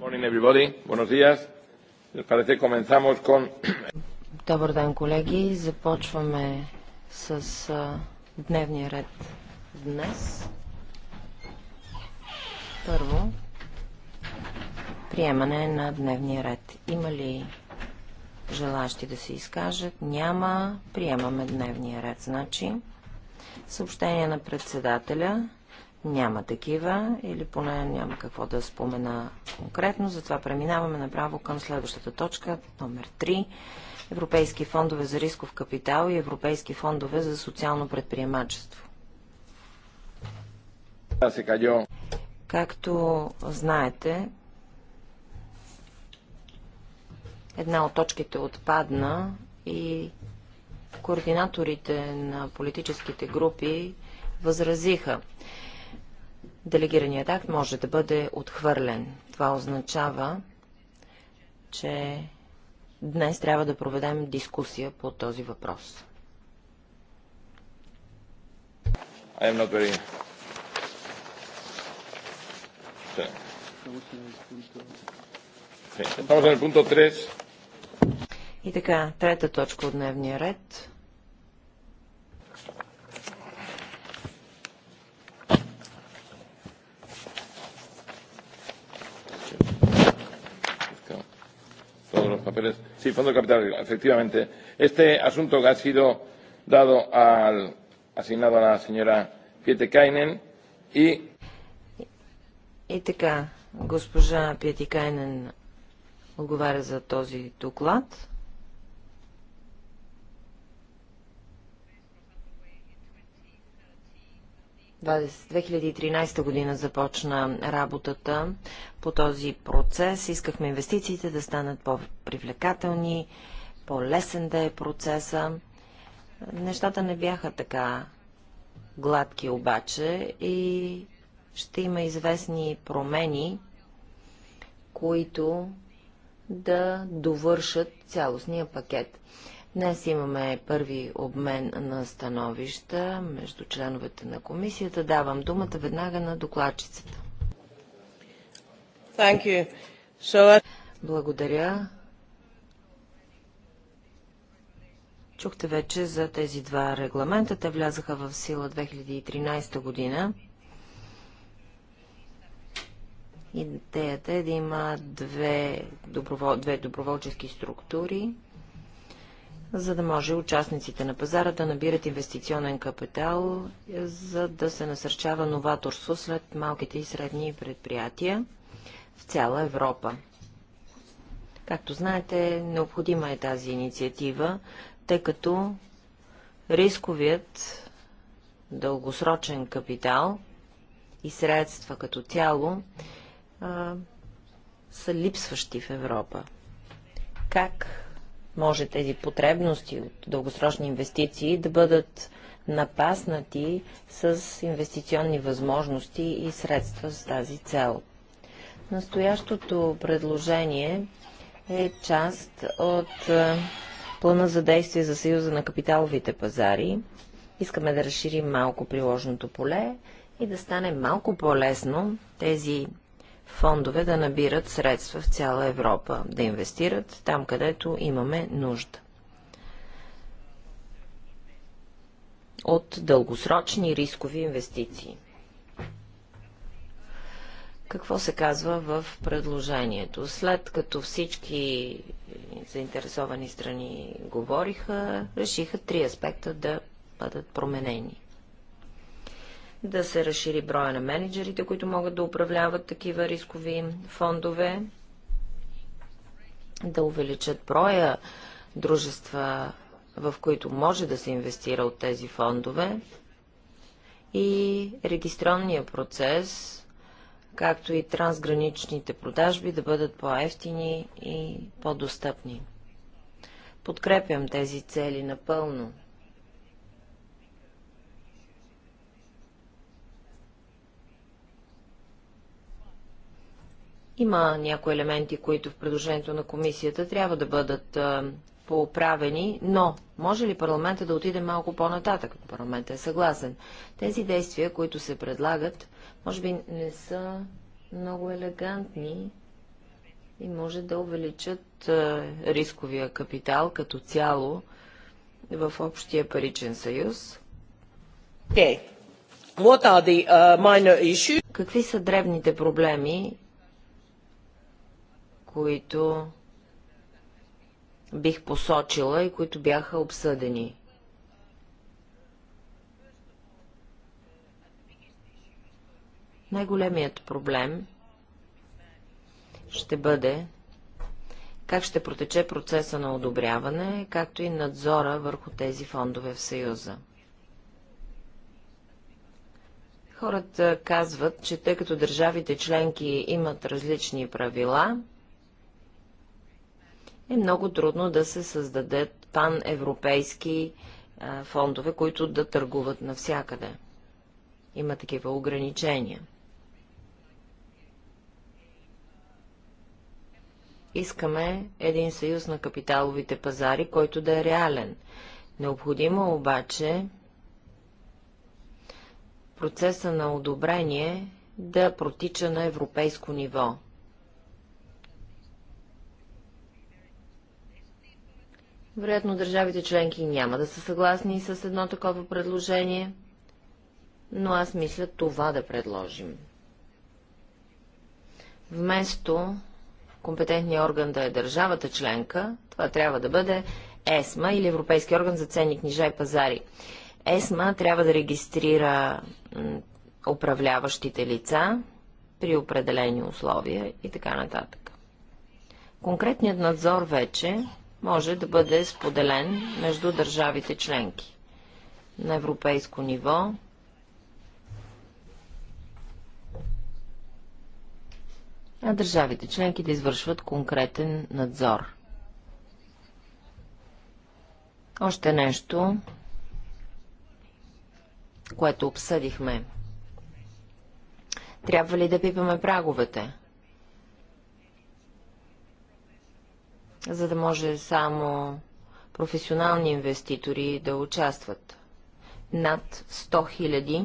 Добър ден, колеги. Започваме с дневния ред днес. Първо, приемане на дневния ред. Има ли желащи да се изкажат? Няма. Приемаме дневния ред. Значи, съобщение на председателя. Няма такива, или поне няма какво да спомена конкретно, затова преминаваме направо към следващата точка, номер 3. Европейски фондове за рисков капитал и Европейски фондове за социално предприемачество. Както знаете, една от точките отпадна и координаторите на политическите групи възразиха делегираният акт може да бъде отхвърлен. Това означава, че днес трябва да проведем дискусия по този въпрос. I am not very... И така, трета точка от дневния ред. los papeles. Sí, Fondo de Capital efectivamente. Este asunto que ha sido dado al, asignado a la señora Pietekainen и... И така, госпожа Пятикайнен отговаря за този доклад. 2013 година започна работата по този процес. Искахме инвестициите да станат по-привлекателни, по-лесен да е процеса. Нещата не бяха така гладки обаче и ще има известни промени, които да довършат цялостния пакет. Днес имаме първи обмен на становища между членовете на комисията. Давам думата веднага на докладчицата. So... Uh, Благодаря. Чухте вече за тези два регламента. Те влязаха в сила 2013 година. Идеята е да има две, добровол... две доброволчески структури – за да може участниците на пазара да набират инвестиционен капитал, за да се насърчава новаторство след малките и средни предприятия в цяла Европа. Както знаете, необходима е тази инициатива, тъй като рисковият дългосрочен капитал и средства като цяло а, са липсващи в Европа. Как може тези потребности от дългосрочни инвестиции да бъдат напаснати с инвестиционни възможности и средства с тази цел. Настоящото предложение е част от е, плана за действие за Съюза на капиталовите пазари. Искаме да разширим малко приложното поле и да стане малко по-лесно тези фондове да набират средства в цяла Европа, да инвестират там, където имаме нужда. От дългосрочни рискови инвестиции. Какво се казва в предложението? След като всички заинтересовани страни говориха, решиха три аспекта да бъдат променени да се разшири броя на менеджерите, които могат да управляват такива рискови фондове, да увеличат броя дружества, в които може да се инвестира от тези фондове и регистронния процес, както и трансграничните продажби да бъдат по-ефтини и по-достъпни. Подкрепям тези цели напълно. Има някои елементи, които в предложението на комисията трябва да бъдат поправени, но може ли парламента да отиде малко по-нататък? Парламентът е съгласен. Тези действия, които се предлагат, може би не са много елегантни и може да увеличат рисковия капитал като цяло в общия паричен съюз. Okay. The, uh, Какви са древните проблеми които бих посочила и които бяха обсъдени. Най-големият проблем ще бъде как ще протече процеса на одобряване, както и надзора върху тези фондове в Съюза. Хората казват, че тъй като държавите членки имат различни правила, е много трудно да се създадат паневропейски фондове, които да търгуват навсякъде. Има такива ограничения. Искаме един съюз на капиталовите пазари, който да е реален. Необходимо обаче процеса на одобрение да протича на европейско ниво – Вероятно държавите членки няма да са съгласни с едно такова предложение, но аз мисля това да предложим. Вместо компетентния орган да е държавата членка, това трябва да бъде ЕСМА или Европейски орган за ценни книжа и пазари. ЕСМА трябва да регистрира управляващите лица при определени условия и така нататък. Конкретният надзор вече може да бъде споделен между държавите членки на европейско ниво. А държавите членки да извършват конкретен надзор. Още нещо, което обсъдихме. Трябва ли да пипаме праговете? за да може само професионални инвеститори да участват. Над 100 хиляди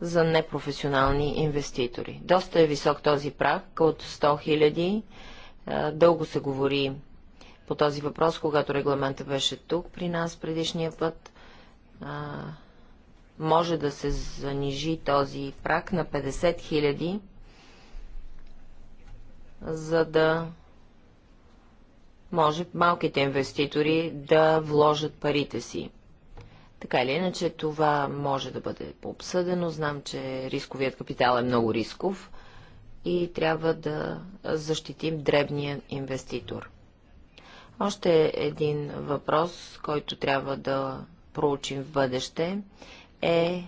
за непрофесионални инвеститори. Доста е висок този прак от 100 хиляди. Дълго се говори по този въпрос, когато регламента беше тук при нас предишния път. може да се занижи този прак на 50 хиляди за да може малките инвеститори да вложат парите си. Така или иначе, това може да бъде обсъдено. Знам, че рисковият капитал е много рисков и трябва да защитим дребния инвеститор. Още един въпрос, който трябва да проучим в бъдеще, е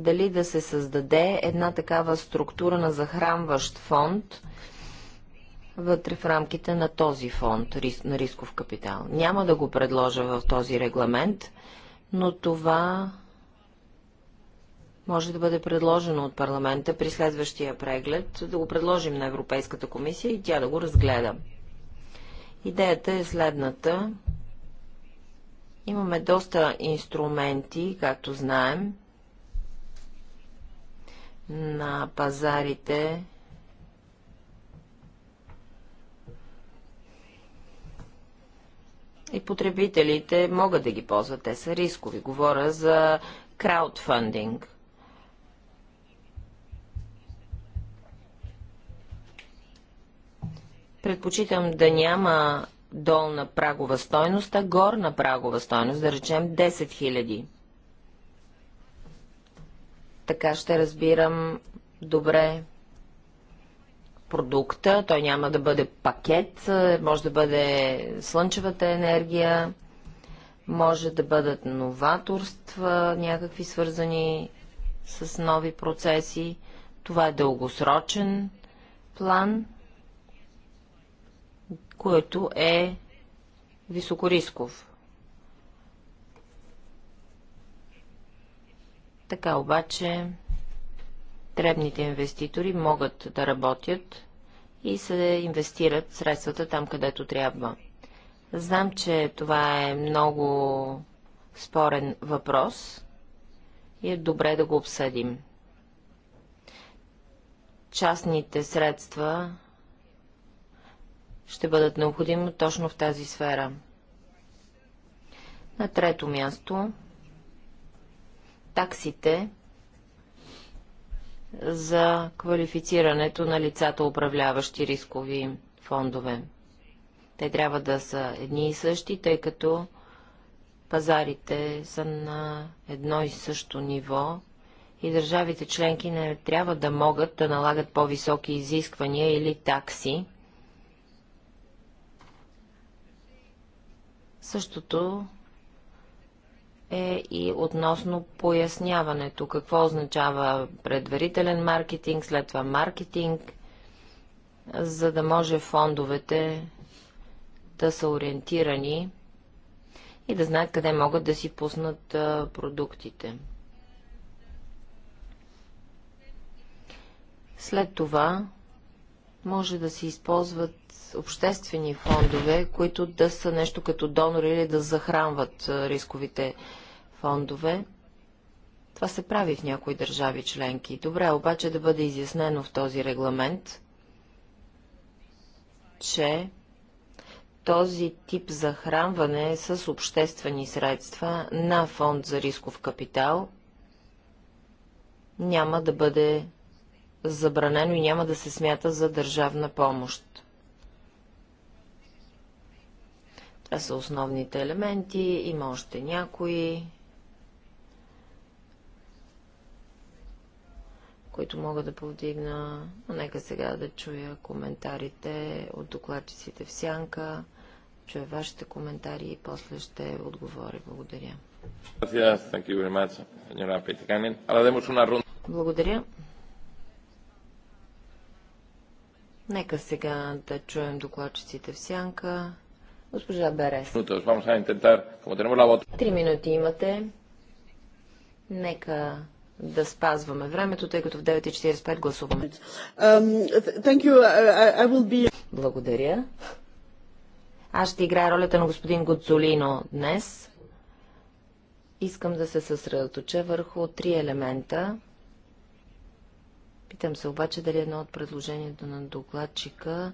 дали да се създаде една такава структура на захранващ фонд вътре в рамките на този фонд на рисков капитал. Няма да го предложа в този регламент, но това може да бъде предложено от парламента при следващия преглед, да го предложим на Европейската комисия и тя да го разгледа. Идеята е следната. Имаме доста инструменти, както знаем, на пазарите и потребителите могат да ги ползват. Те са рискови. Говоря за краудфандинг. Предпочитам да няма долна прагова стойност, а горна прагова стойност, да речем 10 000. Така ще разбирам добре продукта. Той няма да бъде пакет, може да бъде слънчевата енергия, може да бъдат новаторства, някакви свързани с нови процеси. Това е дългосрочен план, който е високорисков. Така обаче дребните инвеститори могат да работят и се инвестират средствата там, където трябва. Знам, че това е много спорен въпрос и е добре да го обсъдим. Частните средства ще бъдат необходими точно в тази сфера. На трето място таксите за квалифицирането на лицата, управляващи рискови фондове. Те трябва да са едни и същи, тъй като пазарите са на едно и също ниво и държавите членки не трябва да могат да налагат по-високи изисквания или такси. Същото е и относно поясняването. Какво означава предварителен маркетинг, след това маркетинг, за да може фондовете да са ориентирани и да знаят къде могат да си пуснат продуктите. След това може да се използват обществени фондове, които да са нещо като донори или да захранват рисковите фондове. Това се прави в някои държави членки. Добре, е обаче да бъде изяснено в този регламент, че този тип захранване е с обществени средства на фонд за рисков капитал няма да бъде забранено и няма да се смята за държавна помощ. Това са основните елементи, има още някои. които мога да повдигна, но нека сега да чуя коментарите от докладчиците в Сянка, чуя вашите коментари и после ще отговоря. Благодаря. Благодаря. Нека сега да чуем докладчиците в Сянка. Госпожа Берес. Три минути имате. Нека да спазваме времето, тъй като в 9.45 гласуваме. Благодаря. Аз ще играя ролята на господин Гоцолино днес. Искам да се съсредоточа върху три елемента. Питам се обаче дали едно от предложението на докладчика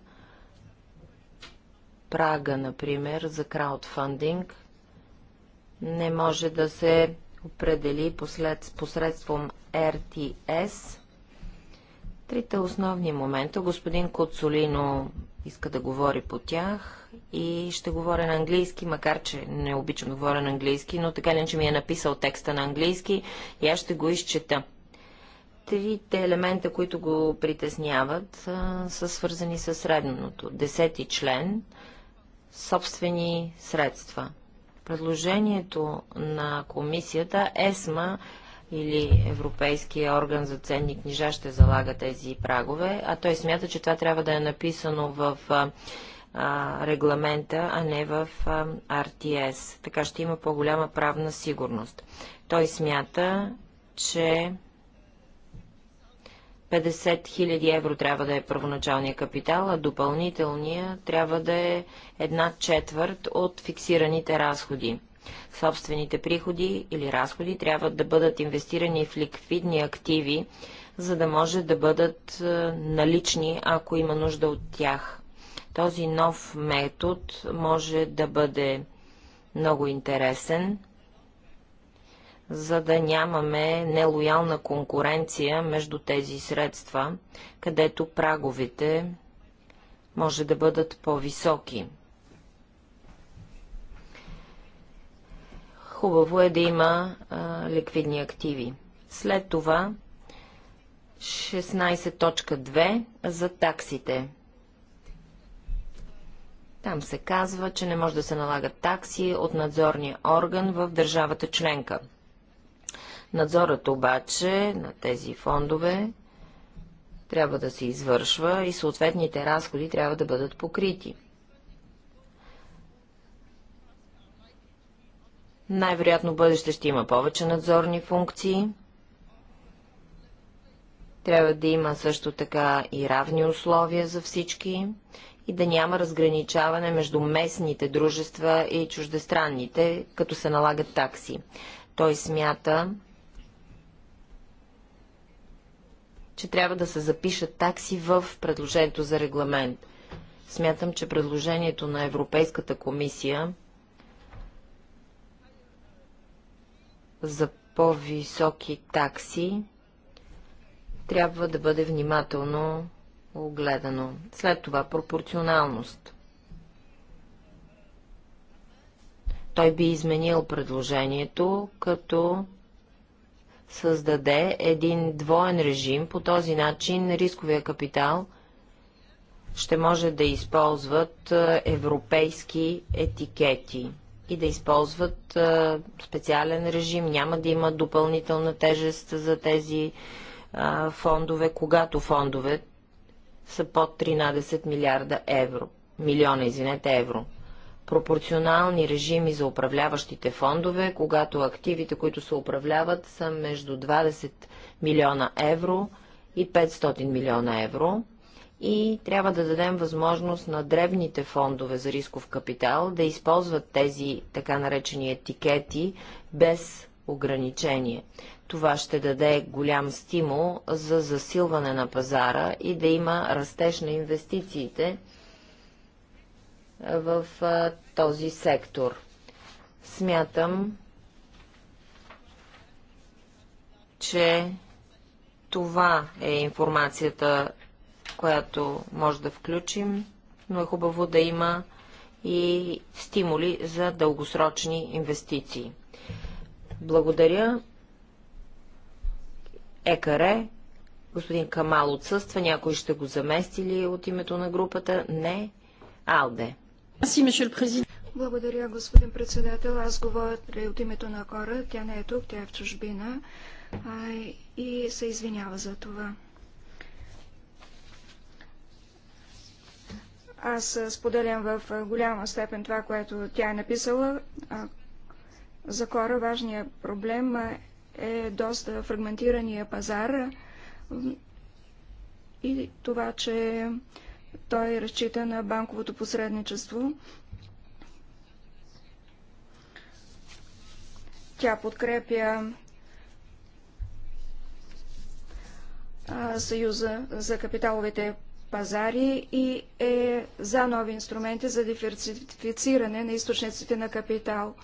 прага, например, за краудфандинг не може да се определи послед, посредством РТС. Трите основни момента. Господин Коцолино иска да говори по тях и ще говоря на английски, макар че не обичам да говоря на английски, но така ли, че ми е написал текста на английски и аз ще го изчета. Трите елемента, които го притесняват, са свързани с средното. Десети член – собствени средства – Предложението на комисията ЕСМА или Европейския орган за ценни книжа ще залага тези прагове, а той смята, че това трябва да е написано в а, регламента, а не в а, RTS. Така ще има по-голяма правна сигурност. Той смята, че 50 000 евро трябва да е първоначалния капитал, а допълнителния трябва да е една четвърт от фиксираните разходи. Собствените приходи или разходи трябва да бъдат инвестирани в ликвидни активи, за да може да бъдат е, налични, ако има нужда от тях. Този нов метод може да бъде много интересен за да нямаме нелоялна конкуренция между тези средства, където праговите може да бъдат по-високи. Хубаво е да има а, ликвидни активи. След това 16.2 за таксите. Там се казва, че не може да се налагат такси от надзорния орган в държавата членка. Надзорът обаче на тези фондове трябва да се извършва и съответните разходи трябва да бъдат покрити. Най-вероятно бъдеще ще има повече надзорни функции. Трябва да има също така и равни условия за всички и да няма разграничаване между местните дружества и чуждестранните, като се налагат такси. Той смята, че трябва да се запишат такси в предложението за регламент. Смятам, че предложението на Европейската комисия за по-високи такси трябва да бъде внимателно огледано. След това пропорционалност. Той би изменил предложението, като създаде един двоен режим. По този начин рисковия капитал ще може да използват е, европейски етикети и да използват е, специален режим. Няма да има допълнителна тежест за тези е, фондове, когато фондове са под 13 милиарда евро. Милиона, извинете, евро пропорционални режими за управляващите фондове, когато активите, които се управляват, са между 20 милиона евро и 500 милиона евро. И трябва да дадем възможност на древните фондове за рисков капитал да използват тези така наречени етикети без ограничение. Това ще даде голям стимул за засилване на пазара и да има растеж на инвестициите в този сектор. Смятам, че това е информацията, която може да включим, но е хубаво да има и стимули за дългосрочни инвестиции. Благодаря. Екаре, господин Камал отсъства, някой ще го замести ли от името на групата? Не. Алде. Благодаря, господин председател. Аз говоря от името на Кора. Тя не е тук, тя е в чужбина и се извинява за това. Аз споделям в голяма степен това, което тя е написала. За Кора важният проблем е доста фрагментирания пазар и това, че той разчита на банковото посредничество. Тя подкрепя Съюза за капиталовите пазари и е за нови инструменти за диверсифициране на източниците на капитал.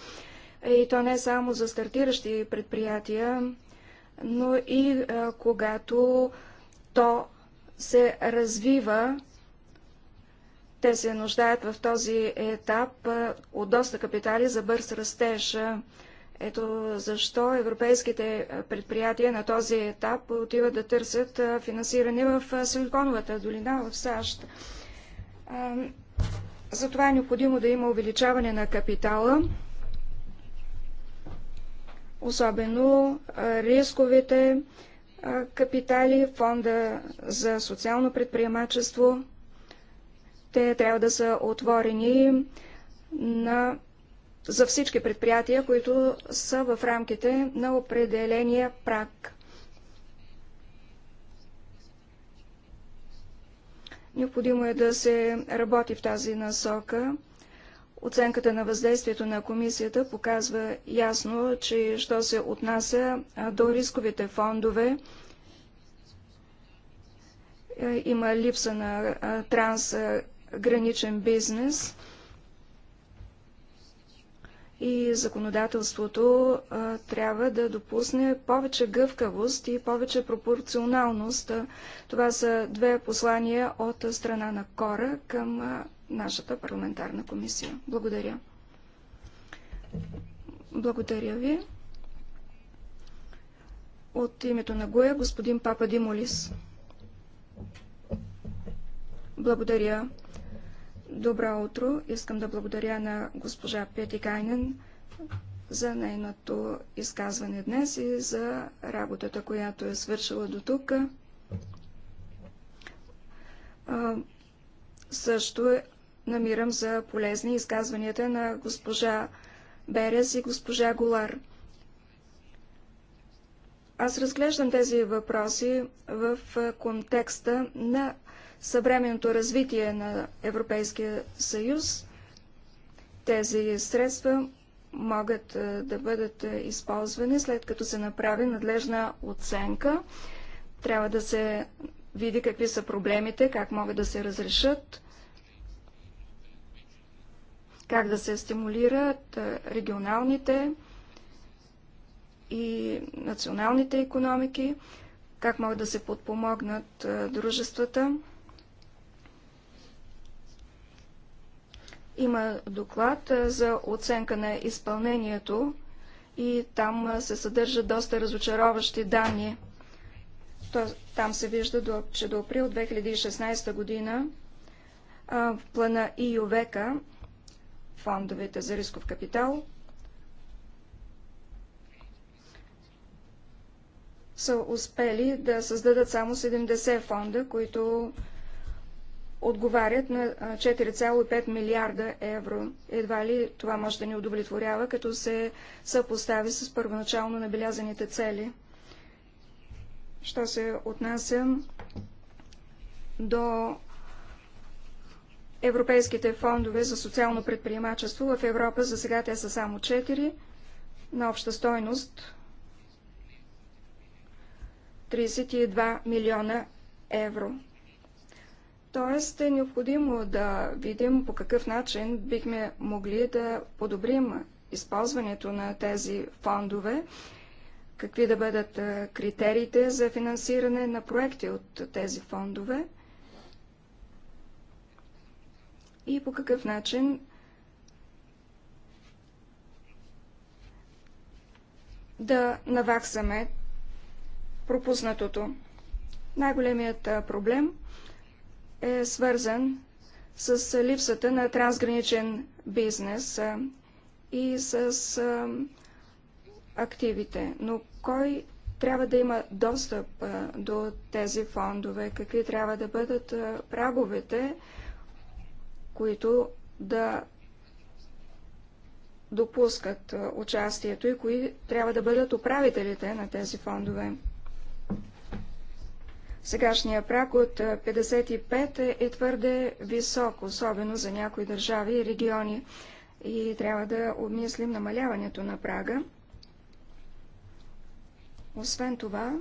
И то не само за стартиращи предприятия, но и а, когато то се развива те се нуждаят в този етап от доста капитали за бърз растеж. Ето защо европейските предприятия на този етап отиват да търсят финансиране в Силиконовата долина в САЩ. Затова е необходимо да има увеличаване на капитала, особено рисковите капитали, фонда за социално предприемачество, те трябва да са отворени на, за всички предприятия, които са в рамките на определения прак. Необходимо е да се работи в тази насока. Оценката на въздействието на комисията показва ясно, че що се отнася до рисковите фондове, е, има липса на транс граничен бизнес и законодателството трябва да допусне повече гъвкавост и повече пропорционалност. Това са две послания от страна на Кора към нашата парламентарна комисия. Благодаря. Благодаря ви. От името на Гоя, господин Папа Димолис. Благодаря, Добро утро! Искам да благодаря на госпожа Пети Кайнен за нейното изказване днес и за работата, която е свършила до тук. Също намирам за полезни изказванията на госпожа Берес и госпожа Голар. Аз разглеждам тези въпроси в контекста на съвременното развитие на Европейския съюз. Тези средства могат е, да бъдат е, използвани след като се направи надлежна оценка. Трябва да се види какви са проблемите, как могат да се разрешат, как да се стимулират е, регионалните и националните економики, как могат да се подпомогнат дружествата. Има доклад за оценка на изпълнението и там се съдържат доста разочароващи данни. Там се вижда, че до април 2016 година в плана ИЮВЕКА, фондовете за рисков капитал, са успели да създадат само 70 фонда, които отговарят на 4,5 милиарда евро. Едва ли това може да ни удовлетворява, като се съпостави с първоначално набелязаните цели. Що се отнася до европейските фондове за социално предприемачество в Европа, за сега те са само 4 на обща стойност 32 милиона евро. Тоест е необходимо да видим по какъв начин бихме могли да подобрим използването на тези фондове, какви да бъдат критериите за финансиране на проекти от тези фондове и по какъв начин да наваксаме пропуснатото. Най-големият проблем е свързан с липсата на трансграничен бизнес и с активите. Но кой трябва да има достъп до тези фондове? Какви трябва да бъдат праговете, които да допускат участието и кои трябва да бъдат управителите на тези фондове? Сегашния прак от 55 е, е твърде висок, особено за някои държави и региони. И трябва да обмислим намаляването на прага. Освен това,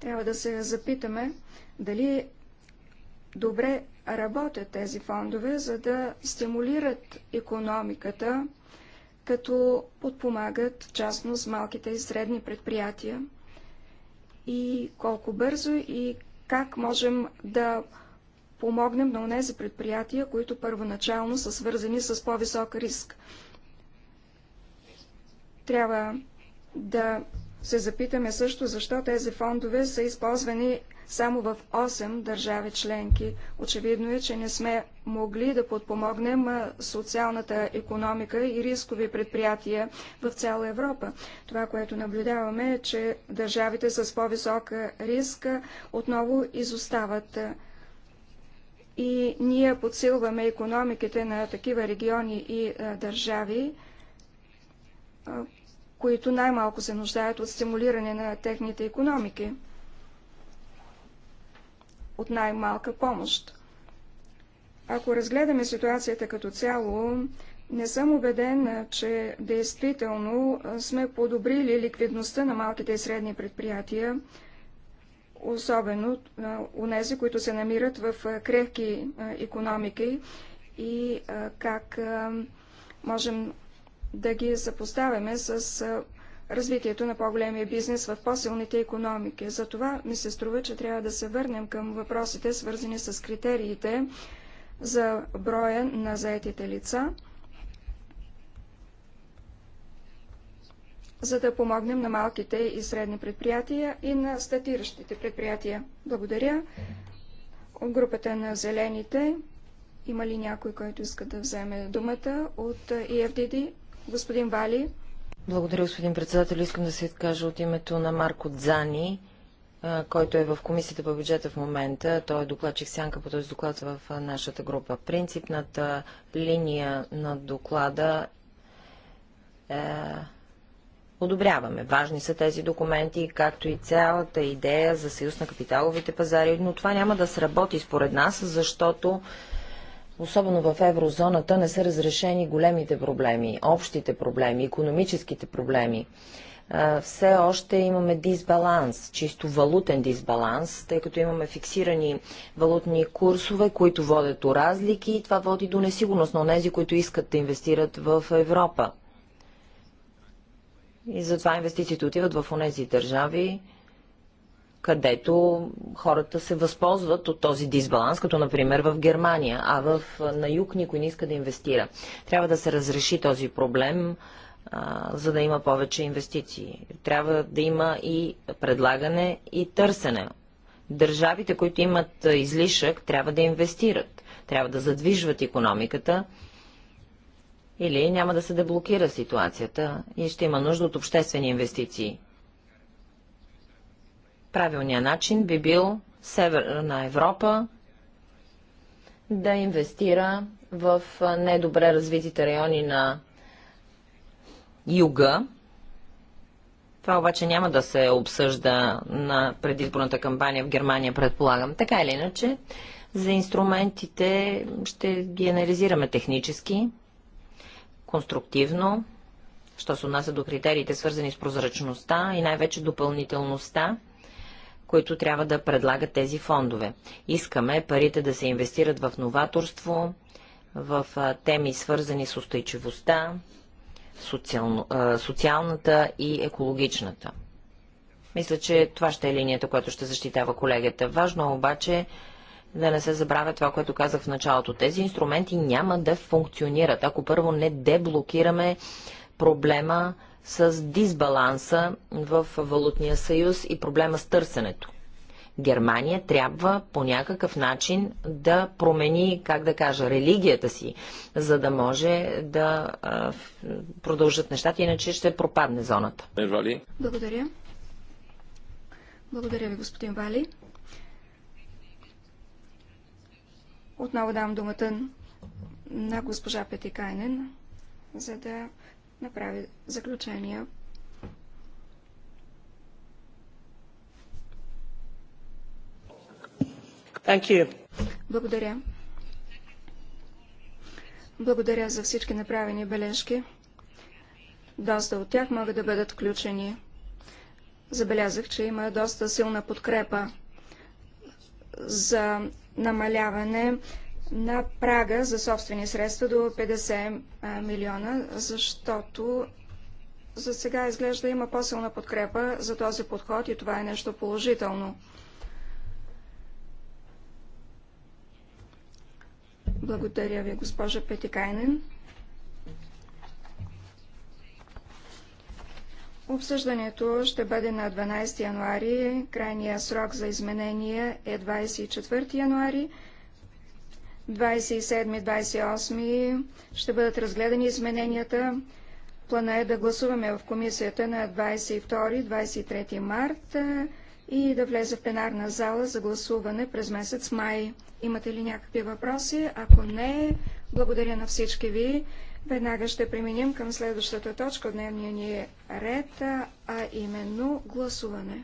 трябва да се запитаме дали добре работят тези фондове, за да стимулират економиката, като подпомагат частно частност малките и средни предприятия и колко бързо и как можем да помогнем на унези предприятия, които първоначално са свързани с по-висок риск. Трябва да се запитаме също защо тези фондове са използвани само в 8 държави членки. Очевидно е, че не сме могли да подпомогнем социалната економика и рискови предприятия в цяла Европа. Това, което наблюдаваме е, че държавите с по-висок риск отново изостават. И ние подсилваме економиките на такива региони и държави, които най-малко се нуждаят от стимулиране на техните економики от най-малка помощ. Ако разгледаме ситуацията като цяло, не съм убеден, че действително сме подобрили ликвидността на малките и средни предприятия, особено у нези, които се намират в крехки економики и как можем да ги съпоставяме с развитието на по-големия бизнес в по-силните економики. Затова ми се струва, че трябва да се върнем към въпросите, свързани с критериите за броя на заетите лица, за да помогнем на малките и средни предприятия и на статиращите предприятия. Благодаря. От групата на зелените има ли някой, който иска да вземе думата от EFDD? Е Господин Вали. Благодаря, господин председател. Искам да се откажа от името на Марко Дзани, който е в Комисията по бюджета в момента. Той е докладчик сянка по този доклад в нашата група. Принципната линия на доклада е... Одобряваме. Важни са тези документи, както и цялата идея за съюз на капиталовите пазари, но това няма да сработи според нас, защото особено в еврозоната, не са разрешени големите проблеми, общите проблеми, економическите проблеми. Все още имаме дисбаланс, чисто валутен дисбаланс, тъй като имаме фиксирани валутни курсове, които водят до разлики и това води до несигурност на тези, които искат да инвестират в Европа. И затова инвестициите отиват в онези държави, където хората се възползват от този дисбаланс, като например в Германия, а в, на юг никой не иска да инвестира. Трябва да се разреши този проблем, а, за да има повече инвестиции. Трябва да има и предлагане и търсене. Държавите, които имат излишък, трябва да инвестират, трябва да задвижват економиката или няма да се деблокира ситуацията и ще има нужда от обществени инвестиции. Правилният начин би бил Северна Европа да инвестира в недобре развитите райони на юга. Това обаче няма да се обсъжда на предизборната кампания в Германия, предполагам. Така или иначе, за инструментите ще ги анализираме технически, конструктивно, що се отнася до критериите, свързани с прозрачността и най-вече допълнителността които трябва да предлагат тези фондове. Искаме парите да се инвестират в новаторство, в теми свързани с устойчивостта, социално, социалната и екологичната. Мисля, че това ще е линията, която ще защитава колегата. Важно е обаче да не се забравя това, което казах в началото. Тези инструменти няма да функционират, ако първо не деблокираме проблема с дисбаланса в валутния съюз и проблема с търсенето. Германия трябва по някакъв начин да промени, как да кажа, религията си, за да може да а, продължат нещата, иначе ще пропадне зоната. Благодаря. Благодаря ви, господин Вали. Отново дам думата на госпожа Петикайнен, за да направи заключения. Thank you. Благодаря. Благодаря за всички направени бележки. Доста от тях могат да бъдат включени. Забелязах, че има доста силна подкрепа за намаляване на прага за собствени средства до 50 милиона, защото за сега изглежда има по-силна подкрепа за този подход и това е нещо положително. Благодаря ви, госпожа Петикайнен. Обсъждането ще бъде на 12 януари. Крайният срок за изменение е 24 януари. 27-28 ще бъдат разгледани измененията. Плана е да гласуваме в комисията на 22-23 март и да влезе в пленарна зала за гласуване през месец май. Имате ли някакви въпроси? Ако не, благодаря на всички ви. Веднага ще преминем към следващата точка от дневния ни ред, а именно гласуване.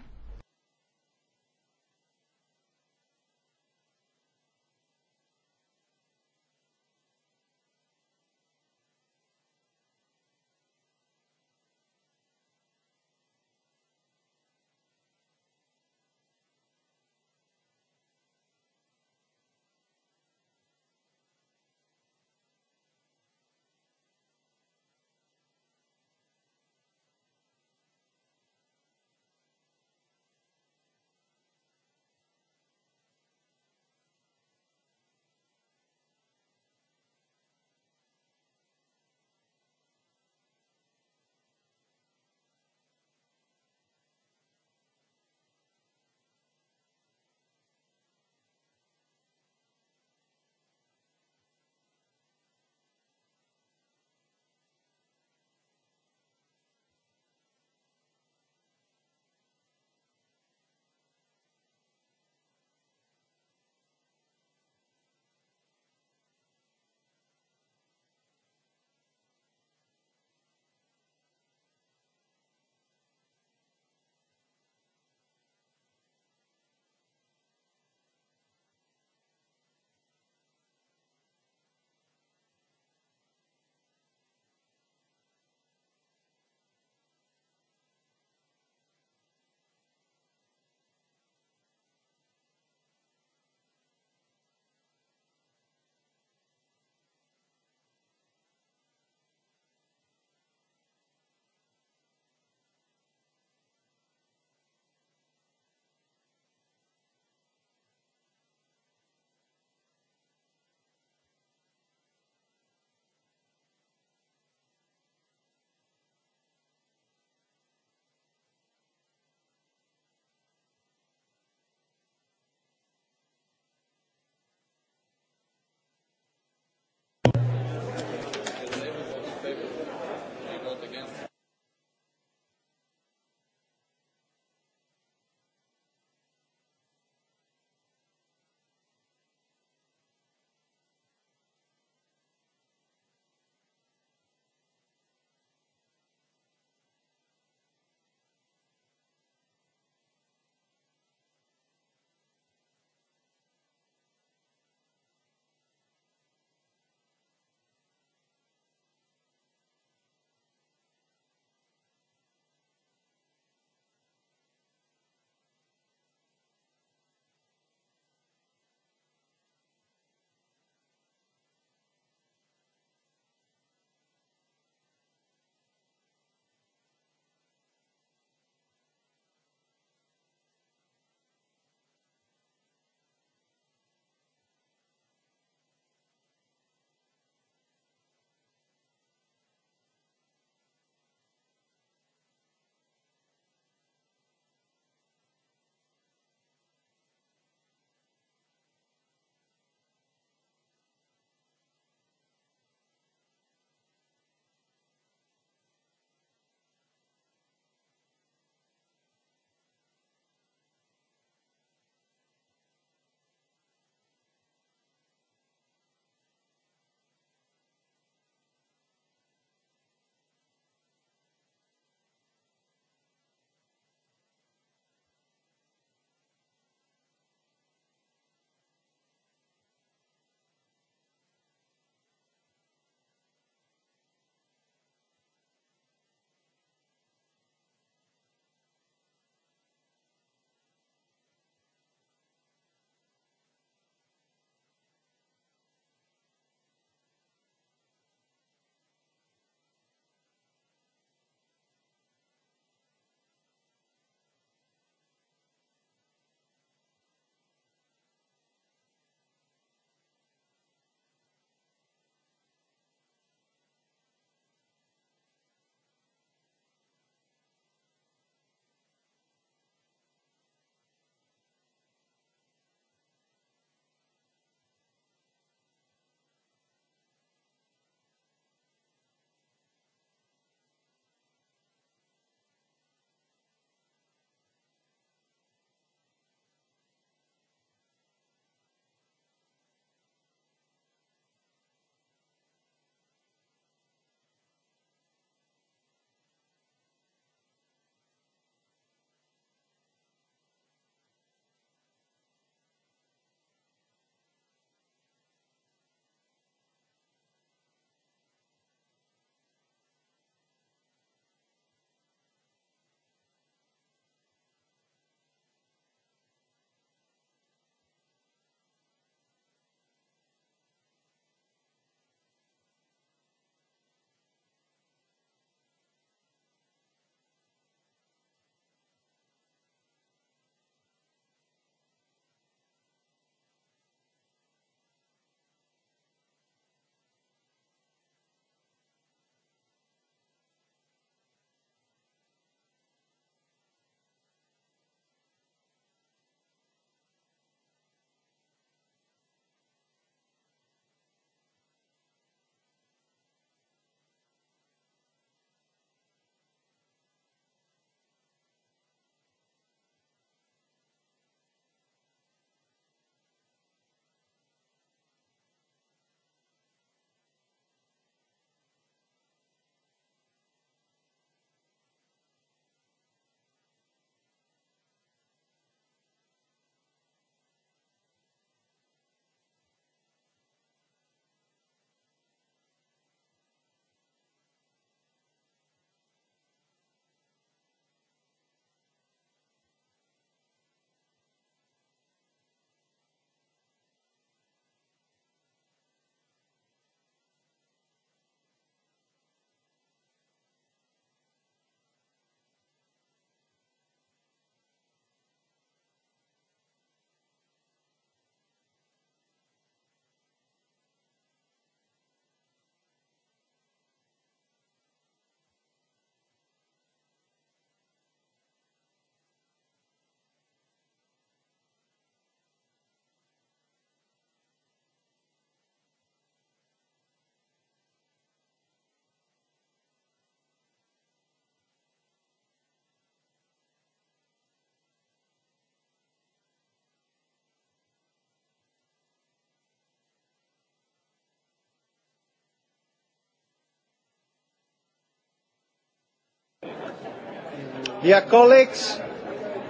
Yeah, colleagues,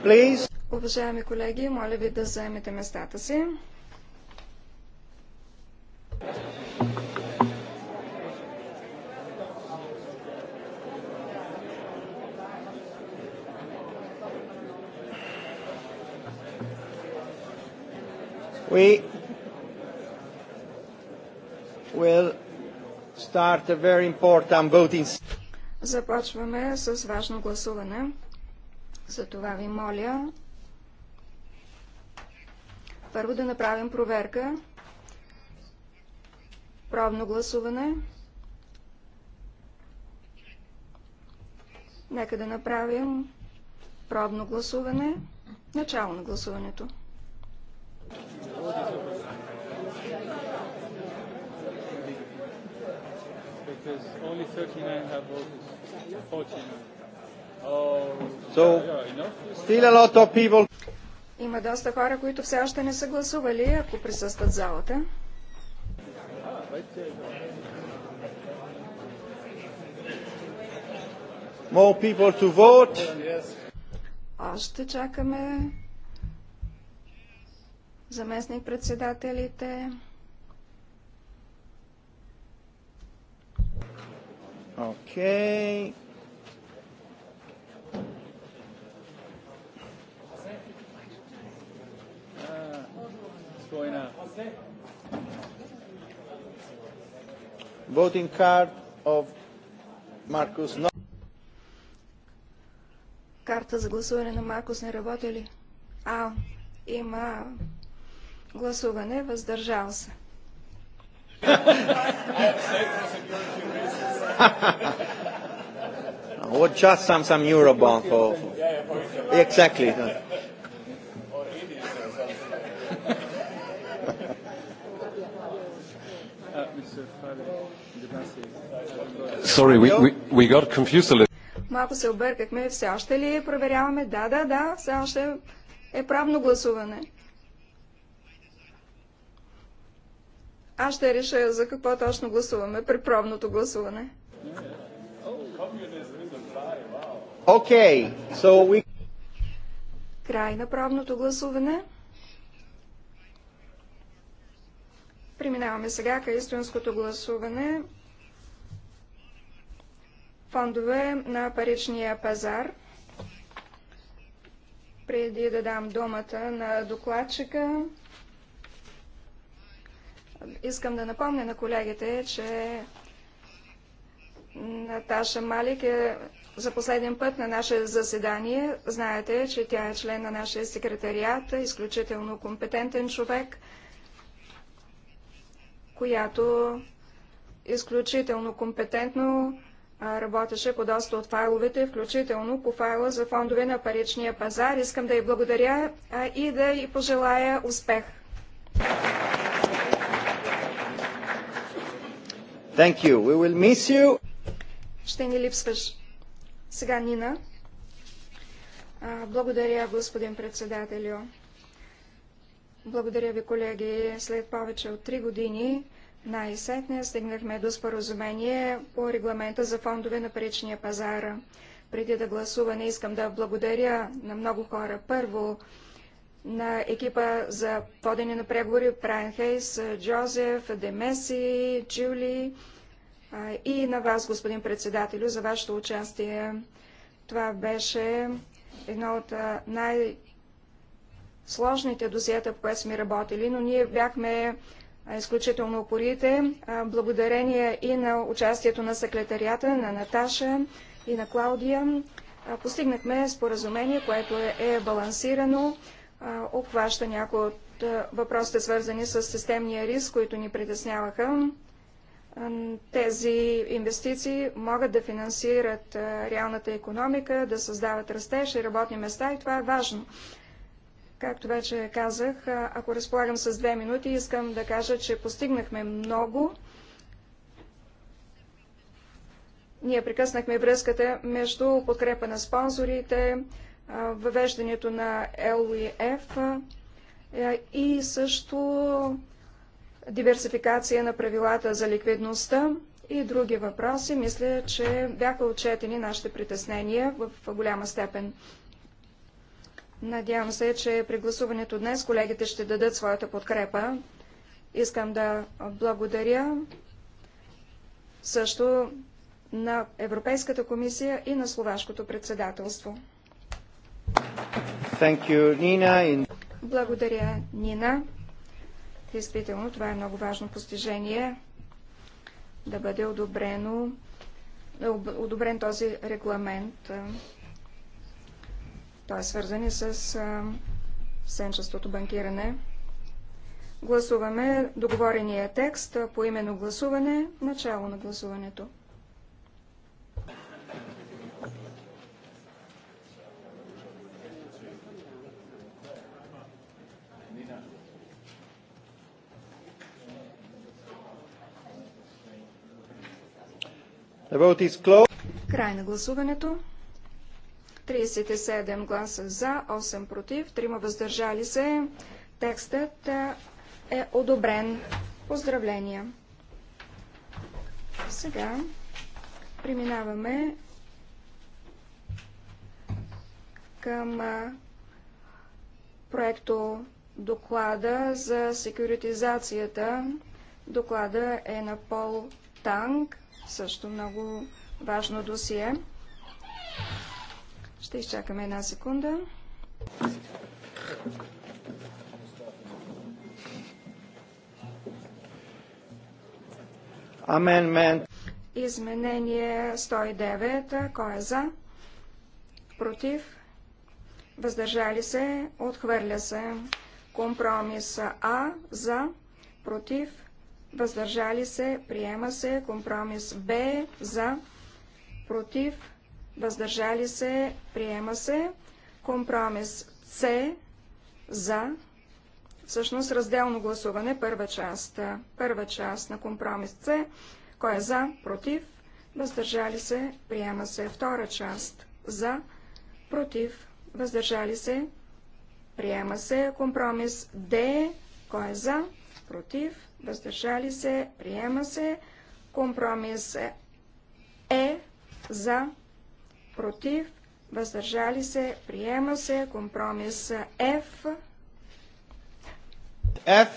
please. Уважаеми колеги, моля ви да заемете местата си. We will start a very important voting. Започваме с важно гласуване. За това ви моля първо да направим проверка. Пробно гласуване. Нека да направим пробно гласуване. Начало на гласуването. Because only 39 have voted. 49. Има доста хора, които все още не са гласували, ако присъстват в залата. More people to vote. Още чакаме заместник-председателите. Окей. Okay. Voting card of Marcus. No... Карта за гласуване на Маркус не работи ли? А, има гласуване, въздържал се. Or just some, some Eurobond for, for exactly. No. Sorry, we, we, we got confused a little. Малко се объркахме. Все още ли проверяваме? Да, да, да. Все още е правно гласуване. Аз ще реша за какво точно гласуваме при правното гласуване. Okay, so we... Край на правното гласуване. Преминаваме сега към истинското гласуване фондове на паричния пазар. Преди да дам думата на докладчика, искам да напомня на колегите, че Наташа Малик е за последен път на наше заседание. Знаете, че тя е член на нашия секретариат, изключително компетентен човек, която изключително компетентно работеше по доста от файловете, включително по файла за фондове на паричния пазар. Искам да й благодаря и да й пожелая успех. Thank you. We will miss you. Ще ни липсваш. Сега Нина. благодаря, господин председателю. Благодаря ви, колеги. След повече от три години най-сетне стигнахме до споразумение по регламента за фондове на паричния пазар. Преди да гласуваме, искам да благодаря на много хора. Първо, на екипа за водене на преговори Прайан Хейс, Джозеф, Демеси, Джули и на вас, господин председателю, за вашето участие. Това беше едно от най-сложните досиета, по което сме работили, но ние бяхме изключително упорите, благодарение и на участието на секретарията, на Наташа и на Клаудия. Постигнахме споразумение, което е, е балансирано, обхваща някои от въпросите, свързани с системния риск, които ни притесняваха. Тези инвестиции могат да финансират реалната економика, да създават растеж и работни места и това е важно. Както вече казах, ако разполагам с две минути, искам да кажа, че постигнахме много. Ние прекъснахме връзката между подкрепа на спонсорите, въвеждането на LEF и също диверсификация на правилата за ликвидността и други въпроси. Мисля, че бяха отчетени нашите притеснения в голяма степен. Надявам се, че при гласуването днес колегите ще дадат своята подкрепа. Искам да благодаря също на Европейската комисия и на Словашкото председателство. You, Nina. Благодаря, Нина. Действително, това е много важно постижение да бъде одобрено, одобрен този регламент т.е. свързани с сенчеството банкиране. Гласуваме договорения текст по именно гласуване, начало на гласуването. Край на гласуването. 37 гласа за, 8 против, 3 въздържали се. Текстът е одобрен. Поздравления! Сега преминаваме към проекто доклада за секюритизацията. Доклада е на Пол Танг, също много важно досие. Ще изчакаме една секунда. мен. Изменение 109. Кой е за? Против? Въздържали се? Отхвърля се. Компромис А. За? Против? Въздържали се? Приема се. Компромис Б. За? Против? въздържали се, приема се. Компромис С за, всъщност разделно гласуване, първа част. Първа част на компромис С, кой е за, против, въздържали се, приема се. Втора част за, против, въздържали се, приема се. Компромис Д, кой е за, против, въздържали се, приема се. Компромис Е за, против, въздържали се, приема се, компромис F. F.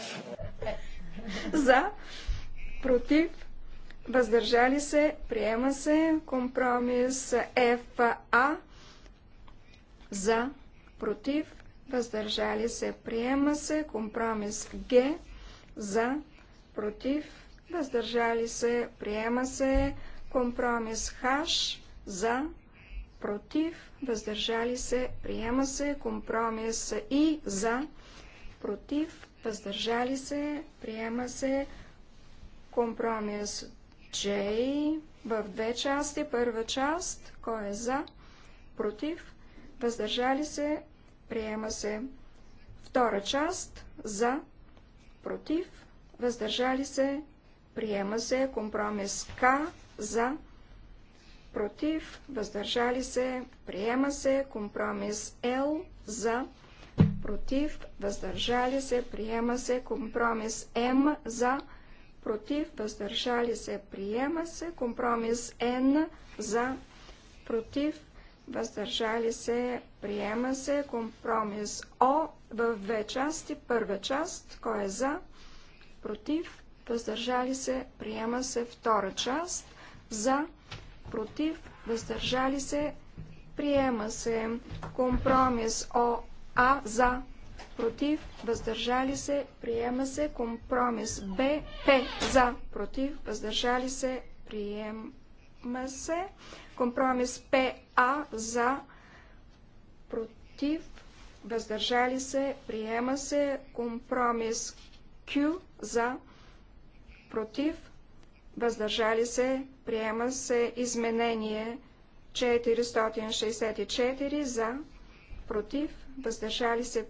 За, против, въздържали се, приема се, компромис FA. За, против, въздържали се, приема се, компромис Г. За, против, въздържали се, приема се, компромис Х. За, против, въздържали се, приема се, компромис и за, против, въздържали се, приема се, компромис J в две части, първа част, кой е за, против, въздържали се, приема се, втора част, за, против, въздържали се, приема се, компромис К за, против, против, въздържали се, приема се, компромис L за, против, въздържали се, приема се, компромис М за, против, въздържали се, приема се, компромис Н за, против, въздържали се, приема се, компромис О в две части, първа част, кой е за, против, въздържали се, приема се, втора част, за, против, против, въздържали се, приема се. Компромис ОА за, против, въздържали се, приема се. Компромис Б, П за, против, въздържали се, приема се. Компромис ПА за, против, въздържали се, приема се. Компромис Q за, против, въздържали се, Приема се изменение 464 за, против, въздържали се,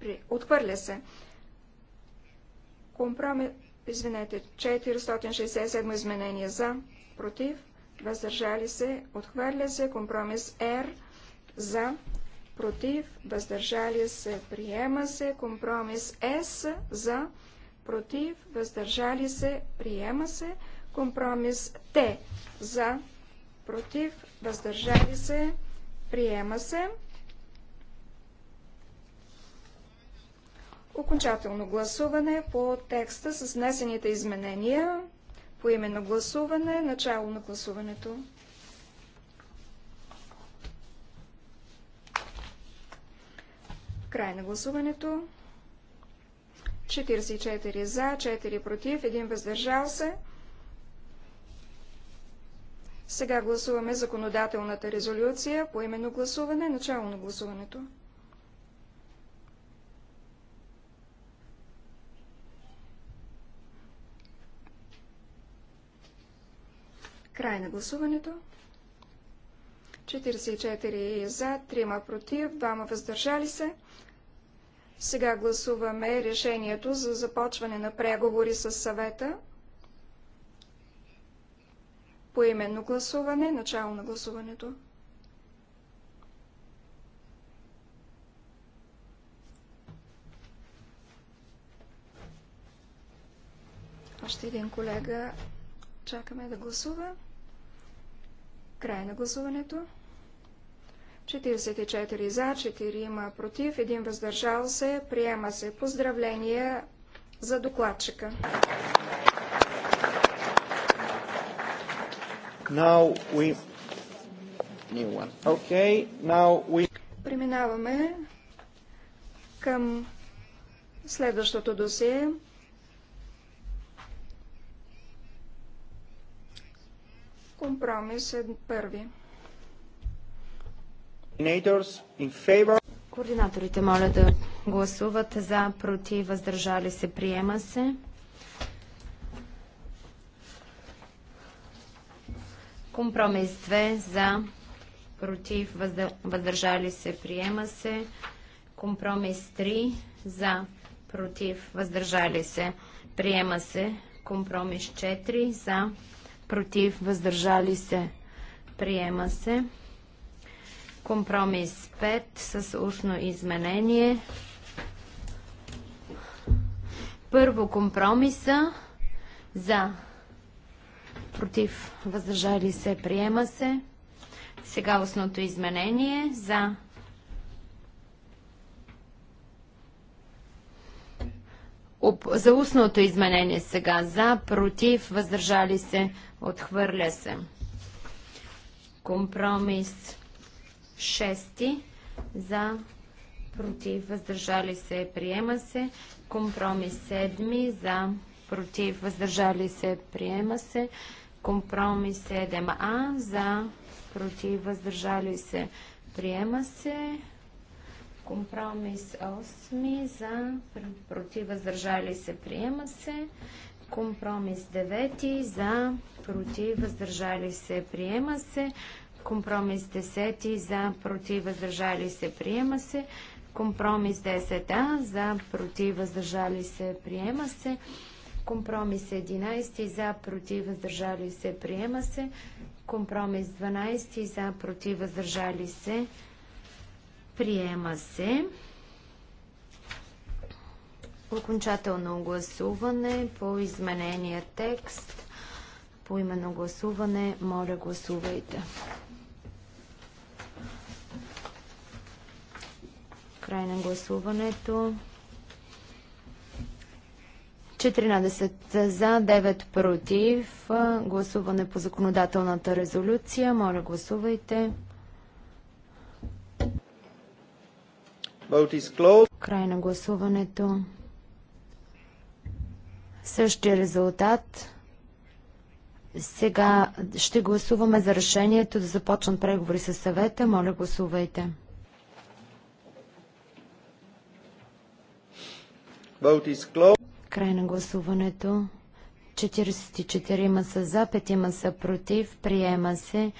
при... отхвърля се. Компромис, извинете, 467 изменение за, против, въздържали се, отхвърля се. Компромис Р за, против, въздържали се, приема се. Компромис С за, против, въздържали се, приема се. Компромис Т за, против, въздържали се, приема се. Окончателно гласуване по текста с внесените изменения. По именно гласуване, начало на гласуването. Край на гласуването. 44 за, 4 против, 1 въздържал се. Сега гласуваме законодателната резолюция по именно гласуване, начало на гласуването. Край на гласуването. 44 за, 3 против, 2 въздържали се. Сега гласуваме решението за започване на преговори с съвета. Поименно гласуване, начало на гласуването. Още един колега чакаме да гласува. Край на гласуването. 44 за, 4 има против, 1 въздържал се. Приема се. Поздравления за докладчика. Now we... New one. Okay, now we... Преминаваме към следващото досие. Компромис е първи. Координаторите моля да гласуват за, против, въздържали се, приема се. Компромис 2 за, против, въздържали се, приема се. Компромис 3 за, против, въздържали се, приема се. Компромис 4 за, против, въздържали се, приема се. Компромис 5 с устно изменение. Първо компромиса за против, въздържали се, приема се. Сега основното изменение за За устното изменение сега. За, против, въздържали се, отхвърля се. Компромис 6. За, против, въздържали се, приема се. Компромис 7. За, против, въздържали се, приема се. Компромис 7А за против въздържали се приема се. Компромис 8 за против въздържали се приема се. Компромис 9 за против въздържали се приема се. Компромис 10 за против въздържали се приема се. Компромис 10а за против въздържали се приема се. Компромис 11 за, против, въздържали се, приема се. Компромис 12 за, против, въздържали се, приема се. Окончателно гласуване по изменения текст. По именно гласуване, моля гласувайте. Край на гласуването. 14 за, 9 против. Гласуване по законодателната резолюция. Моля, гласувайте. Край на гласуването. Същия резултат. Сега ще гласуваме за решението да започнат преговори с съвета. Моля, гласувайте. Vote is closed. Край на гласуването. 44 маса за, 5 маса против. Приема се.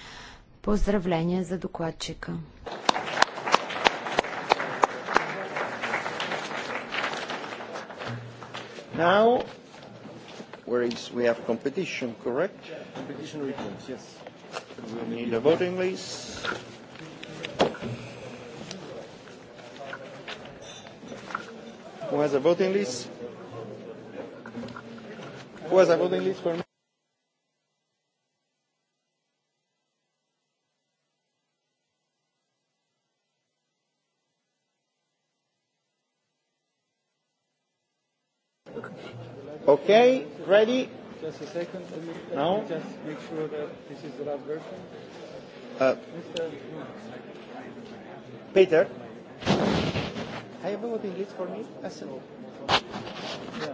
Поздравление за докладчика. Now, where is we have competition, correct? Yeah, competition reports, yes. We need a voting list. Who has a voting list? Otherwise, a wouldn't leave for Okay, ready? Just a second. Let me, let no? me just make sure that this is the last version. Uh, Mr. Peter? Have you got English for me? Yes. Yeah.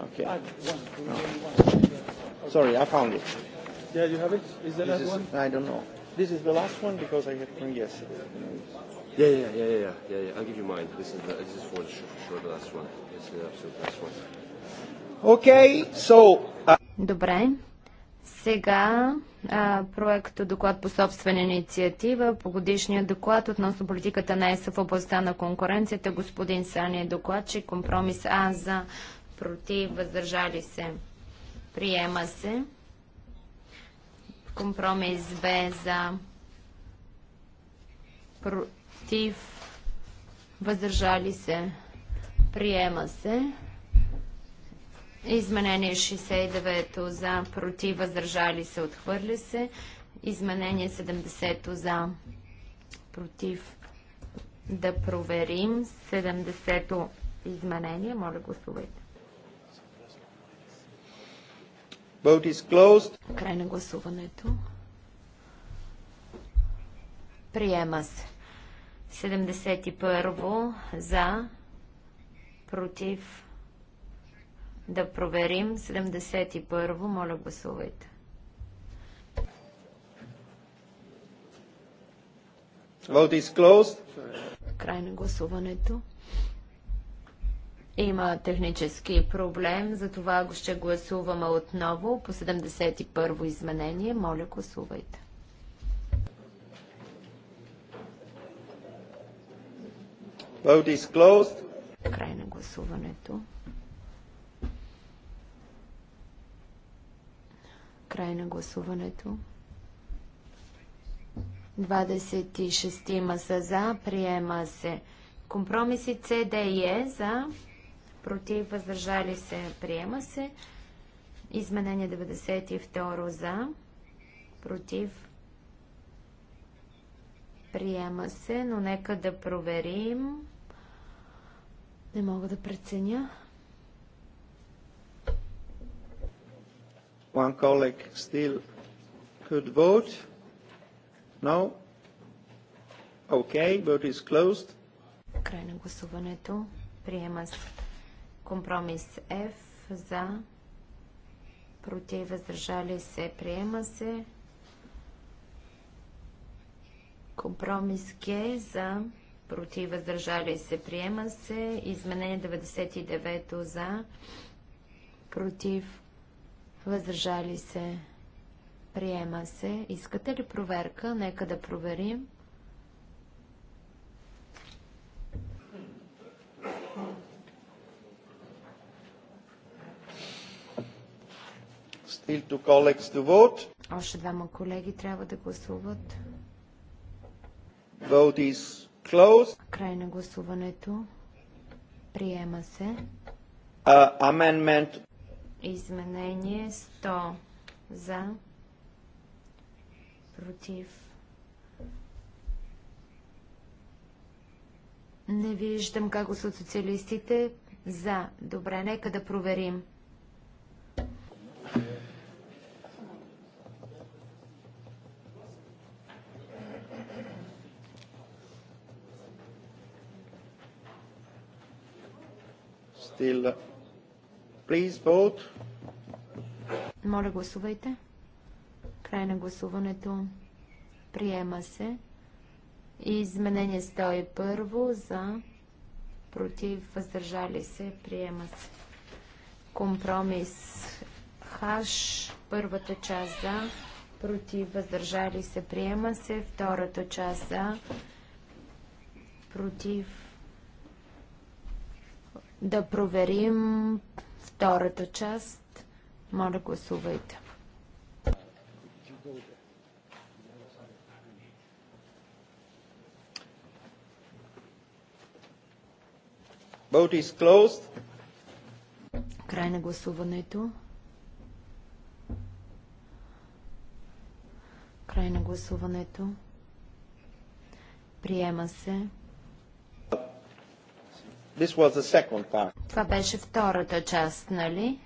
Okay. No. Sorry, I found it. Yeah, you have it? Is the last one? I don't know. This is the last one because I had one yesterday. Yeah, yeah, yeah, yeah, yeah, yeah. I'll give you mine. This is the, this is for sure, for sure the last one. This is the absolute last one. Okay, so. Uh... Добре. Сега а, проект доклад по собствена инициатива по годишния доклад относно политиката на ЕС в областта на конкуренцията. Господин Сани е докладчик. Компромис А за против, въздържали се. Приема се. Компромис Б за против, въздържали се. Приема се. Изменение 69 за, против, въздържали се, отхвърля се. Изменение 70 за, против, да проверим 70-то изменение. Моля, гласувайте. Vote is closed. Край на гласуването. Приема се. 71 за, против, да проверим. 71. во Моля, гласувайте. Vote is closed. Край на гласуването. Има технически проблем, затова го ще гласуваме отново по 71-во изменение. Моля, гласувайте. Vote is closed. Край на гласуването. Край на гласуването. 26 са за. Приема се. Компромиси С, Д и Е за. Против. Въздържали се. Приема се. Изменение 92 за. Против. Приема се, но нека да проверим. Не мога да преценя. One colleague still could vote. No? Okay, vote is closed. Край на гласуването. Приема с компромис F за против въздържали се. Приема се. Компромис G за против въздържали се. Приема се. Изменение 99 за против въздържали се, приема се. Искате ли проверка? Нека да проверим. Still to colleagues to vote. Още двама колеги трябва да гласуват. Vote is closed. Край на гласуването. Приема се. Uh, amendment Изменение 100 за, против. Не виждам как го са социалистите. За. Добре, нека да проверим. Still Please vote. Моля, гласувайте. Край на гласуването. Приема се. изменение 101 за против, въздържали се, приема се. Компромис хаш, първата част за, против, въздържали се, приема се, втората част за, против, да проверим Втората част. Моля, гласувайте. Vote is closed. Край на гласуването. Край на гласуването. Приема се. This was the second part. Това беше втората част, нали?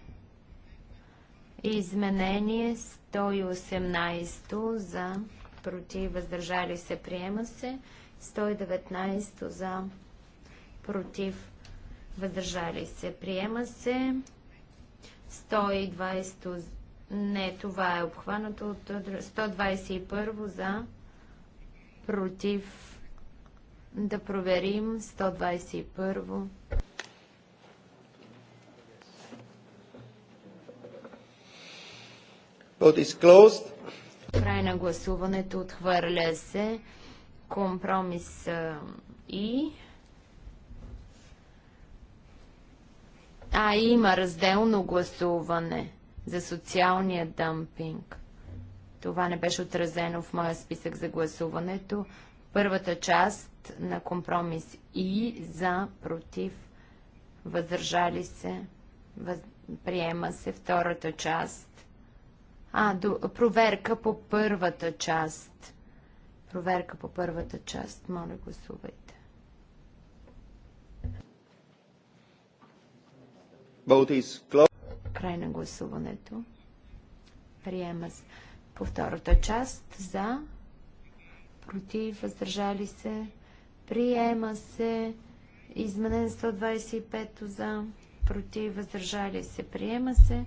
Изменение 118 за против, въздържали се, приема се. 119 за против, въздържали се, приема се. 120 не, това е обхванато от 121 за против, да проверим 121. Край на гласуването отхвърля се компромис и... А, има разделно гласуване за социалния дъмпинг. Това не беше отразено в моя списък за гласуването. Първата част на компромис и за, против, въздържали се, въз... приема се втората част. А, до... проверка по първата част. Проверка по първата част. Моля, гласувайте. Край на гласуването. Приема се. По втората част за, против, въздържали се, Приема се изменен 125 за против въздържали се. Приема се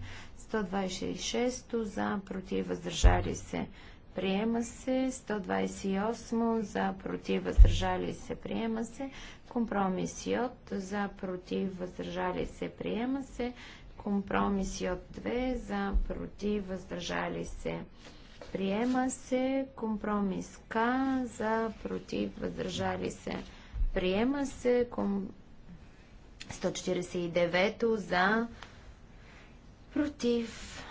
126 за против въздържали се. Приема се 128 за против въздържали се. Приема се компромис от за против въздържали се. Приема се компромис от 2 за против въздържали се. Приема се компромис К за против въздържали се. Приема се ком... 149 за против.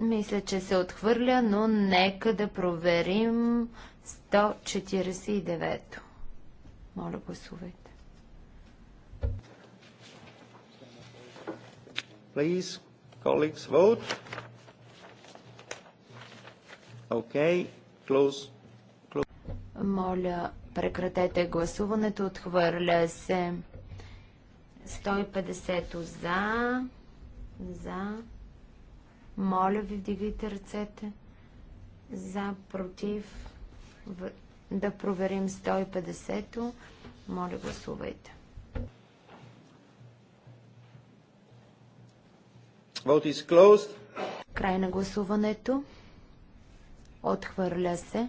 Мисля, че се отхвърля, но нека да проверим 149. Моля, гласувайте. Please, colleagues, vote. Окей. Моля, прекратете гласуването. Отхвърля се. 150 за. За. Моля ви, вдигайте ръцете. За, против. В... Да проверим 150-то. Моля, гласувайте. Край на гласуването. Отхвърля се.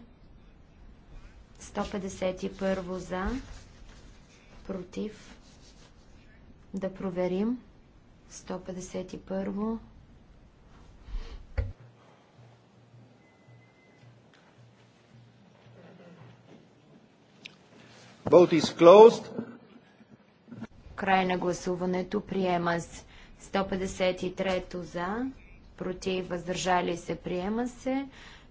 151 за. Против. Да проверим. 151. Vote is closed. Край на гласуването. Приема се. 153 за. Против. Въздържали се. Приема се.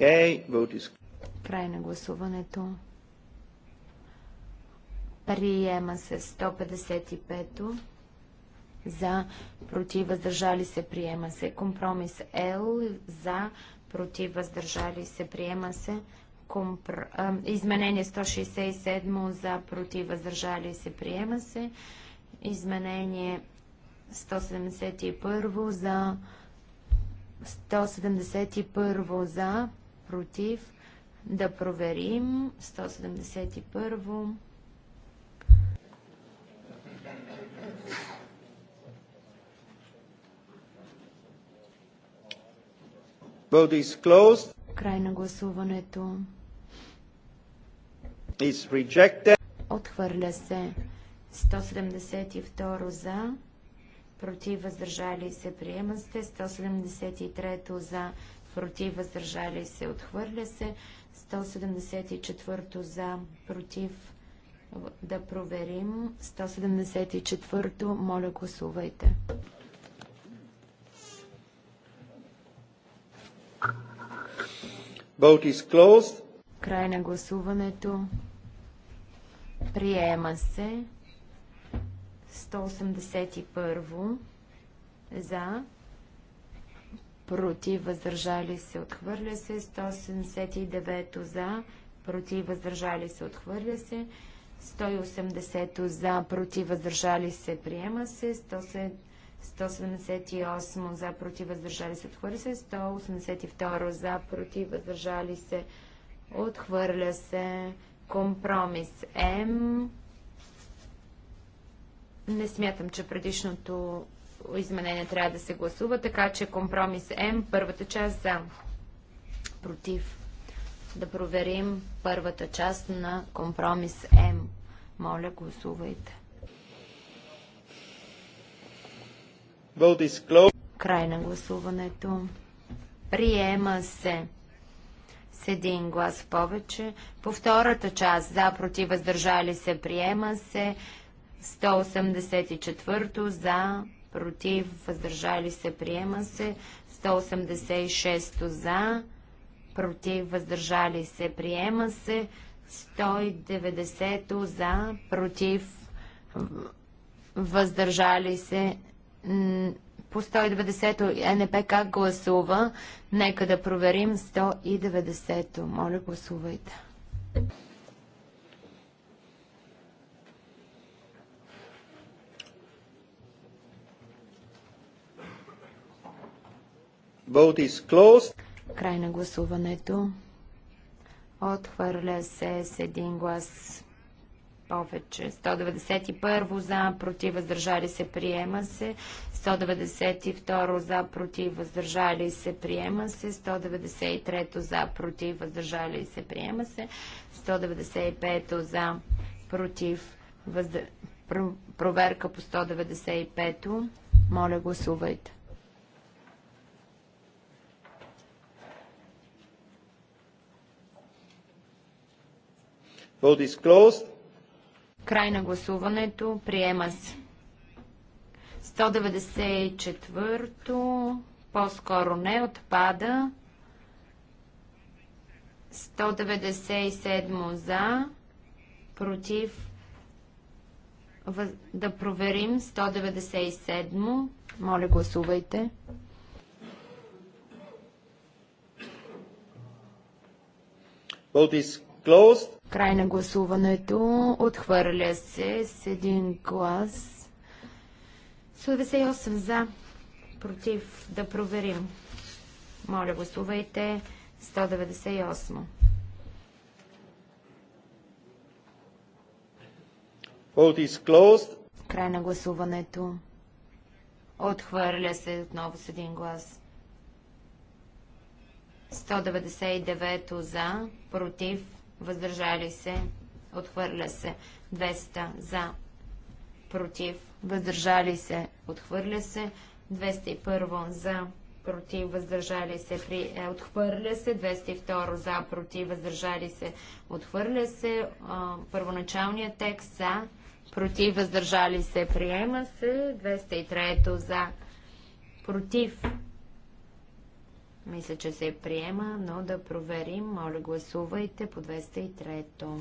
Okay, vote is... Край на гласуването. Приема се 155-то. За, против, въздържали се, приема се. Компромис Л. За, против, въздържали се, приема се. Компр... Изменение 167 за, против, въздържали се, приема се. Изменение 171 за, 171 за, против, да проверим. 171. Край на гласуването. Отхвърля се. 172 за. Против въздържали се приема се. 173 за против, въздържали се, отхвърля се. 174 за, против, да проверим. 174 моля гласувайте. Vote is closed. Край на гласуването. Приема се. 181 за, против, въздържали се, отхвърля се. 179 за, против, въздържали се, отхвърля се. 180 за, против, въздържали се, приема се. 100, 178 за, против, въздържали се, отхвърля се. 182 за, против, въздържали се, отхвърля се. Компромис М. Не смятам, че предишното изменение трябва да се гласува, така че компромис М, първата част за. Против. Да проверим първата част на компромис М. Моля, гласувайте. Край на гласуването. Приема се с един глас повече. По втората част за против въздържали се приема се 184 за против, въздържали се, приема се. 186 за, против, въздържали се, приема се. 190 за, против, въздържали се. По 190 НП как гласува? Нека да проверим 190. Моля, гласувайте. Thank you. Vote is closed. Край на гласуването. Отхвърля се с един глас повече. 191 за, против, въздържали се, приема се. 192 за, против, въздържали се, приема се. 193 за, против, въздържали се, приема се. 195 за, против, въздър... проверка по 195. Моля, гласувайте. Край на гласуването. Приема се. 194-то, по-скоро не, отпада. 197 за, против, да проверим 197. Моля, гласувайте. Vote is closed. Край на гласуването. Отхвърля се с един глас. 78 за. Против. Да проверим. Моля, гласувайте. 198. Vote is closed. Край на гласуването. Отхвърля се отново с един глас. 199 за, против въздържали се, отхвърля се. 200 за, против, въздържали се, отхвърля се. 201 за, против, въздържали се, при, е, отхвърля се, 202 за, против, въздържали се, отхвърля се, а, първоначалният текст за, против, въздържали се, приема се, 203 за, против, мисля, че се приема, но да проверим. Моля, гласувайте по 203-то.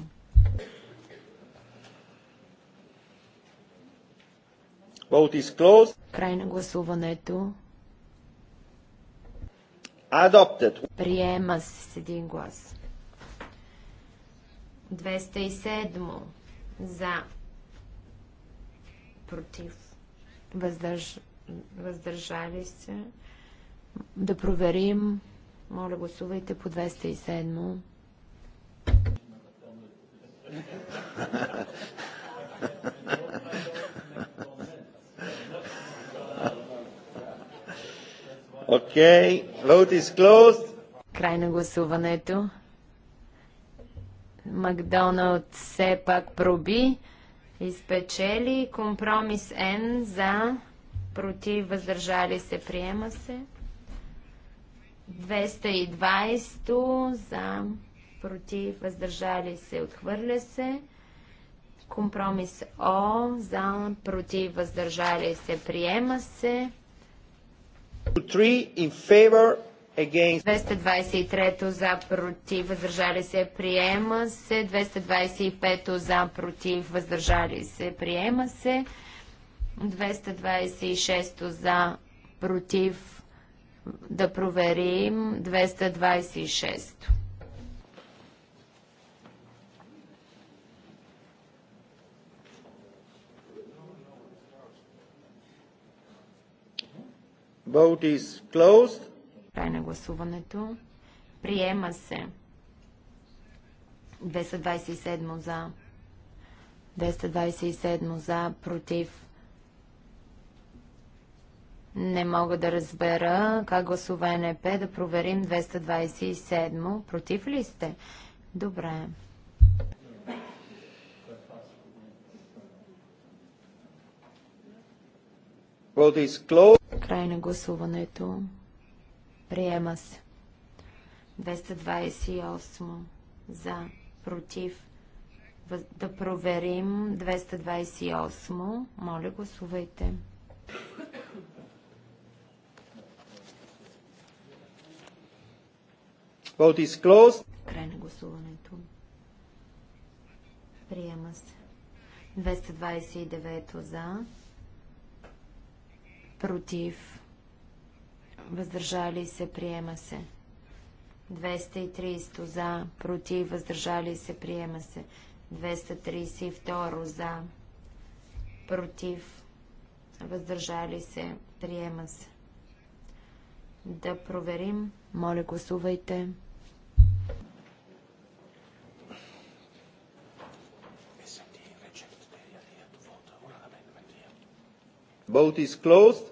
Край на гласуването. Adopted. Приема се с един глас. 207 за против въздърж... въздържали се да проверим. Моля, гласувайте по 207. Окей, okay. vote is closed. Край на гласуването. Макдоналд все пак проби. Изпечели компромис Н за против въздържали се, приема се. 220 за, против, въздържали се, отхвърля се. Компромис О за, против, въздържали се, приема се. 223 за против, въздържали се, приема се. 225 за против, въздържали се, приема се. 226 за против, да проверим 226. Vote is closed. Край на гласуването. Приема се. 227 за. 227 за, против не мога да разбера как гласува НП да проверим 227. Против ли сте? Добре. Край на гласуването. Приема се. 228 за, против. Да проверим 228. Моля, гласувайте. Vote is closed. Край на гласуването. Приема се. 229 за. Против. Въздържали се. Приема се. 230 за. Против. Въздържали се. Приема се. 232 за. Против. Въздържали се. Приема се. Да проверим. Моля, гласувайте. Vote is closed.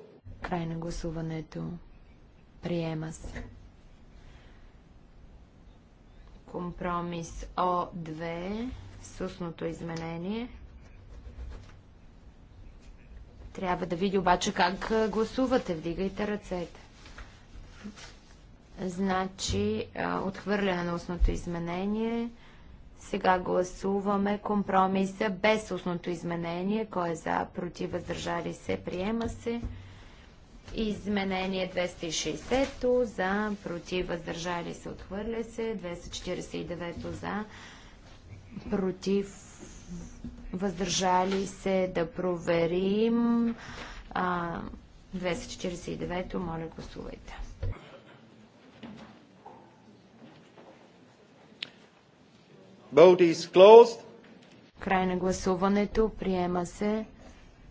Край на гласуването. Приема се. Компромис О2 с устното изменение. Трябва да види обаче как гласувате. Вдигайте ръцете. Значи, отхвърляне на устното изменение – сега гласуваме компромиса без устното изменение. Кой е за, против, въздържали се, приема се. Изменение 260 то за, против, въздържали се, отхвърля се. 249 за, против, въздържали се, да проверим. 249-то, моля гласувайте. Vote is closed. Край на гласуването. Приема се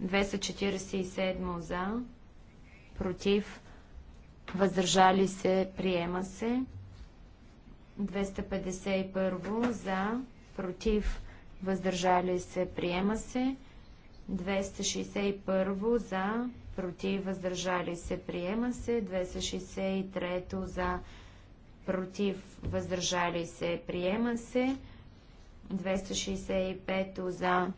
247 за, против, въздържали се, приема се. 251 за, против, въздържали се, приема се. 261 за, против, въздържали се, приема се. 263 за, против, въздържали се, приема се. 265 за,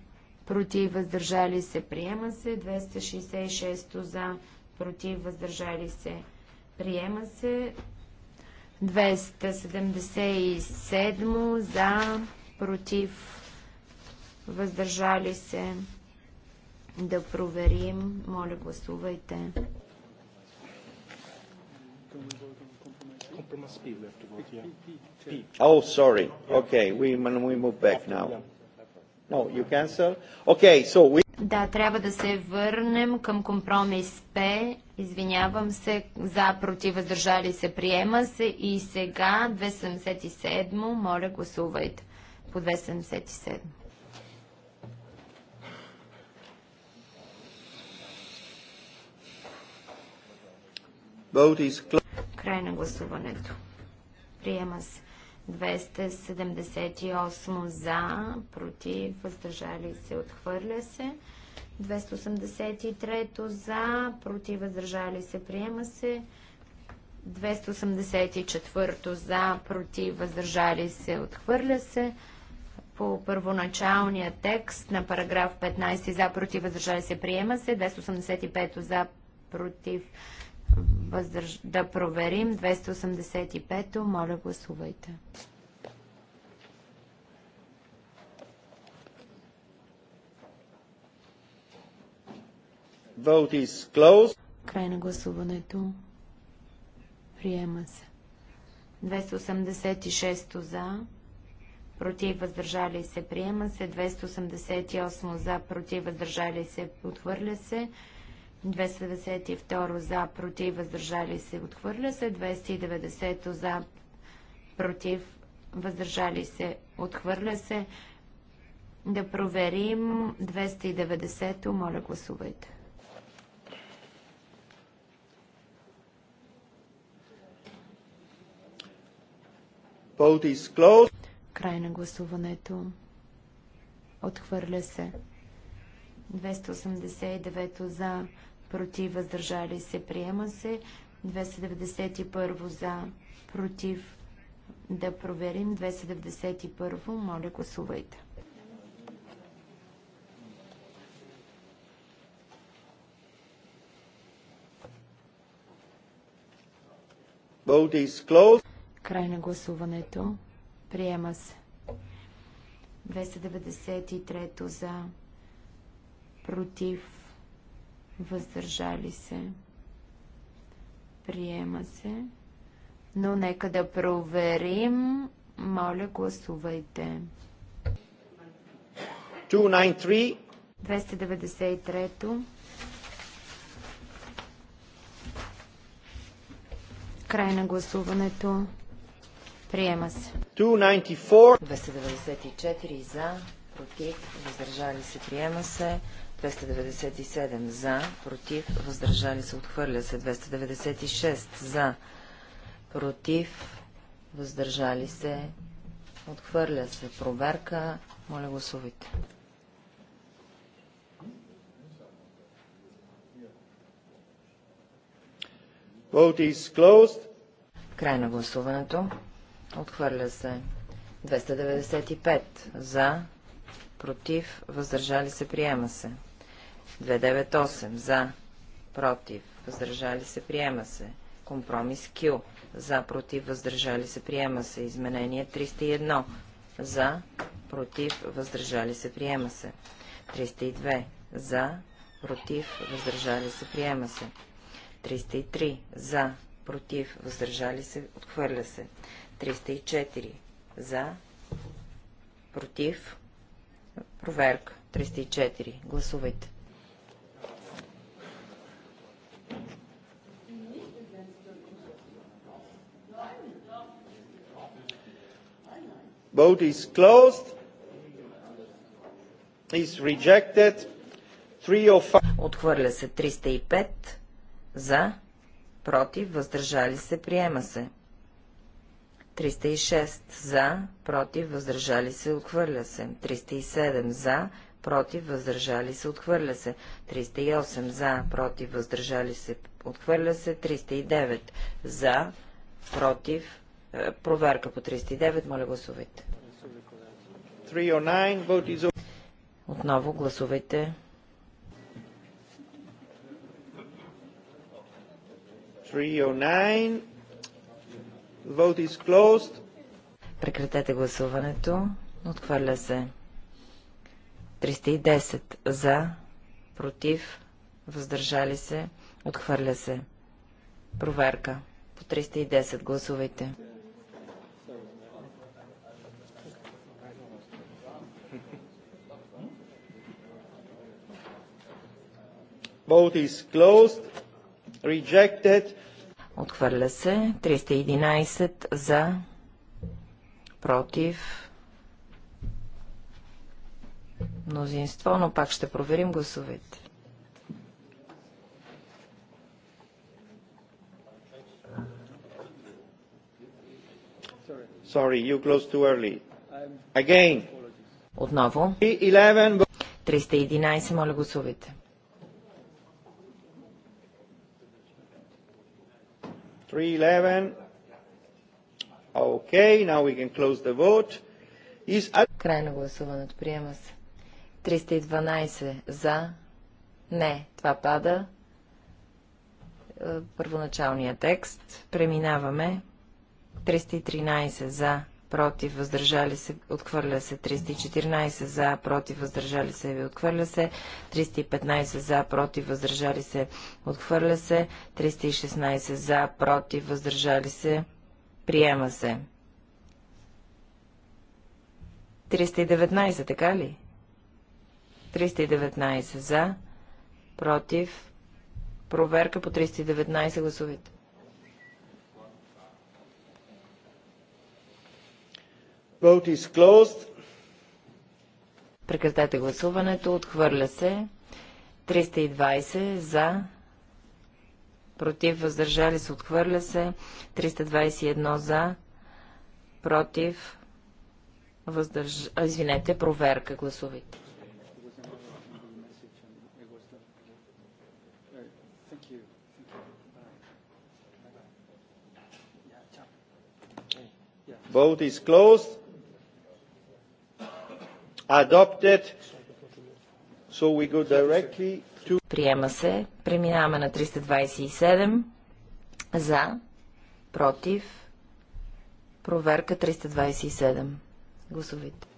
против, въздържали се, приема се. 266 за, против, въздържали се, приема се. 277 за, против, въздържали се. Да проверим. Моля, гласувайте. Oh, sorry. Okay, we, we move back now. No, you cancel? Okay, so we... Да, трябва да се върнем към компромис П. Извинявам се, за против въздържали се приема се и сега 277, моля гласувайте по 277. Vote is closed. Край на гласуването. Приема се. 278 за, против, въздържали се, отхвърля се. 283 за, против, въздържали се, приема се. 284 за, против, въздържали се, отхвърля се. По първоначалния текст на параграф 15 за, против, въздържали се, приема се. 285 за, против, въздърж... да проверим 285-то. Моля, гласувайте. Vote is closed. Край на гласуването. Приема се. 286 то за, против въздържали се, приема се. 288 за, против въздържали се, отвърля се. 292 за, против, въздържали се, отхвърля се. 290 за, против, въздържали се, отхвърля се. Да проверим 290 Моля, гласувайте. Край на гласуването. Отхвърля се. 289 за, против, въздържали се, приема се. 291 за, против, да проверим. 291, моля гласувайте. Край на гласуването. Приема се. 293 за, против, въздържали се, приема се. Но нека да проверим. Моля, гласувайте. 293. 293. Край на гласуването. Приема се. 294. 294 за, против, въздържали се, приема се. 297 за, против, въздържали се, отхвърля се. 296 за, против, въздържали се, отхвърля се. Проверка. Моля гласувайте. Vote is closed. Край на гласуването. Отхвърля се. 295 за, против, въздържали се, приема се. 298 за, против, въздържали се, приема се. Компромис Q за, против, въздържали се, приема се. Изменение 301 за, против, въздържали се, приема се. 302 за, против, въздържали се, приема се. 303 за, против, въздържали се, отхвърля се. 304 за, против, проверка. 304. Гласувайте. Vote is closed. Is rejected. Отхвърля се 305 за, против, въздържали се, приема се. 306 за, против, въздържали се, отхвърля се. 307 за, против, въздържали се, отхвърля се. 308 за, против, въздържали се, отхвърля се. 309 за, против, е, проверка по 309, моля гласувайте. 309, vote is Отново гласувайте. Oh vote is closed. Прекратете гласуването. Отхвърля се. 310 за, против, въздържали се, отхвърля се. Проверка. По 310 гласувайте. Vote is closed. Rejected. Отхвърля се. 311 за, против, мнозинство, но пак ще проверим гласовете. Sorry, you too early. Again. Отново. 311, моля гласовете. 311. Okay, now we can close the vote. Is... Край на гласуването. Приема се. 312 за. Не, това пада. Е, Първоначалния текст. Преминаваме. 313 за, против, въздържали се, отхвърля се. 314 за, против, въздържали се, отхвърля се. 315 за, против, въздържали се, отхвърля се. 316 за, против, въздържали се, приема се. 319, така ли? 319 за, против. Проверка по 319 гласовете. Vote is closed. Прекратете гласуването. Отхвърля се. 320 за. Против. Въздържали се. Отхвърля се. 321 за. Против. Въздърж... Извинете. Проверка. Гласувайте. Vote is closed. Adopted. So we go directly to... Приема се. Преминаваме на 327. За. Против. Проверка 327. Гласовите.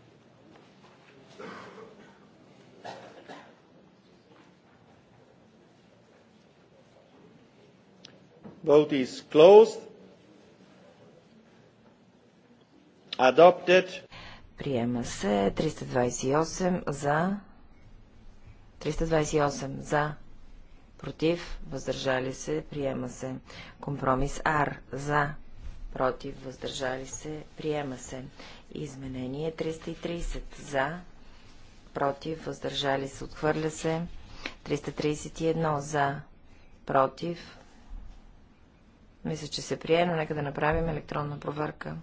Vote is closed Adopted. Приема се 328 за. 328 за. Против. Въздържали се. Приема се. Компромис R. За. Против. Въздържали се. Приема се. Изменение 330 за. Против. Въздържали се. Отхвърля се. 331 за. Против. Мисля, че се приема. Нека да направим електронна проверка.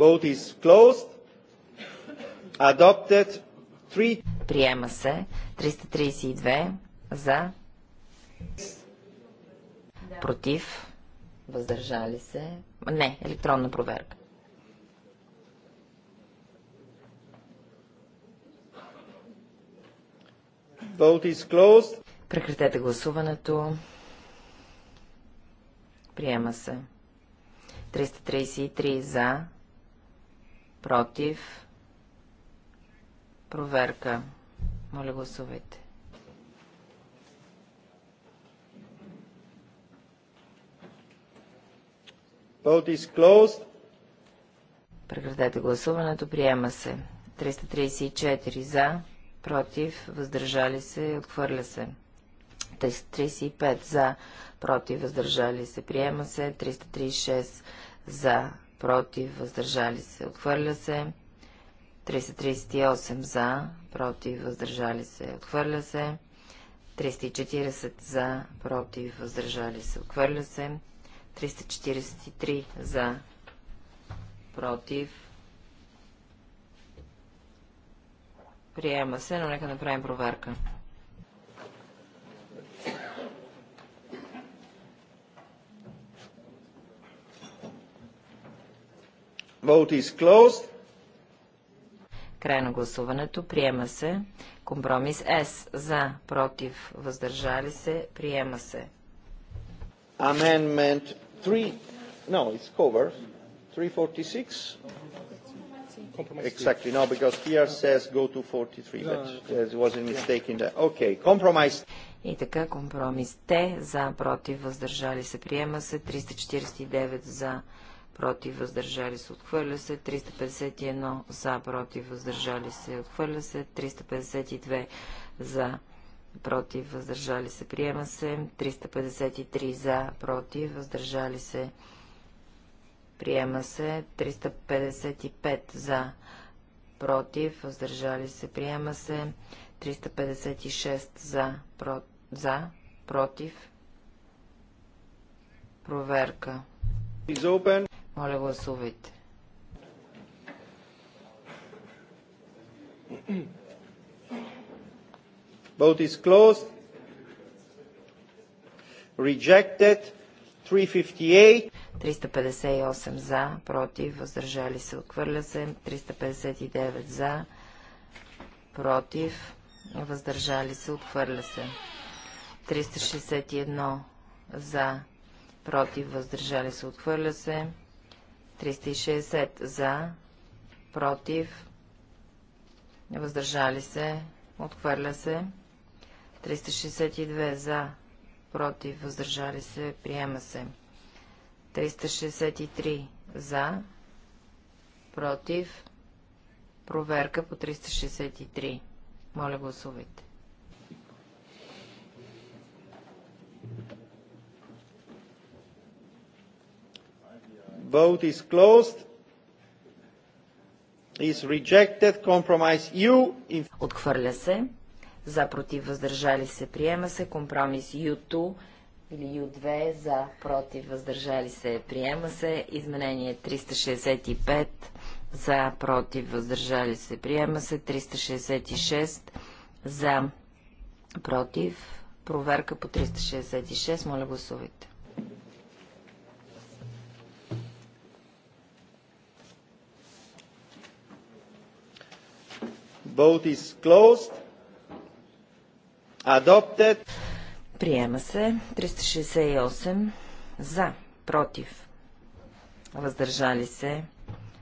Vote is closed. Adopted. Three... Приема се. 332 за. Против. Въздържали се. Не, електронна проверка. Vote is closed. Прекратете гласуването. Приема се. 333 за против, проверка. Моля, гласувайте. Прекратете гласуването. Приема се. 334 за, против, въздържали се, отхвърля се. 335 за, против, въздържали се, приема се. 336 за, против, въздържали се, отхвърля се. 338 за, против, въздържали се, отхвърля се. 340 за, против, въздържали се, отхвърля се. 343 за, против. Приема се, но нека направим проверка. Vote is closed. Край на гласуването. Приема се. Компромис С. За, против, въздържали се. Приема се. Amendment 3. No, it's covered. 346. Exactly, no, because here says go to 43, but ah, there was a mistake in that. Okay, compromise. И така, компромис Т. За, против, въздържали се. Приема се. 349 за, против против, въздържали се, отхвърля се, 351 за, против, въздържали се, отхвърля се, 352 за, против, въздържали се, приема се, 353 за, против, въздържали се, приема се, 355 за, против, въздържали се, приема се, 356 за, про, за против, проверка. open. Моля, гласувайте. Vote is closed. Rejected. 358. 358 за, против, въздържали се, отхвърля се. 359 за, против, въздържали се, отхвърля се. 361 за, против, въздържали се, отхвърля се. 360 за, против, въздържали се, отхвърля се. 362 за, против, въздържали се, приема се. 363 за, против, проверка по 363. Моля гласувайте. Vote is closed. Is rejected. Compromise U. Отхвърля се. За против въздържали се приема се. Компромис U2 или U2 за против въздържали се приема се. Изменение 365 за против въздържали се приема се. 366 за против. Проверка по 366. Моля гласувайте. Vote is closed. Adopted. Приема се. 368 за, против, въздържали се.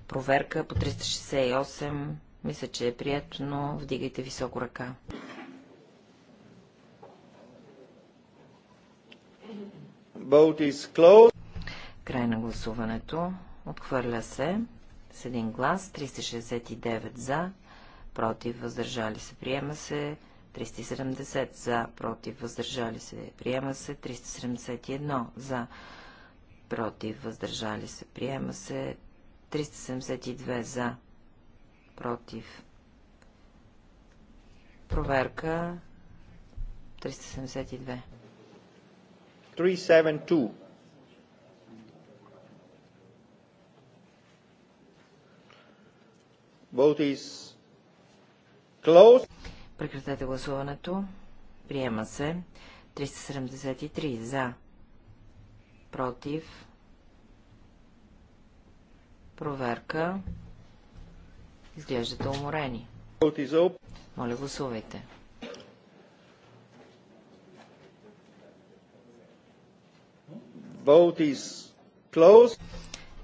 Проверка по 368. Мисля, че е приятно, но вдигайте високо ръка. Край на гласуването. Отхвърля се с един глас. 369 за, против, въздържали се, приема се. 370 за, против, въздържали се, приема се. 371 за, против, въздържали се, приема се. 372 за, против. Проверка 372. 372. Vote is Прекратете гласуването. Приема се. 373 за. Против. Проверка. Изглеждате уморени. Моля, гласувайте.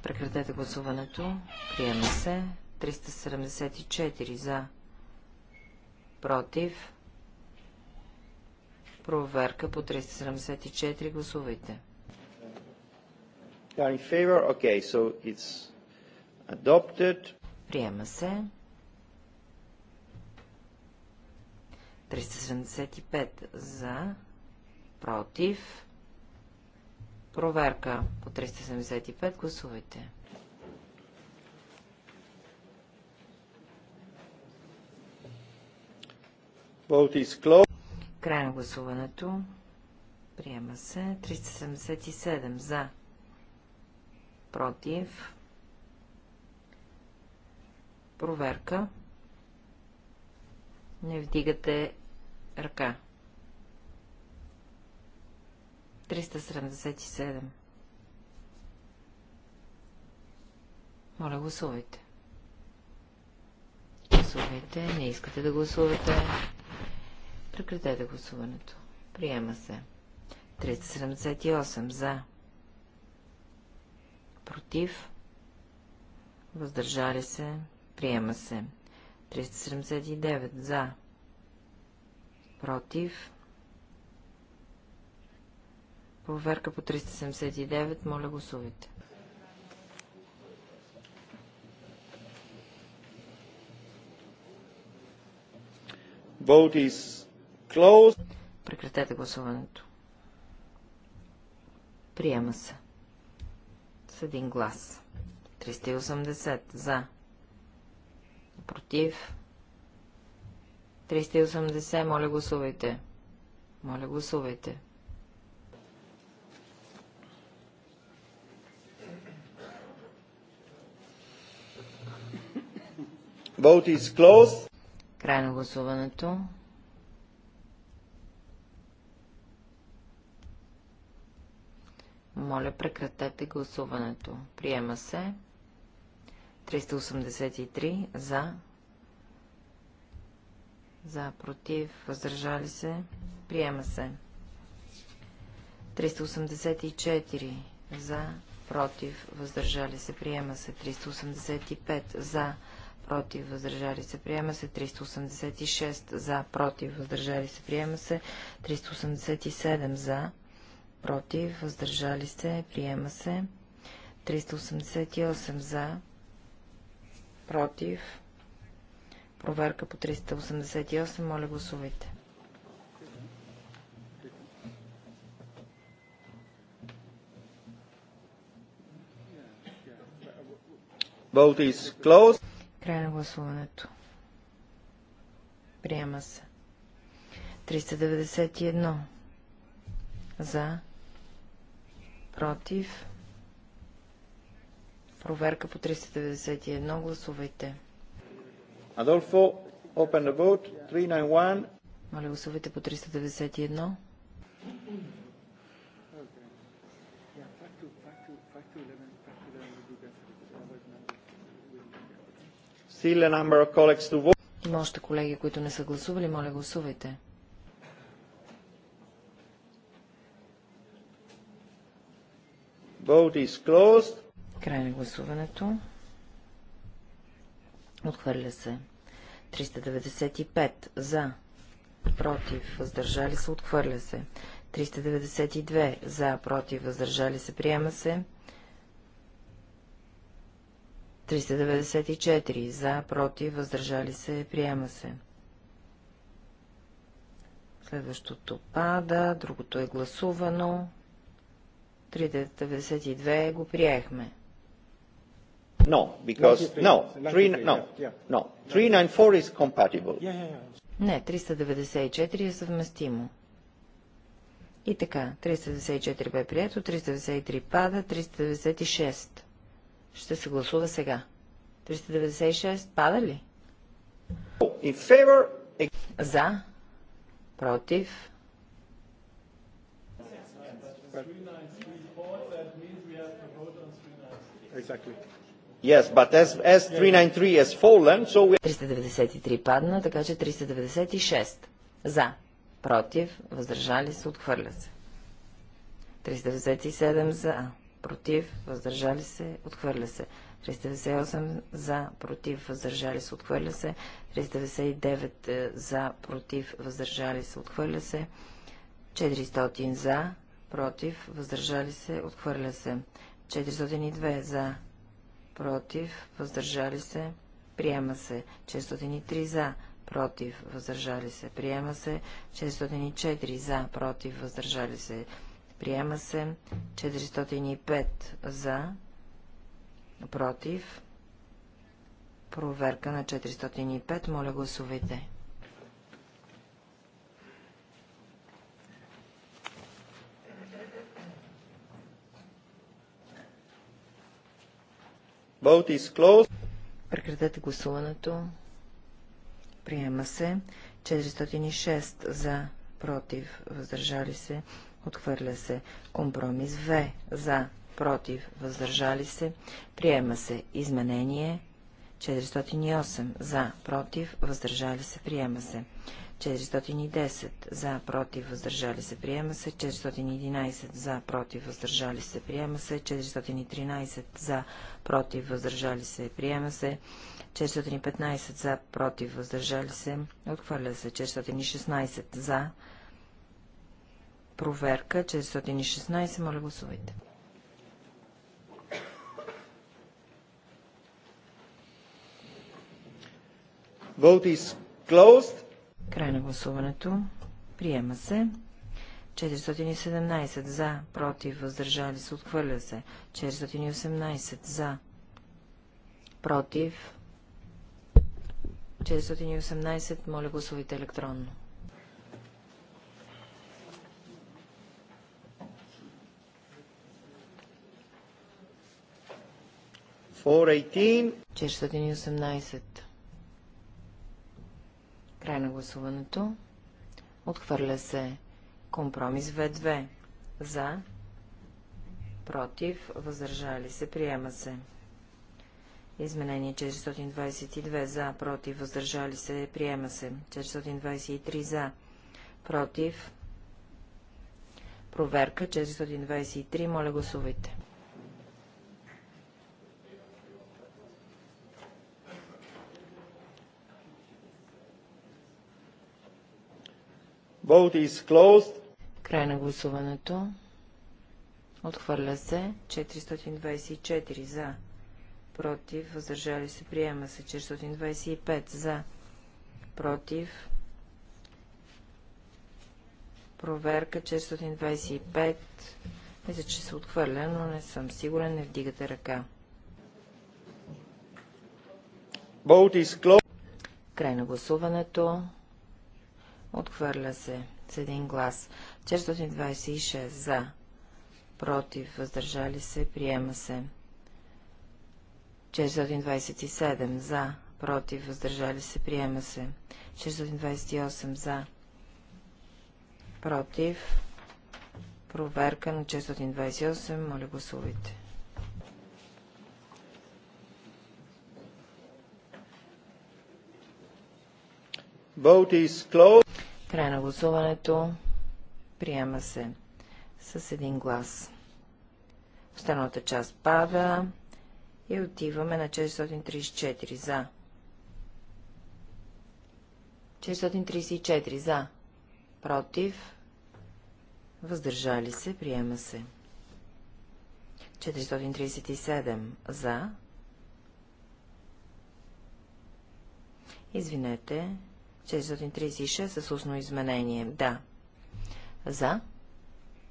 Прекратете гласуването. Приема се. 374 за против. Проверка по 374. Гласувайте. in favor? Okay, so it's adopted. Приема се. 375 за, против. Проверка по 375. Гласувайте. Край на гласуването. Приема се. 377 за. Против. Проверка. Не вдигате ръка. 377. Моля, гласувайте. Гласувайте. Не искате да гласувате. Прекратете гласуването. Приема се. 378 за. Против. Въздържали се. Приема се. 379 за. Против. Проверка по 379. Моля гласувайте. Vote is Прекратете гласуването. Приема се. С един глас. 380 за. Против. 380. Моля гласувайте. Моля гласувайте. Vote is closed. Край на гласуването. Моля, прекратете гласуването. Приема се. 383 за. За, против, въздържали се. Приема се. 384 за, против, въздържали се. Приема се. 385 за, против, въздържали се, приема се, 386 за, против, въздържали се, приема се, 387 за, против, въздържали се, приема се. 388 за, против. Проверка по 388, моля гласувайте. Vote is closed. Край на гласуването. Приема се. 391 за, против. Проверка по 391. Гласувайте. Адолфо, open the vote. 391. Моля, гласувайте по 391. Still a number of colleagues to vote. Има още колеги, които не са гласували. Моля, гласувайте. Vote is closed. Край на гласуването. Отхвърля се. 395 за. Против. Въздържали се. Отхвърля се. 392 за. Против. Въздържали се. Приема се. 394 за. Против. Въздържали се. Приема се. Следващото пада. Другото е гласувано. 392 го приехме. No, because... No, 3, no, no. 394 is compatible. Не, 394 е съвместимо. И така, 394 бе прието, 393 пада, 396. Ще се гласува сега. 396 пада ли? Oh, favor... За. Против. Exactly. Yes, but as 393 has fallen, so we... 393 падна, така че 396. За. Против. Въздържали се. Отхвърля се. 397 за. Против. Въздържали се. Отхвърля се. 398 за. Против. Въздържали се. Отхвърля се. 399 е, за. Против. Въздържали се. Отхвърля се. 400 за. Против. Въздържали се. Отхвърля се. 402 за, против, въздържали се, приема се. 403 за, против, въздържали се, приема се. 404 за, против, въздържали се, приема се. 405 за, против. Проверка на 405. Моля гласувайте. Прекратете гласуването. Приема се. 406 за, против, въздържали се, отхвърля се. Компромис В за, против, въздържали се, приема се. Изменение 408 за, против, въздържали се, приема се. 410 за, против, въздържали се, приема се. 411 за, против, въздържали се, приема се. 413 за, против, въздържали се, приема се. 415 за, против, въздържали се, отхвърля се. 416 за, проверка. 416, моля гласувайте. Vote is closed. Край на гласуването. Приема се. 417 за, против, въздържали се, отхвърля се. 418 за, против. 418, моля гласувайте електронно. For 418. Край на гласуването. Отхвърля се. Компромис В2. За. Против. Въздържали се. Приема се. Изменение 422 за, против, въздържали се, приема се. 423 за, против, проверка 423, моля гласувайте. Vote is closed. Край на гласуването. Отхвърля се. 424 за. Против. Въздържали се. Приема се. 425 за. Против. Проверка 425. Мисля, че се отхвърля, но не съм сигурен. Не вдигате ръка. Край на гласуването. Отхвърля се с един глас. 426 за. Против. Въздържали се. Приема се. 427 за. Против. Въздържали се. Приема се. 428 за. Против. Проверка на 428. Моля гласувайте. Край на гласуването. Приема се с един глас. Останалата част пада и отиваме на 434 за. 434 за. Против. Въздържали се. Приема се. 437 за. Извинете. 436 с устно изменение. Да. За.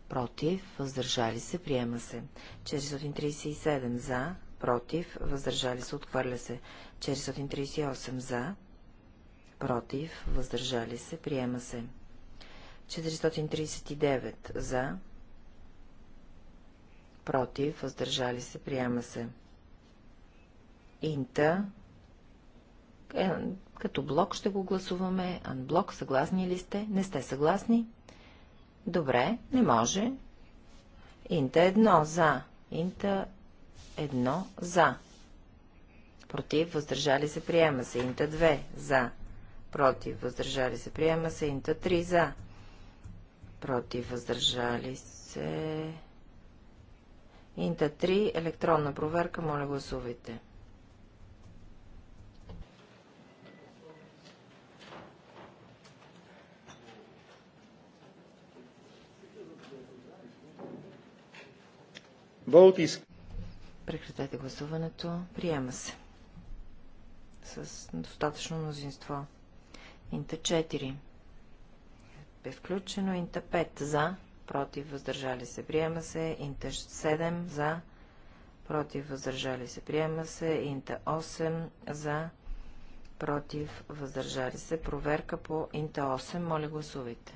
Против. Въздържали се. Приема се. 437. За. Против. Въздържали се. Отхвърля се. 438. За. Против. Въздържали се. Приема се. 439. За. Против. Въздържали се. Приема се. Инта. Е, като блок ще го гласуваме. Анблок, съгласни ли сте? Не сте съгласни? Добре, не може. Инта едно за. Инта едно за. Против, въздържали се, приема се. Инта 2 за. Против, въздържали се, приема се. Инта 3 за. Против, въздържали се. Инта 3, електронна проверка, моля гласувайте. Vote Прекратете гласуването. Приема се. С достатъчно мнозинство. Инта 4. Бе включено. Инта 5. За. Против. Въздържали се. Приема се. Инта 7. За. Против. Въздържали се. Приема се. Инта 8. За. Против. Въздържали се. Проверка по Инта 8. Моля гласувайте.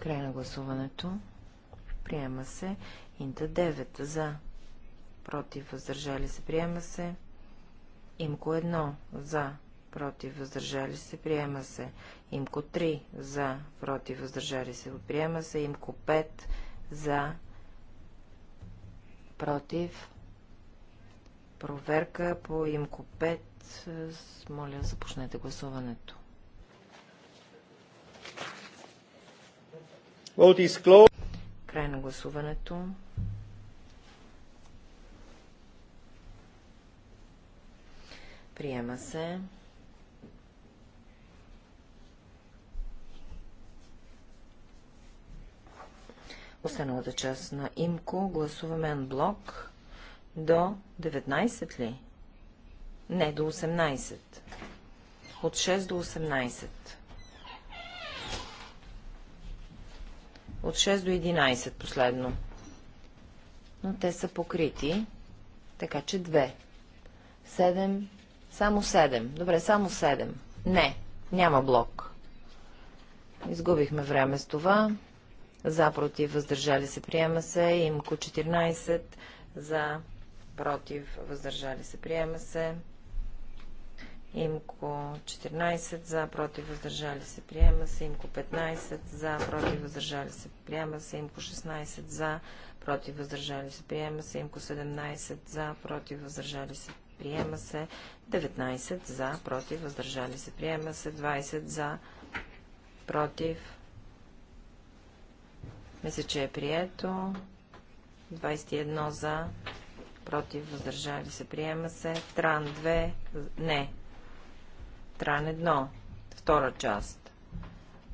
Край на гласуването. Приема се. Инта 9 за. Против, въздържали се. Приема се. Имко 1 за. Против, въздържали се. Приема се. Имко 3 за. Против, въздържали се. Приема се. Имко 5 за. Против. Проверка по имко 5. Моля, започнете гласуването. Край на гласуването. Приема се. Останалата част на имко гласуваме анблок до 19 ли? Не, до 18. От 6 до 18. от 6 до 11 последно. Но те са покрити, така че 2. 7, само 7. Добре, само 7. Не, няма блок. Изгубихме време с това. За, против, въздържали се, приема се. Имко 14. За, против, въздържали се, приема се. Имко 14 за, против, въздържали се, приема се. Имко 15 за, против, въздържали се, приема се. Имко 16 за, против, въздържали се, приема се. Имко 17 за, против, въздържали се, приема се. 19 за, против, въздържали се, приема се. 20 за, против. Мисля, че е прието. 21 за, против, въздържали се, приема се. Тран 2, не, Тран 1. Втора част.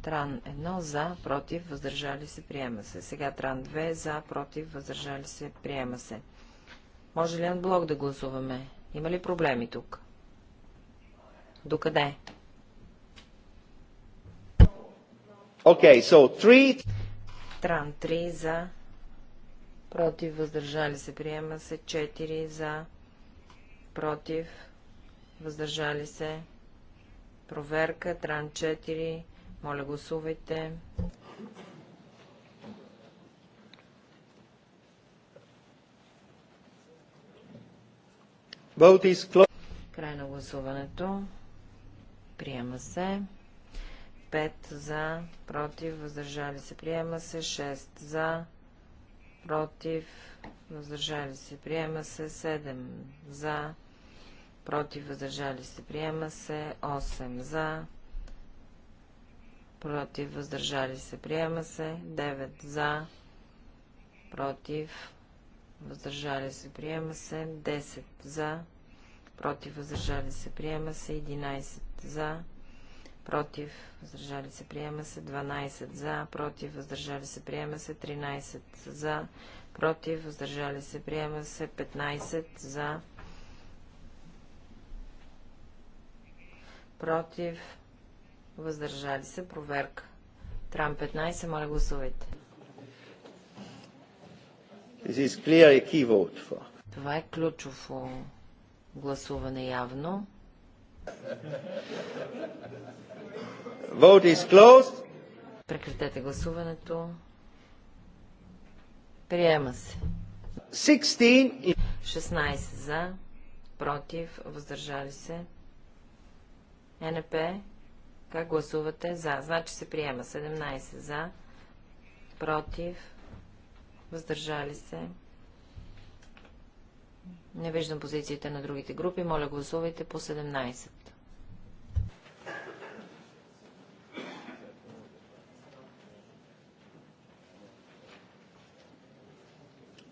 Тран 1 за, против, въздържали се, приема се. Сега Тран 2 за, против, въздържали се, приема се. Може ли на блок да гласуваме? Има ли проблеми тук? Докъде? Okay, so 3... Тран 3 за, против, въздържали се, приема се. 4 за, против, въздържали се, Проверка, Тран 4. Моля, гласувайте. Край на гласуването. Приема се. 5 за, против, въздържали се. Приема се. 6 за, против, въздържали се. Приема се. 7 за, против против, въздържали се, приема се. 8 за, против, въздържали се, приема се. 9 за, против, въздържали се, приема се. 10 за, против, въздържали се, приема се. 11 за, против, въздържали се, приема се, 12 за, против, въздържали се, приема се, 13 за, против, въздържали се, приема се, 15 за, против, въздържали се, проверка. Трам 15, моля гласувайте. Това е ключово гласуване явно. Vote is closed. Прекратете гласуването. Приема се. 16 за, против, въздържали се. НП, как гласувате? За. Значи се приема. 17 за, против, въздържали се. Не виждам позициите на другите групи. Моля, гласувайте по 17.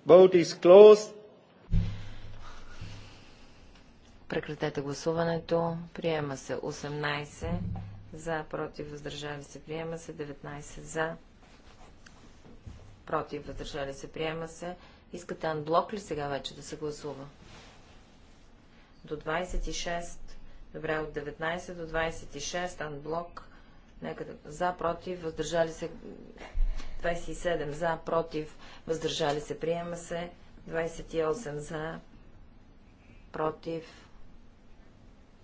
Vote is closed. Прекратете гласуването. Приема се 18 за, против, въздържали се, приема се 19 за, против, въздържали се, приема се. Искате анблок ли сега вече да се гласува? До 26, добре, от 19 до 26, анблок, нека да, за, против, въздържали се, 27 за, против, въздържали се, приема се, 28 за, против,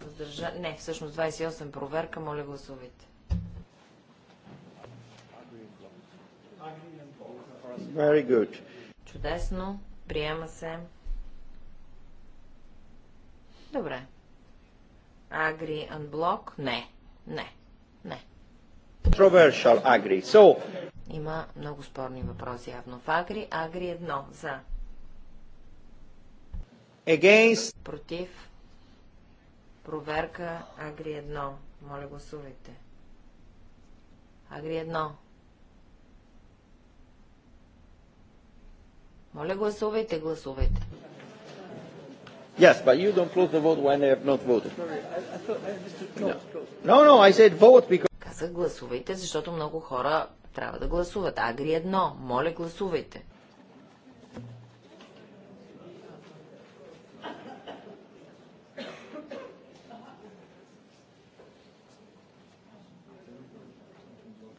Въздържа... Не, всъщност 28 проверка. Моля гласувайте. Very good. Чудесно. Приема се. Добре. Агри анблок? Не. Не. Не. Controversial агри. So... Има много спорни въпроси явно в агри. Агри едно. За. Against. Против. Проверка Агри 1. Моля гласувайте. Агри 1. Моля гласувайте, гласувайте. Yes, but you don't close the vote when they have not voted. Uh, no, no, I said vote because... Казах гласувайте, защото много хора трябва да гласуват. Агри 1. Моля гласувайте.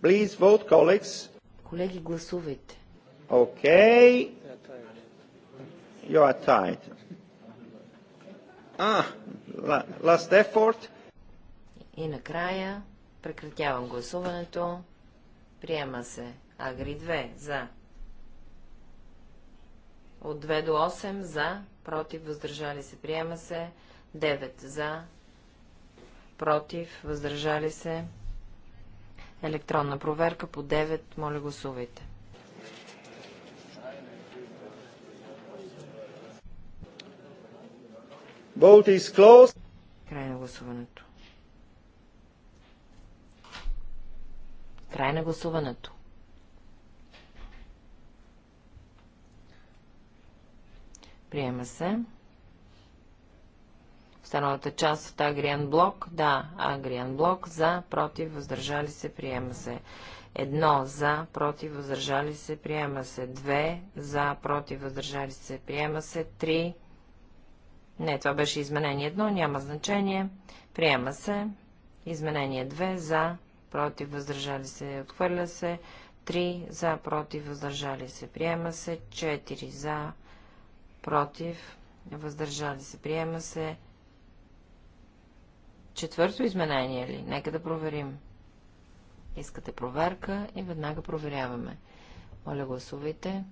Please vote, colleagues. Колеги, гласувайте. Okay. You are tied. Ah, last effort. И накрая прекратявам гласуването. Приема се. Агри 2. За. От 2 до 8. За. Против. Въздържали се. Приема се. 9. За. Против. Въздържали се. Електронна проверка по 9. Моля гласувайте. Vote is closed. Край на гласуването. Край на гласуването. Приема се останалата част от Агриан Блок. Да, Агриан Блок. За, против, въздържали се, приема се. Едно за, против, въздържали се, приема се. Две за, против, въздържали се, приема се. Три. Не, това беше изменение едно, няма значение. Приема се. Изменение 2 за, против, въздържали се, отхвърля се. 3 за, против, въздържали се, приема се. 4 за, против, въздържали се, приема се. Четвърто изменение ли? Нека да проверим. Искате проверка и веднага проверяваме. Моля, гласувайте.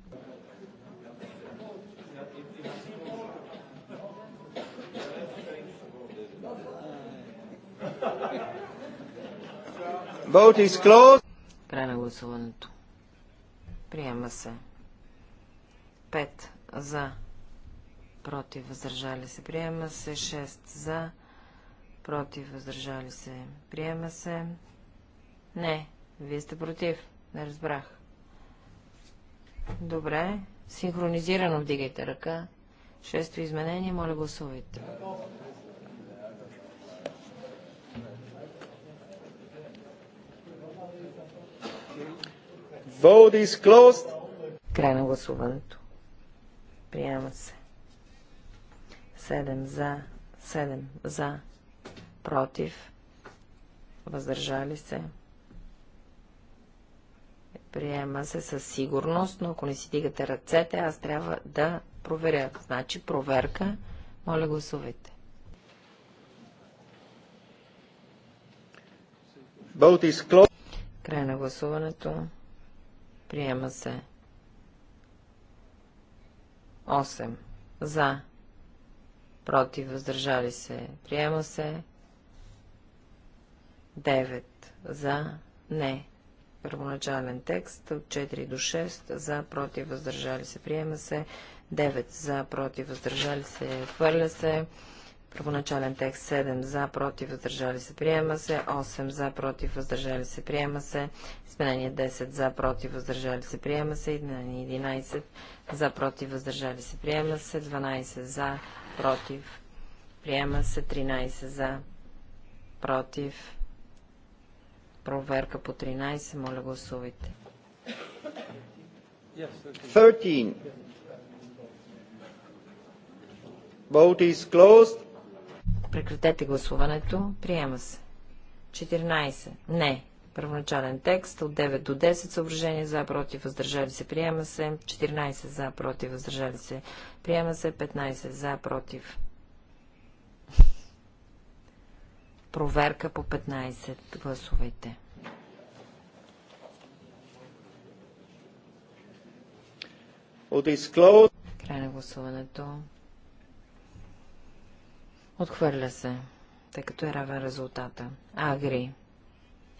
Vote is closed. Край на гласуването. Приема се. Пет за. Против. Въздържали се. Приема се. 6 за против, въздържали се, приема се. Не, вие сте против, не разбрах. Добре, синхронизирано вдигайте ръка. Шесто изменение, моля гласувайте. Vote is closed. Край на гласуването. Приема се. 7 за, 7 за, против, въздържали се. Приема се със сигурност, но ако не си дигате ръцете, аз трябва да проверя. Значи проверка. Моля, гласувайте. Край на гласуването. Приема се. 8. За. Против. Въздържали се. Приема се. 9 за, не. Първоначален текст от 4 до 6 за, против, въздържали се, приема се. 9 за, против, въздържали се, хвърля се. Първоначален текст 7 за, против, въздържали се, приема се. 8 за, против, въздържали се, приема се. Изменение 10 за, против, въздържали се, приема се. Изменение 11 за, против, въздържали се, приема се. 12 за, против, приема се. 13 за, против, Проверка по 13. Моля гласувайте. 13. Vote is closed. Прекратете гласуването. Приема се. 14. Не. Първоначален текст от 9 до 10 Съображение за, против, въздържали се, приема се. 14 за, против, въздържали се, приема се. 15 за, против, Проверка по 15. гласовете. Край на гласуването. Отхвърля се, тъй като е равен резултата. Агри.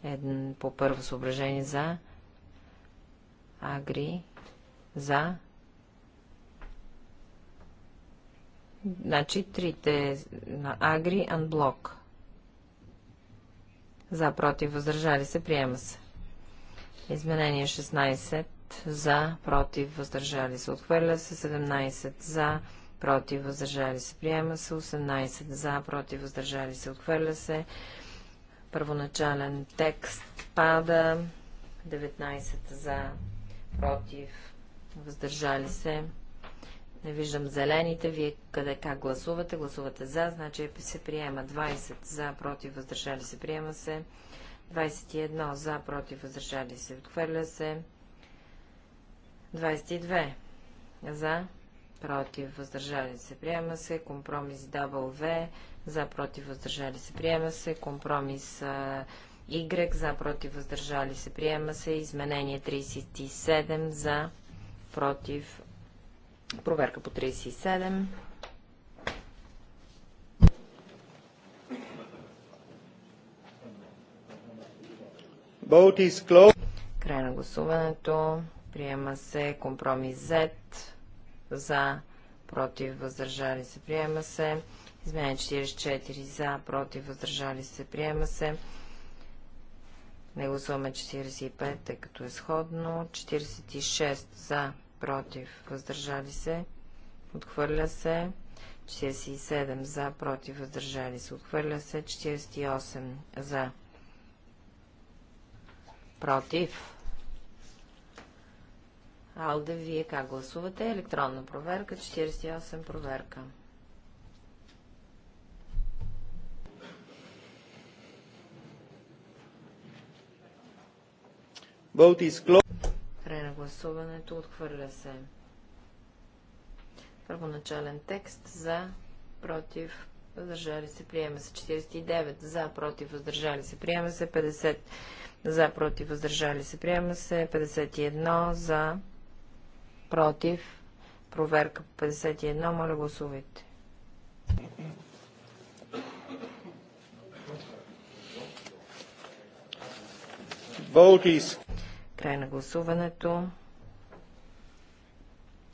Един по първо съображение за. Агри. За. Значи трите на Агри Анблок. За, против, въздържали се, приема се. Изменение 16 за, против, въздържали се, отхвърля се, 17 за, против, въздържали се, приема се, 18 за, против, въздържали се, отхвърля се, първоначален текст пада, 19 за, против, въздържали се, не виждам зелените. Вие къде как гласувате? Гласувате за, значи се приема 20 за, против, въздържали се, приема се. 21 за, против, въздържали се, отхвърля се. 22 за, против, въздържали се, приема се. Компромис W за, против, въздържали се, приема се. Компромис Y за, против, въздържали се, приема се. Изменение 37 за, против, Проверка по 37. Край на гласуването. Приема се компромис Z. За, против, въздържали се. Приема се. Измене 44 за, против, въздържали се. Приема се. Не гласуваме 45, тъй като е сходно. 46 за, против, въздържали се, отхвърля се. 47 за, против, въздържали се, отхвърля се. 48 за, против. Алде, вие как гласувате? Електронна проверка, 48 проверка. Vote is closed гласуването. Отхвърля се. Първоначален текст за, против, въздържали се, приема се 49, за, против, въздържали се, приема се 50, за, против, въздържали се, приема се 51, за, против, проверка 51, моля гласувайте. Vote Край на гласуването.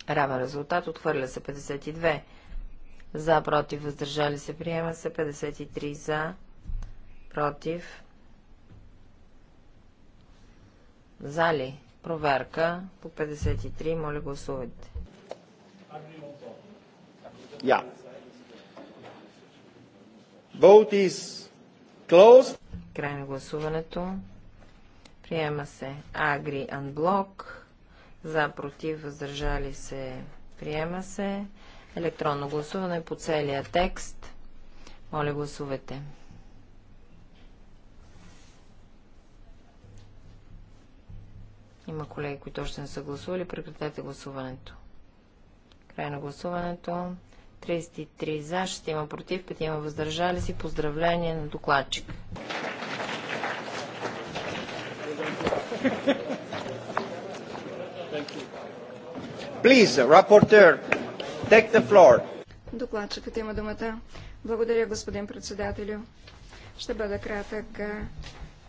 Равен резултат. Отхвърля се 52. За, против, въздържали се, приема се. 53 за, против. Зали. Проверка по 53. Моля, гласувайте. Yeah. Vote is closed. Край на гласуването. Приема се Агри Анблок. За, против, въздържали се. Приема се. Електронно гласуване по целия текст. Моля, гласувайте. Има колеги, които още не са гласували. Прекратете гласуването. Край на гласуването. 33 за, 6 има против, 5 има въздържали си. Поздравление на докладчика. Please, rapporteur, take the floor. Докладчикът има думата. Благодаря, господин председателю. Ще бъда кратък.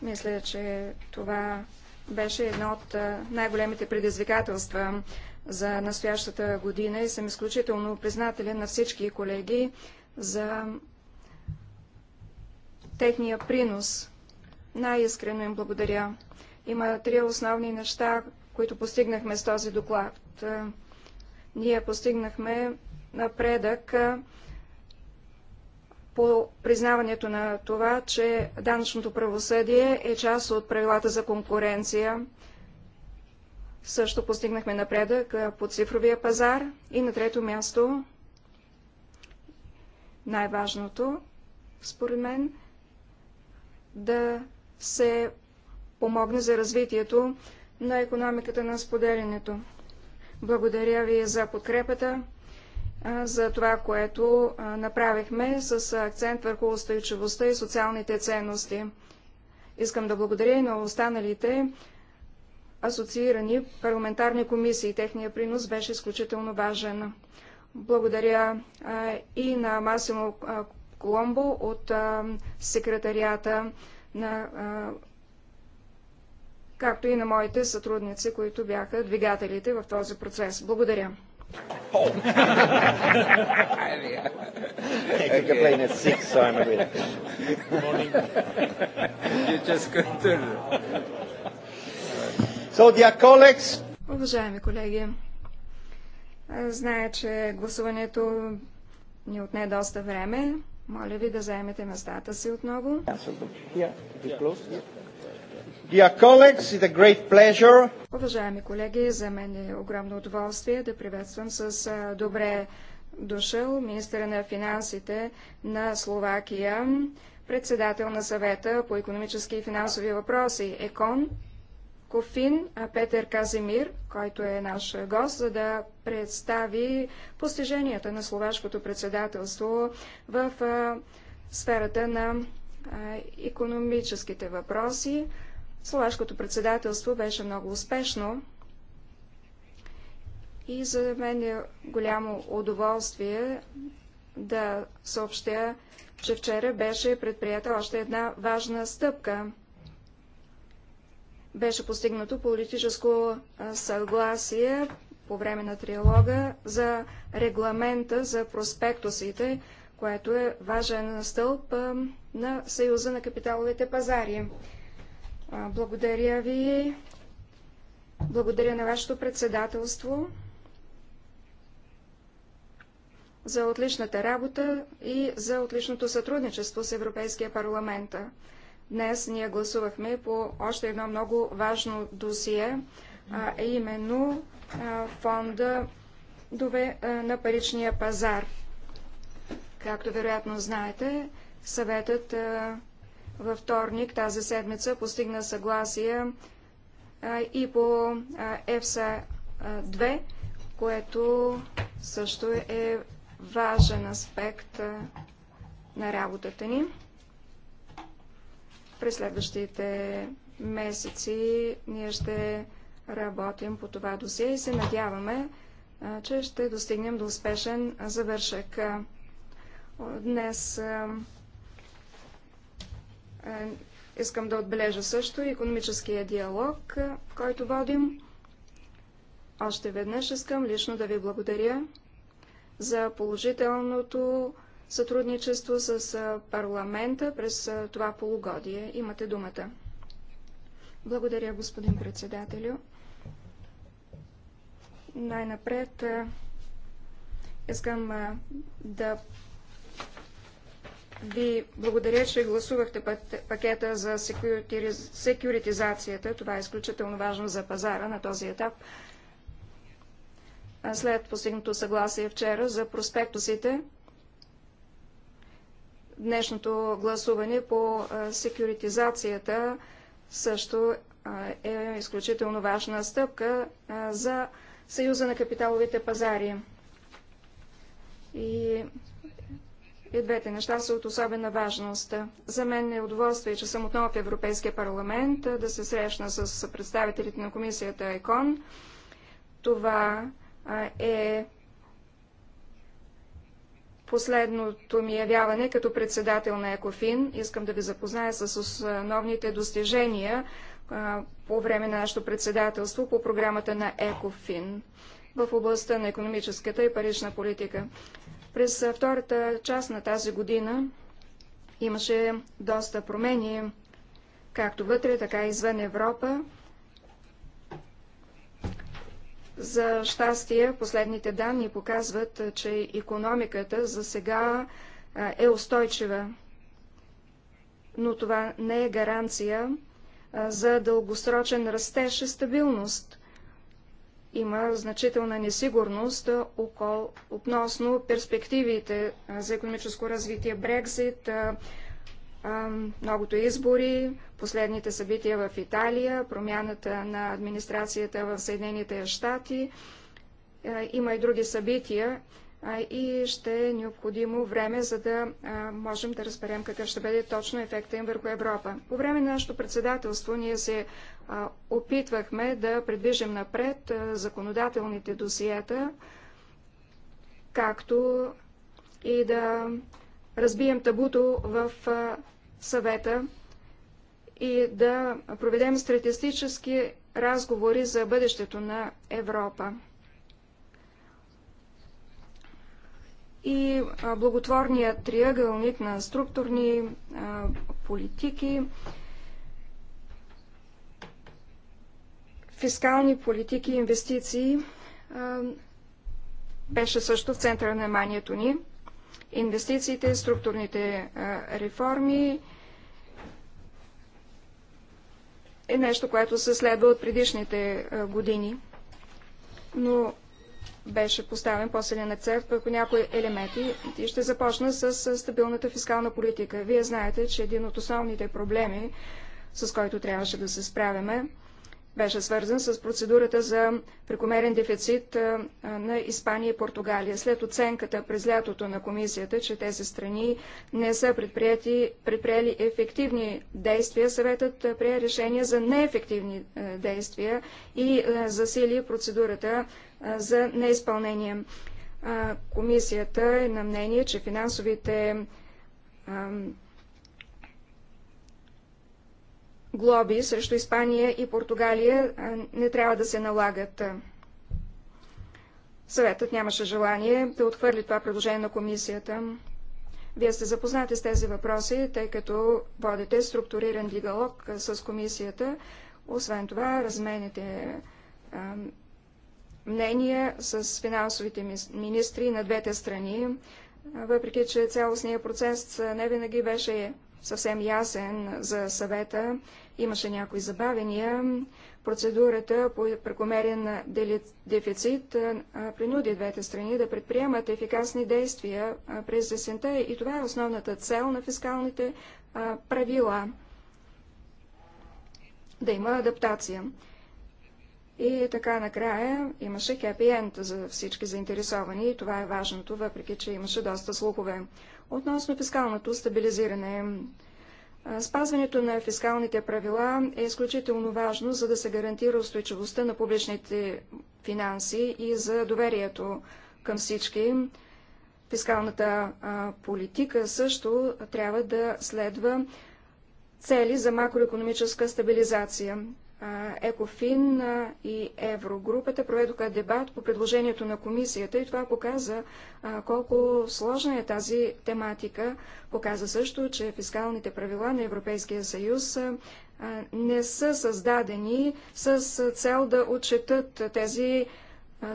Мисля, че това беше едно от най-големите предизвикателства за настоящата година и съм изключително признателен на всички колеги за техния принос. Най-искрено им благодаря. Има три основни неща, които постигнахме с този доклад. Е, ние постигнахме напредък е, по признаването на това, че данъчното правосъдие е част от правилата за конкуренция. Също постигнахме напредък е, по цифровия пазар. И на трето място, най-важното, според мен, да се помогне за развитието на економиката на споделянето. Благодаря ви за подкрепата, за това, което направихме с акцент върху устойчивостта и социалните ценности. Искам да благодаря и на останалите асоциирани парламентарни комисии. Техния принос беше изключително важен. Благодаря и на Масимо Коломбо от секретарията на както и на моите сътрудници, които бяха двигателите в този процес. Благодаря. So, Уважаеми колеги, зная, че гласуването ни отне доста време. Моля ви да заемете местата си отново. Yeah, Colleagues, Уважаеми колеги, за мен е огромно удоволствие да приветствам с добре дошъл министър на финансите на Словакия, председател на съвета по економически и финансови въпроси ЕКОН, Кофин Петър Казимир, който е наш гост, за да представи постиженията на словашкото председателство в сферата на економическите въпроси. Словашкото председателство беше много успешно и за мен е голямо удоволствие да съобщя, че вчера беше предприята още една важна стъпка. Беше постигнато политическо съгласие по време на триалога за регламента за проспектусите, което е важен стълб на Съюза на капиталовите пазари. Благодаря ви. Благодаря на вашето председателство за отличната работа и за отличното сътрудничество с Европейския парламент. Днес ние гласувахме по още едно много важно досие, а именно фонда на паричния пазар. Както вероятно знаете, съветът във вторник тази седмица постигна съгласие и по ЕФСА 2, което също е важен аспект на работата ни. През следващите месеци ние ще работим по това досие и се надяваме, че ще достигнем до успешен завършък. Днес е, искам да отбележа също економическия диалог, е, който водим. Още веднъж искам лично да ви благодаря за положителното сътрудничество с е, парламента през това полугодие. Имате думата. Благодаря, господин председателю. Най-напред искам да ви благодаря, че гласувахте пакета за секюритизацията. Това е изключително важно за пазара на този етап. След постигнато съгласие вчера за проспектусите, днешното гласуване по секюритизацията също е изключително важна стъпка за Съюза на капиталовите пазари. И и двете неща са от особена важност. За мен е удоволствие, че съм отново в Европейския парламент, да се срещна с представителите на комисията ЕКОН. Това е последното ми явяване като председател на ЕКОФИН. Искам да ви запозная с основните достижения по време на нашето председателство по програмата на ЕКОФИН в областта на економическата и парична политика. През втората част на тази година имаше доста промени, както вътре, така и извън Европа. За щастие, последните данни показват, че економиката за сега е устойчива, но това не е гаранция за дългосрочен растеж и стабилност има значителна несигурност относно перспективите за економическо развитие Брекзит, многото избори, последните събития в Италия, промяната на администрацията в Съединените щати. Има и други събития, и ще е необходимо време, за да можем да разберем какъв ще бъде точно ефекта им върху Европа. По време на нашето председателство ние се опитвахме да предвижим напред законодателните досиета, както и да разбием табуто в съвета и да проведем статистически разговори за бъдещето на Европа. и благотворният триъгълник на структурни политики, фискални политики и инвестиции беше също в центъра на вниманието ни. Инвестициите, структурните реформи е нещо, което се следва от предишните години. Но беше поставен по-силен акцент върху някои елементи и ще започна с стабилната фискална политика. Вие знаете, че един от основните проблеми, с който трябваше да се справяме, беше свързан с процедурата за прекомерен дефицит на Испания и Португалия. След оценката през лятото на комисията, че тези страни не са предприели ефективни действия, съветът прие решение за неефективни действия и засили процедурата за неизпълнение. Комисията е на мнение, че финансовите глоби срещу Испания и Португалия не трябва да се налагат. Съветът нямаше желание да отхвърли това предложение на комисията. Вие сте запознати с тези въпроси, тъй като водите структуриран диалог с комисията. Освен това, размените мнения с финансовите министри на двете страни, въпреки че цялостният процес не винаги беше съвсем ясен за съвета. Имаше някои забавения. Процедурата по прекомерен дефицит принуди двете страни да предприемат ефикасни действия през десента и това е основната цел на фискалните правила да има адаптация. И така накрая имаше хепи енд за всички заинтересовани и това е важното, въпреки че имаше доста слухове. Относно фискалното стабилизиране, спазването на фискалните правила е изключително важно, за да се гарантира устойчивостта на публичните финанси и за доверието към всички. Фискалната политика също трябва да следва цели за макроекономическа стабилизация. ЕКОФИН и Еврогрупата проведоха дебат по предложението на комисията и това показа колко сложна е тази тематика. Показа също, че фискалните правила на Европейския съюз не са създадени с цел да отчетат тези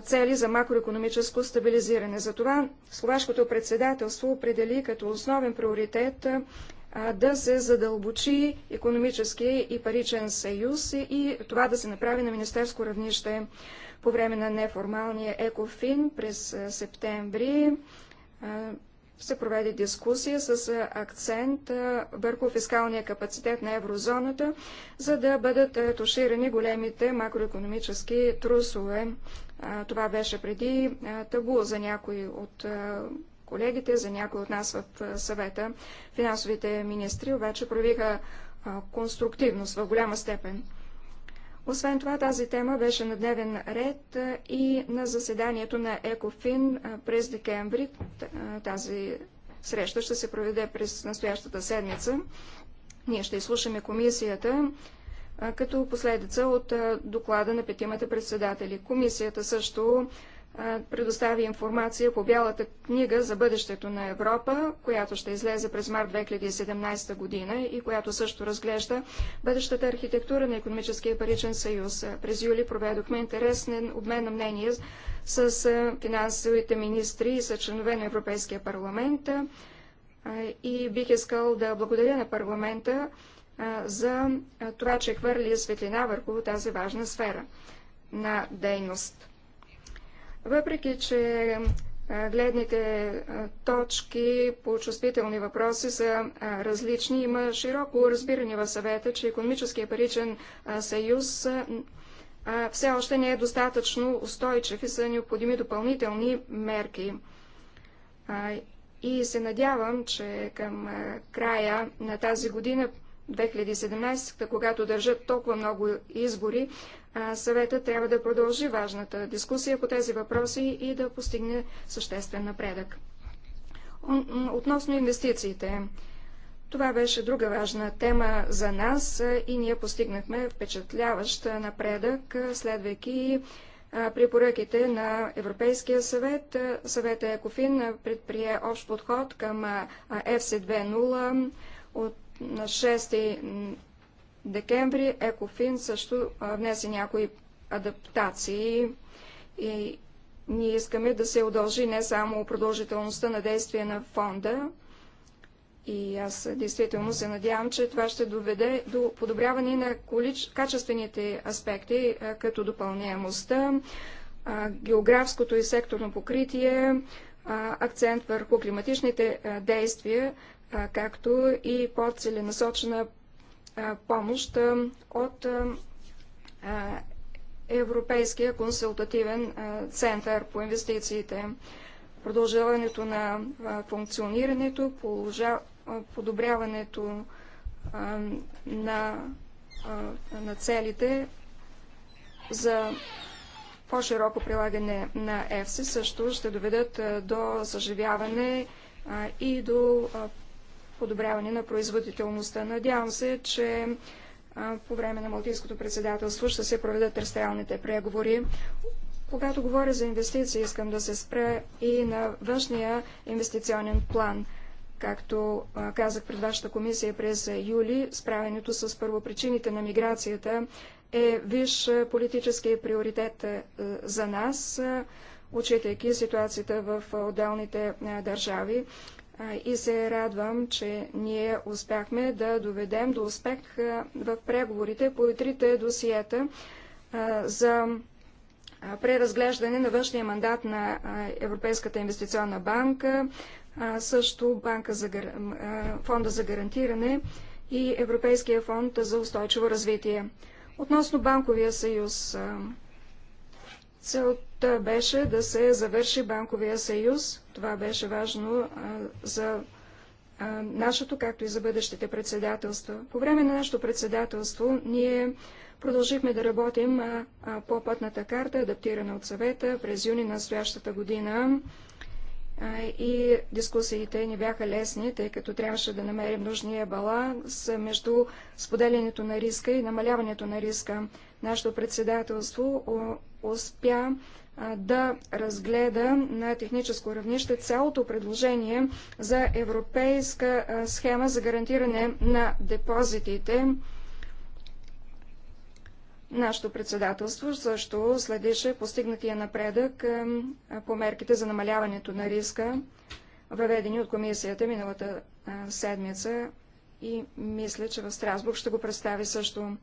цели за макроекономическо стабилизиране. Затова словашкото председателство определи като основен приоритет да се задълбочи економически и паричен съюз и това да се направи на министерско равнище по време на неформалния екофин през септември се проведе дискусия с акцент върху фискалния капацитет на еврозоната, за да бъдат туширани големите макроекономически трусове. Това беше преди табу за някои от колегите, за някои от нас в съвета. Финансовите министри обаче проявиха конструктивност в голяма степен. Освен това, тази тема беше на дневен ред и на заседанието на ЕКОФИН през декември. Тази среща ще се проведе през настоящата седмица. Ние ще изслушаме комисията като последица от доклада на петимата председатели. Комисията също предостави информация по Бялата книга за бъдещето на Европа, която ще излезе през март 2017 година и която също разглежда бъдещата архитектура на економическия паричен съюз. През юли проведохме интересен обмен на мнение с финансовите министри и с членове на Европейския парламент и бих искал да благодаря на парламента за това, че е хвърли светлина върху тази важна сфера на дейност. Въпреки, че гледните точки по чувствителни въпроси са различни, има широко разбиране в съвета, че економическия паричен съюз все още не е достатъчно устойчив и са необходими допълнителни мерки. И се надявам, че към края на тази година 2017, когато държат толкова много избори, Съветът трябва да продължи важната дискусия по тези въпроси и да постигне съществен напредък. Относно инвестициите, това беше друга важна тема за нас и ние постигнахме впечатляващ напредък, следвайки препоръките на Европейския съвет. Съвета Екофин предприе общ подход към FC 2.0 от на 6 декември Екофин също внесе някои адаптации и ние искаме да се удължи не само продължителността на действие на фонда, и аз действително се надявам, че това ще доведе до подобряване на колич... качествените аспекти, като допълняемостта, географското и секторно покритие, акцент върху климатичните действия, както и по-целенасочена помощ от Европейския консултативен център по инвестициите. Продължаването на функционирането, подобряването на, на целите за по-широко прилагане на ЕФСИ също ще доведат до съживяване и до подобряване на производителността. Надявам се, че по време на Малтийското председателство ще се проведат разстрелните преговори. Когато говоря за инвестиции, искам да се спре и на външния инвестиционен план. Както казах пред вашата комисия през юли, справянето с първопричините на миграцията е виш политически приоритет за нас, отчитайки ситуацията в отделните държави и се радвам, че ние успяхме да доведем до успех в преговорите по трите досиета за преразглеждане на външния мандат на Европейската инвестиционна банка, също банка за, фонда за гарантиране и Европейския фонд за устойчиво развитие. Относно банковия съюз, целта беше да се завърши банковия съюз. Това беше важно а, за а, нашето, както и за бъдещите председателства. По време на нашето председателство ние продължихме да работим а, по пътната карта, адаптирана от съвета през юни настоящата година. И дискусиите ни бяха лесни, тъй като трябваше да намерим нужния баланс между споделянето на риска и намаляването на риска. Нашето председателство успя да разгледа на техническо равнище цялото предложение за европейска схема за гарантиране на депозитите. Нашето председателство също следише постигнатия напредък по мерките за намаляването на риска, въведени от комисията миналата седмица и мисля, че в Страсбург ще го представи също.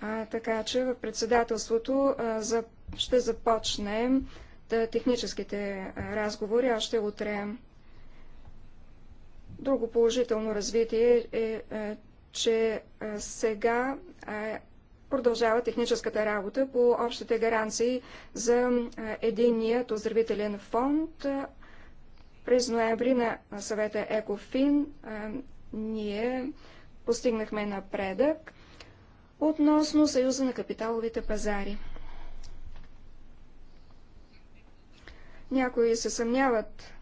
А, така че в председателството а, за, ще започнем да, техническите а, разговори още утре. Друго положително развитие е, че а, сега а, продължава техническата работа по общите гаранции за единният оздравителен фонд. През ноември на съвета ЕКОФИН ние постигнахме напредък относно Съюза на капиталовите пазари. Някои се съмняват,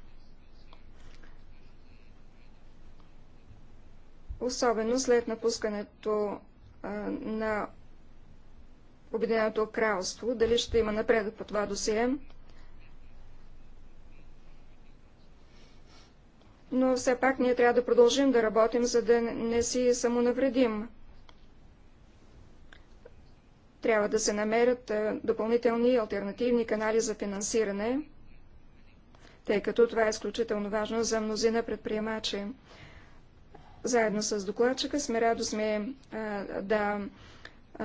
особено след напускането а, на Обединеното кралство, дали ще има напредък по това досие. Но все пак ние трябва да продължим да работим, за да не си самонавредим. Трябва да се намерят е, допълнителни и альтернативни канали за финансиране, тъй като това е изключително важно за мнозина предприемачи. Заедно с докладчика сме радо сме е, да е,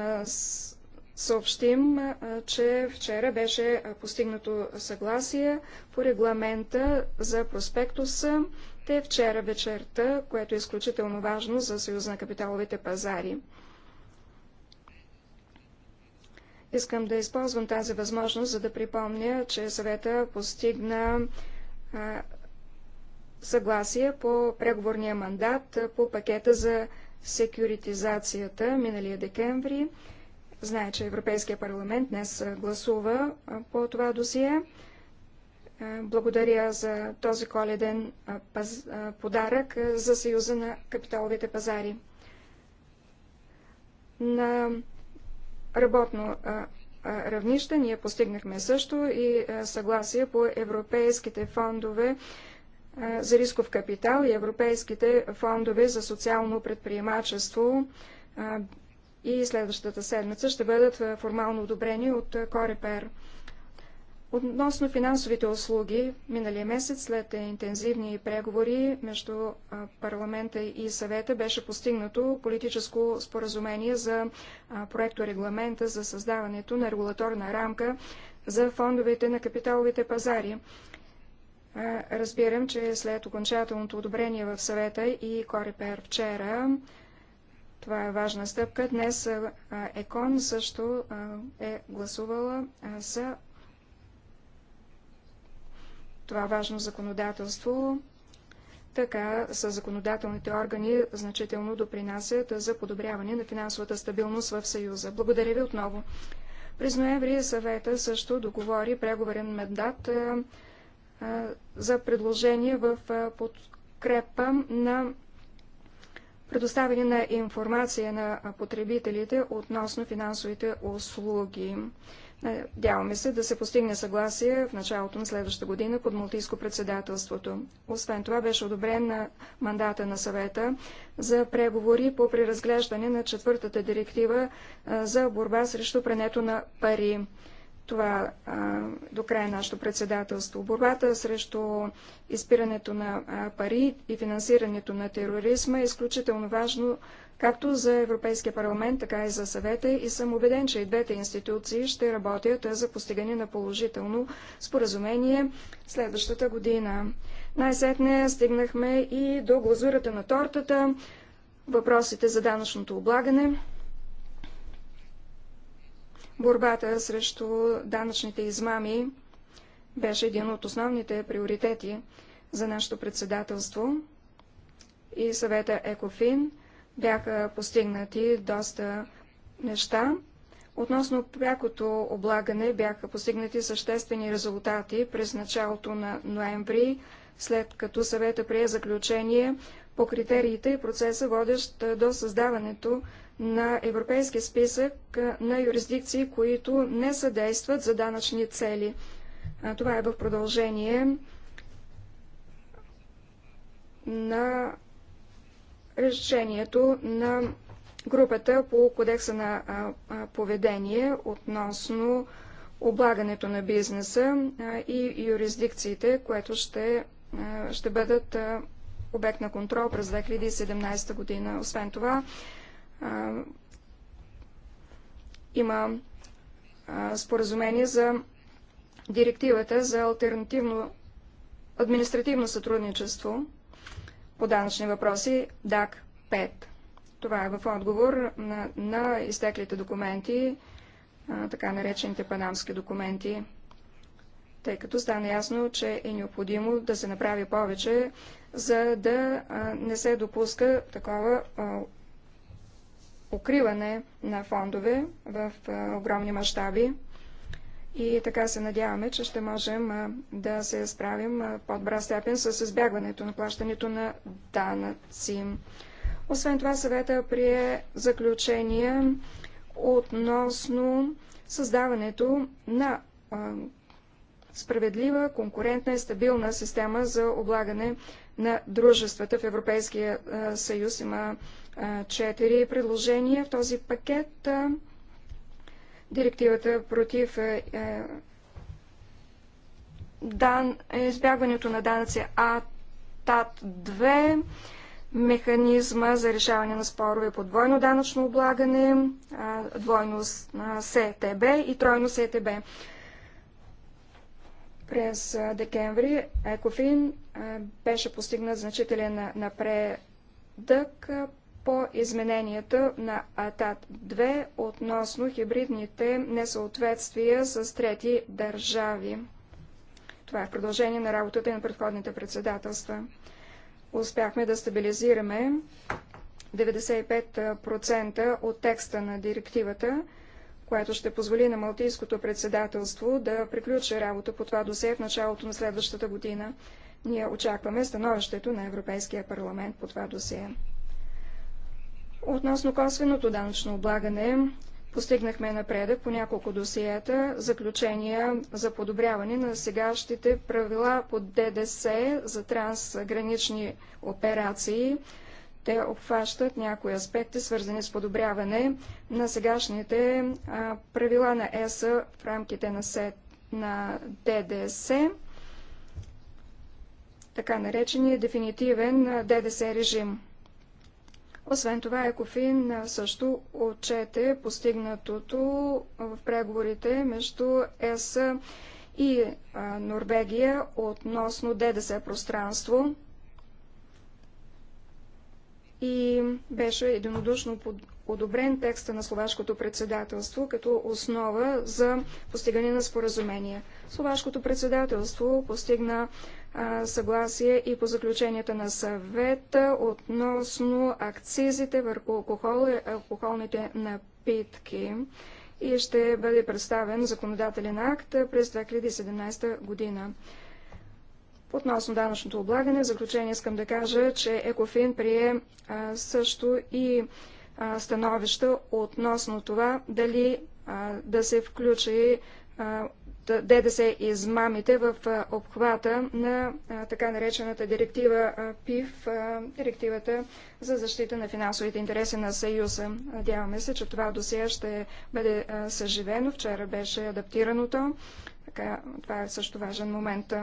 съобщим, че вчера беше постигнато съгласие по регламента за проспектуса те вчера вечерта, което е изключително важно за Съюз на капиталовите пазари. Искам да използвам тази възможност, за да припомня, че съвета постигна съгласие по преговорния мандат по пакета за секюритизацията миналия декември. Знае, че Европейския парламент днес гласува по това досие. Благодаря за този коледен подарък за Съюза на капиталовите пазари. На работно равнище. Ние постигнахме също и съгласие по европейските фондове за рисков капитал и европейските фондове за социално предприемачество и следващата седмица ще бъдат формално одобрени от Корепер. Относно финансовите услуги, миналия месец след интензивни преговори между парламента и съвета беше постигнато политическо споразумение за проекто регламента за създаването на регулаторна рамка за фондовете на капиталовите пазари. Разбирам, че след окончателното одобрение в съвета и Корепер вчера, това е важна стъпка, днес ЕКОН също е гласувала за това важно законодателство, така са законодателните органи значително допринасят за подобряване на финансовата стабилност в Съюза. Благодаря ви отново. През ноември съвета също договори преговорен мандат за предложение в подкрепа на предоставяне на информация на потребителите относно финансовите услуги. Надяваме се да се постигне съгласие в началото на следващата година под Малтийско председателството. Освен това беше одобрен на мандата на съвета за преговори по преразглеждане на четвъртата директива за борба срещу прането на пари. Това а, до края нашето председателство. Борбата срещу изпирането на пари и финансирането на тероризма е изключително важно както за Европейския парламент, така и за съвета и съм убеден, че и двете институции ще работят за постигане на положително споразумение следващата година. Най-сетне стигнахме и до глазурата на тортата, въпросите за данъчното облагане, борбата срещу данъчните измами беше един от основните приоритети за нашето председателство и съвета ЕКОФИН – бяха постигнати доста неща. Относно прякото облагане бяха постигнати съществени резултати през началото на ноември, след като съвета прие заключение по критериите и процеса, водещ до създаването на европейски списък на юрисдикции, които не съдействат за данъчни цели. Това е в продължение на решението на групата по кодекса на поведение относно облагането на бизнеса и юрисдикциите, което ще, ще бъдат обект на контрол през 2017 година. Освен това, има споразумение за директивата за альтернативно административно сътрудничество по данъчни въпроси ДАК 5. Това е в отговор на, на изтеклите документи, а, така наречените панамски документи, тъй като стана ясно, че е необходимо да се направи повече, за да а, не се допуска такова а, укриване на фондове в огромни мащаби. И така се надяваме, че ще можем да се справим по-добра степен с избягването на плащането на данъци. Освен това, съвета прие заключение относно създаването на справедлива, конкурентна и стабилна система за облагане на дружествата в Европейския съюз. Има четири предложения в този пакет директивата против е, е дан, е, избягването на данъци АТАТ-2, механизма за решаване на спорове по двойно данъчно облагане, е, двойно СТБ и тройно СТБ. През декември Екофин беше постигнат значителен напредък по измененията на АТАТ-2 относно хибридните несъответствия с трети държави. Това е в продължение на работата на предходните председателства. Успяхме да стабилизираме 95% от текста на директивата, което ще позволи на Малтийското председателство да приключи работа по това досе в началото на следващата година. Ние очакваме становището на Европейския парламент по това досие. Относно косвеното данъчно облагане, постигнахме напредък по няколко досиета, заключения за подобряване на сегащите правила по ДДС за трансгранични операции. Те обхващат някои аспекти, свързани с подобряване на сегашните правила на ЕС в рамките на, СЕ, на ДДС, така наречения дефинитивен ДДС режим. Освен това, Екофин също отчете постигнатото в преговорите между ЕС и Норвегия относно ДДС пространство и беше единодушно одобрен текста на словашкото председателство като основа за постигане на споразумение. Словашкото председателство постигна съгласие и по заключенията на съвета относно акцизите върху алкохола и алкохолните напитки и ще бъде представен законодателен акт през 2017 година. Относно данъчното облагане, в заключение искам да кажа, че Екофин прие а, също и а, становища относно това дали а, да се включи а, ДДС измамите в обхвата на така наречената директива ПИФ, директивата за защита на финансовите интереси на Съюза. Надяваме се, че това досие ще бъде съживено. Вчера беше адаптираното. Така, това е също важен момент.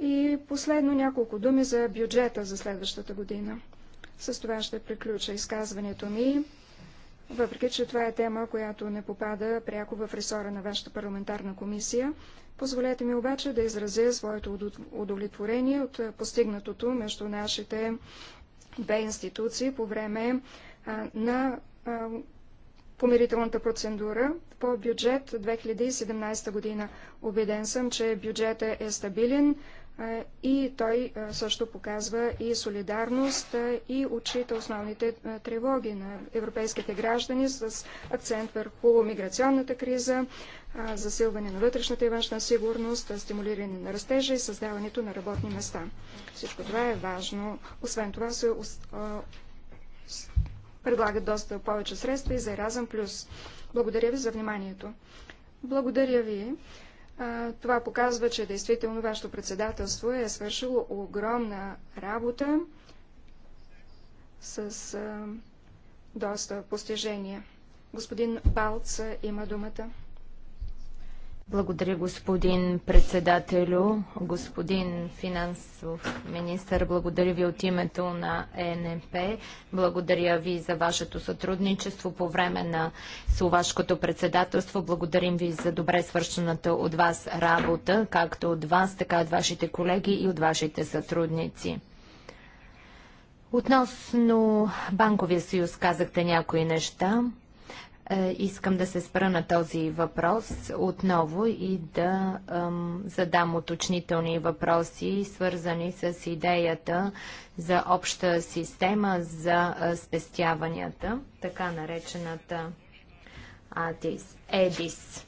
И последно няколко думи за бюджета за следващата година. С това ще приключа изказването ми. Въпреки, че това е тема, която не попада пряко в ресора на вашата парламентарна комисия, позволете ми обаче да изразя своето удовлетворение от постигнатото между нашите две институции по време на помирителната процедура по бюджет 2017 година. Обеден съм, че бюджетът е стабилен, и той също показва и солидарност и отчита основните тревоги на европейските граждани с акцент върху миграционната криза, засилване на вътрешната и външна сигурност, стимулиране на растежа и създаването на работни места. Всичко това е важно. Освен това се предлагат доста повече средства и за Еразъм Плюс. Благодаря ви за вниманието. Благодаря ви. Това показва, че действително вашето председателство е свършило огромна работа с доста постижения. Господин Балц има думата. Благодаря, господин председателю, господин финансов министр. Благодаря ви от името на ЕНП. Благодаря ви за вашето сътрудничество по време на словашкото председателство. Благодарим ви за добре свършената от вас работа, както от вас, така от вашите колеги и от вашите сътрудници. Относно Банковия съюз казахте някои неща. Е, искам да се спра на този въпрос отново и да задам уточнителни въпроси, свързани с идеята за обща система за спестяванията, така наречената АДИС. ЕДИС.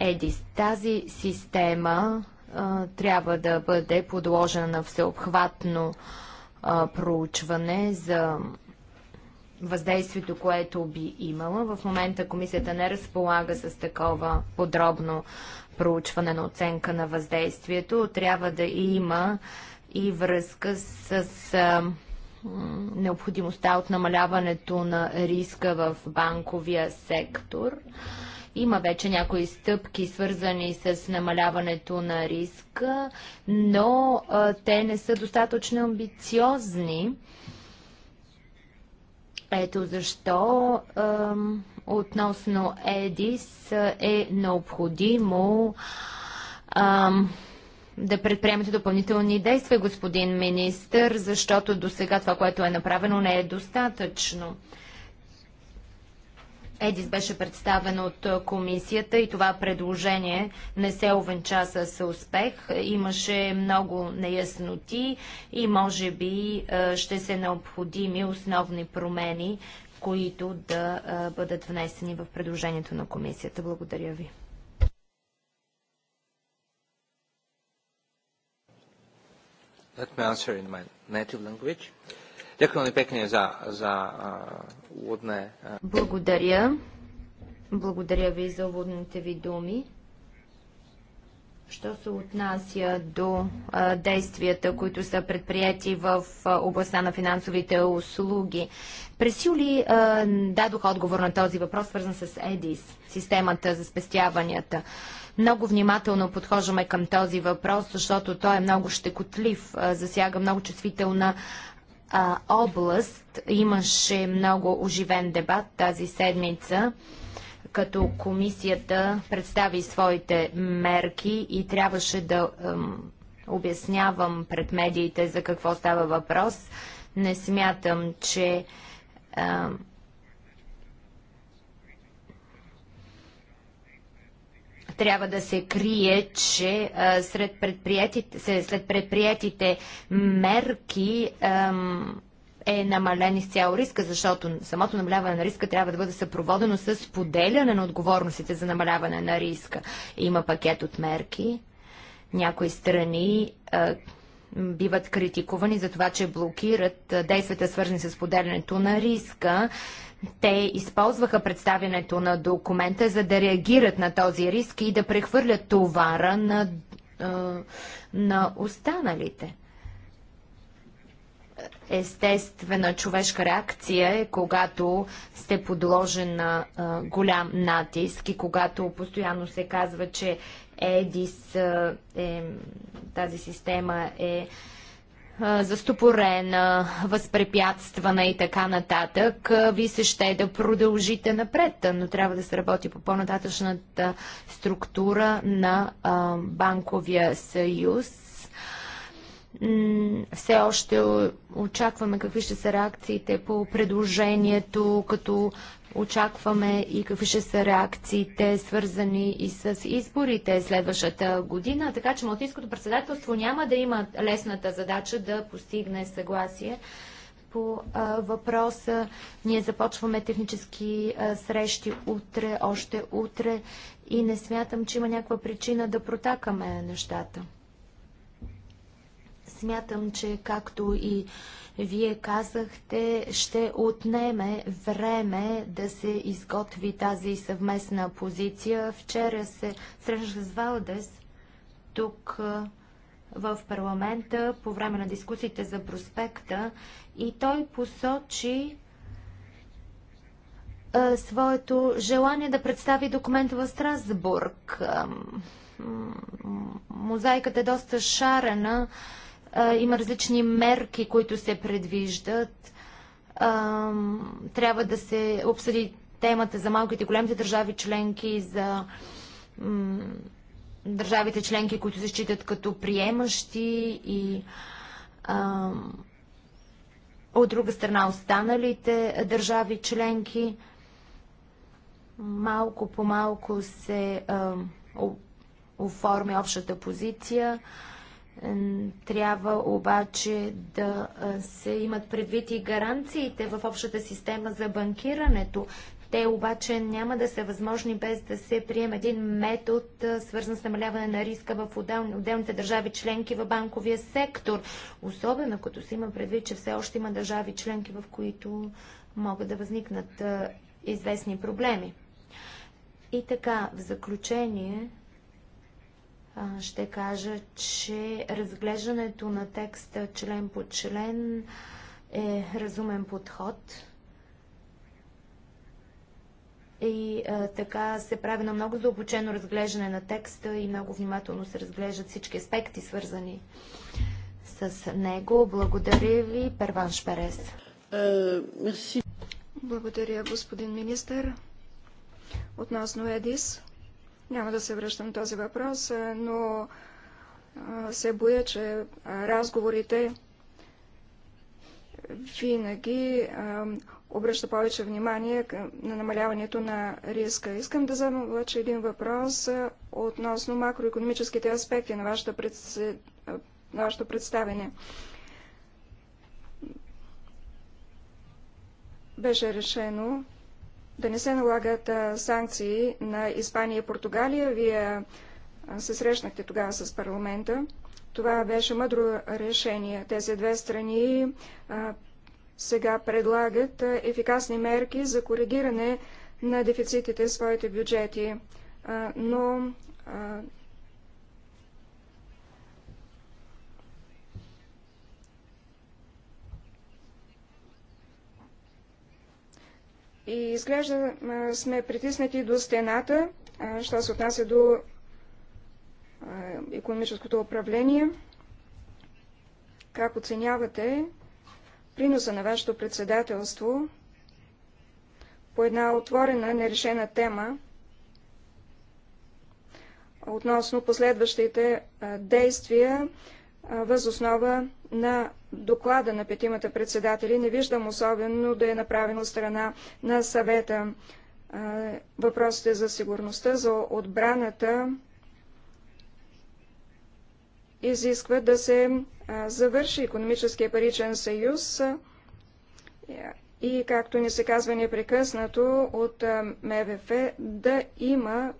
ЕДИС. Тази система трябва да бъде подложена на всеобхватно проучване за въздействието, което би имала. В момента комисията не разполага с такова подробно проучване на оценка на въздействието. Трябва да има и връзка с с необходимостта от намаляването на риска в банковия сектор. Има вече някои стъпки, свързани с намаляването на риска, но а, те не са достатъчно амбициозни. Ето защо е, относно ЕДИС е необходимо е, да предприемете допълнителни действия, господин министр, защото до сега това, което е направено, не е достатъчно. ЕДИС беше представен от комисията и това предложение не се овенча с успех. Имаше много неясноти и може би ще се необходими основни промени, които да бъдат внесени в предложението на комисията. Благодаря ви. Let me answer in my native language. Ďakujem пекне za, za úvodné. Благодаря. Благодаря ви за уводните ви думи. Що се отнася до а, действията, които са предприяти в а, областта на финансовите услуги, през юли а, дадох отговор на този въпрос, свързан с ЕДИС, системата за спестяванията. Много внимателно подхождаме към този въпрос, защото той е много щекотлив, засяга много чувствителна а, област имаше много оживен дебат тази седмица, като комисията представи своите мерки и трябваше да ам, обяснявам пред медиите за какво става въпрос. Не смятам, че ам, трябва да се крие, че сред предприятите, след предприятите мерки е намален изцяло риска, защото самото намаляване на риска трябва да бъде съпроводено с поделяне на отговорностите за намаляване на риска. Има пакет от мерки. Някои страни биват критикувани за това, че блокират действията свързани с поделянето на риска. Те използваха представянето на документа, за да реагират на този риск и да прехвърлят товара на, на останалите. Естествена човешка реакция е когато сте подложен на голям натиск и когато постоянно се казва, че ЕДИС е, тази система е застопорена, възпрепятствана и така нататък, ви се ще е да продължите напред, но трябва да се работи по по-нататъчната структура на банковия съюз. Все още очакваме какви ще са реакциите по предложението като Очакваме и какви ще са реакциите, свързани и с изборите следващата година. Така че Малтийското председателство няма да има лесната задача да постигне съгласие по а, въпроса. Ние започваме технически а, срещи утре, още утре и не смятам, че има някаква причина да протакаме нещата. Смятам, че както и вие казахте, ще отнеме време да се изготви тази съвместна позиция. Вчера се срещнах с Валдес тук в парламента по време на дискусиите за проспекта и той посочи своето желание да представи документ в Страсбург. Мозайката е доста шарена има различни мерки, които се предвиждат. трябва да се обсъди темата за малките и големите държави членки, за държавите членки, които се считат като приемащи и а, от друга страна останалите държави членки. Малко по малко се а, оформя общата позиция. А, трябва обаче да се имат предвид и гаранциите в общата система за банкирането. Те обаче няма да са възможни без да се приеме един метод, свързан с намаляване на риска в отделните държави членки в банковия сектор. Особено като се има предвид, че все още има държави членки, в които могат да възникнат известни проблеми. И така, в заключение, ще кажа, че разглеждането на текста член по член е разумен подход. И а, така се прави на много заобучено разглеждане на текста и много внимателно се разглеждат всички аспекти, свързани с него. Благодаря ви, Перван Шперес. Е, Благодаря, господин министър. Относно ЕДИС, няма да се връщам този въпрос, но се боя, че разговорите винаги обръща повече внимание на намаляването на риска. Искам да обаче един въпрос относно макроекономическите аспекти на вашето, пред... на вашето представене. Беше решено да не се налагат санкции на Испания и Португалия. Вие се срещнахте тогава с парламента. Това беше мъдро решение. Тези две страни сега предлагат ефикасни мерки за коригиране на дефицитите в своите бюджети, но И изглежда сме притиснати до стената, що се отнася до економическото управление. Как оценявате приноса на вашето председателство по една отворена, нерешена тема относно последващите действия възоснова на доклада на петимата председатели. Не виждам особено да е направено страна на съвета. Въпросите за сигурността, за отбраната изисква да се завърши економическия паричен съюз и, както ни се казва непрекъснато от МВФ, да има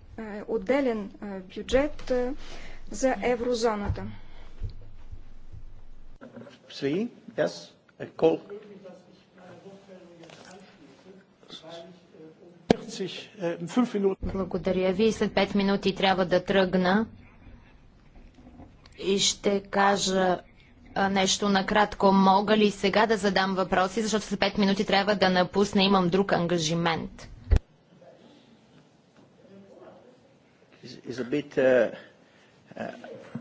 отделен бюджет за еврозоната. Sie? Yes? A call? 40, Благодаря ви. След 5 минути трябва да тръгна и ще кажа нещо накратко. Мога ли сега да задам въпроси, защото след 5 минути трябва да напусна. Имам друг ангажимент. Is, is a bit, uh, uh...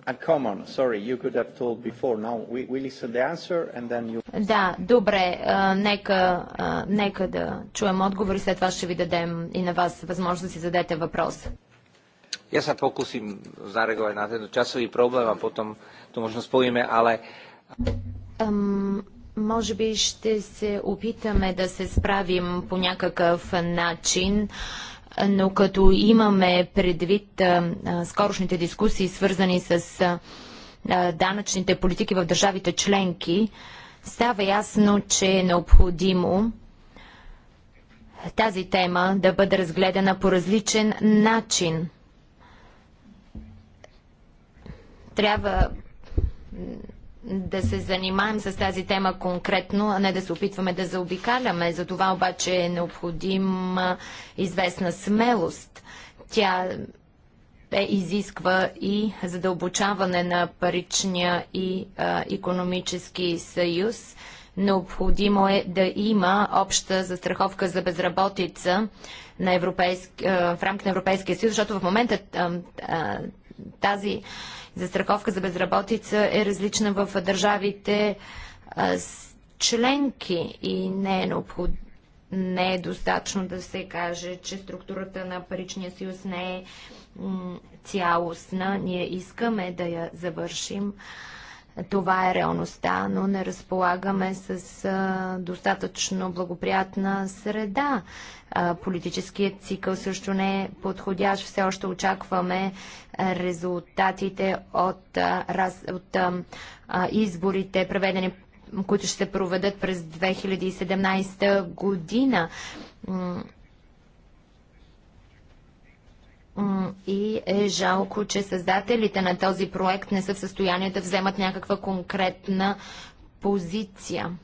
Uncommon, sorry, you could have told before. Now we, we listen the answer and then you... Да, добре, а, нека, а, нека да чуем отговор и след това ще ви дадем и на вас възможност да си зададете въпрос. Ja sa pokúsim zareagovať na tento časový problém a potom to možno spojíme, ale... Um, може би ще се опитаме да се справим по някакъв начин. Uh, но като имаме предвид скорошните дискусии, свързани с данъчните политики в държавите членки, става ясно, че е необходимо тази тема да бъде разгледана по различен начин. Трябва да се занимаем с тази тема конкретно, а не да се опитваме да заобикаляме. За това обаче е необходима известна смелост. Тя е, изисква и задълбочаване на паричния и а, економически съюз. Необходимо е да има обща застраховка за безработица на европейск, а, в рамките на Европейския съюз, защото в момента а, а, тази застраховка за безработица е различна в държавите членки и не е необходимо не е достатъчно да се каже, че структурата на паричния съюз не е цялостна. Ние искаме да я завършим. Това е реалността, но не разполагаме с а, достатъчно благоприятна среда. А, политическият цикъл също не е подходящ. Все още очакваме резултатите от, а, раз, от а, изборите, преведени, които ще се проведат през 2017 година и е жалко, че създателите на този проект не са в състояние да вземат някаква конкретна позиция.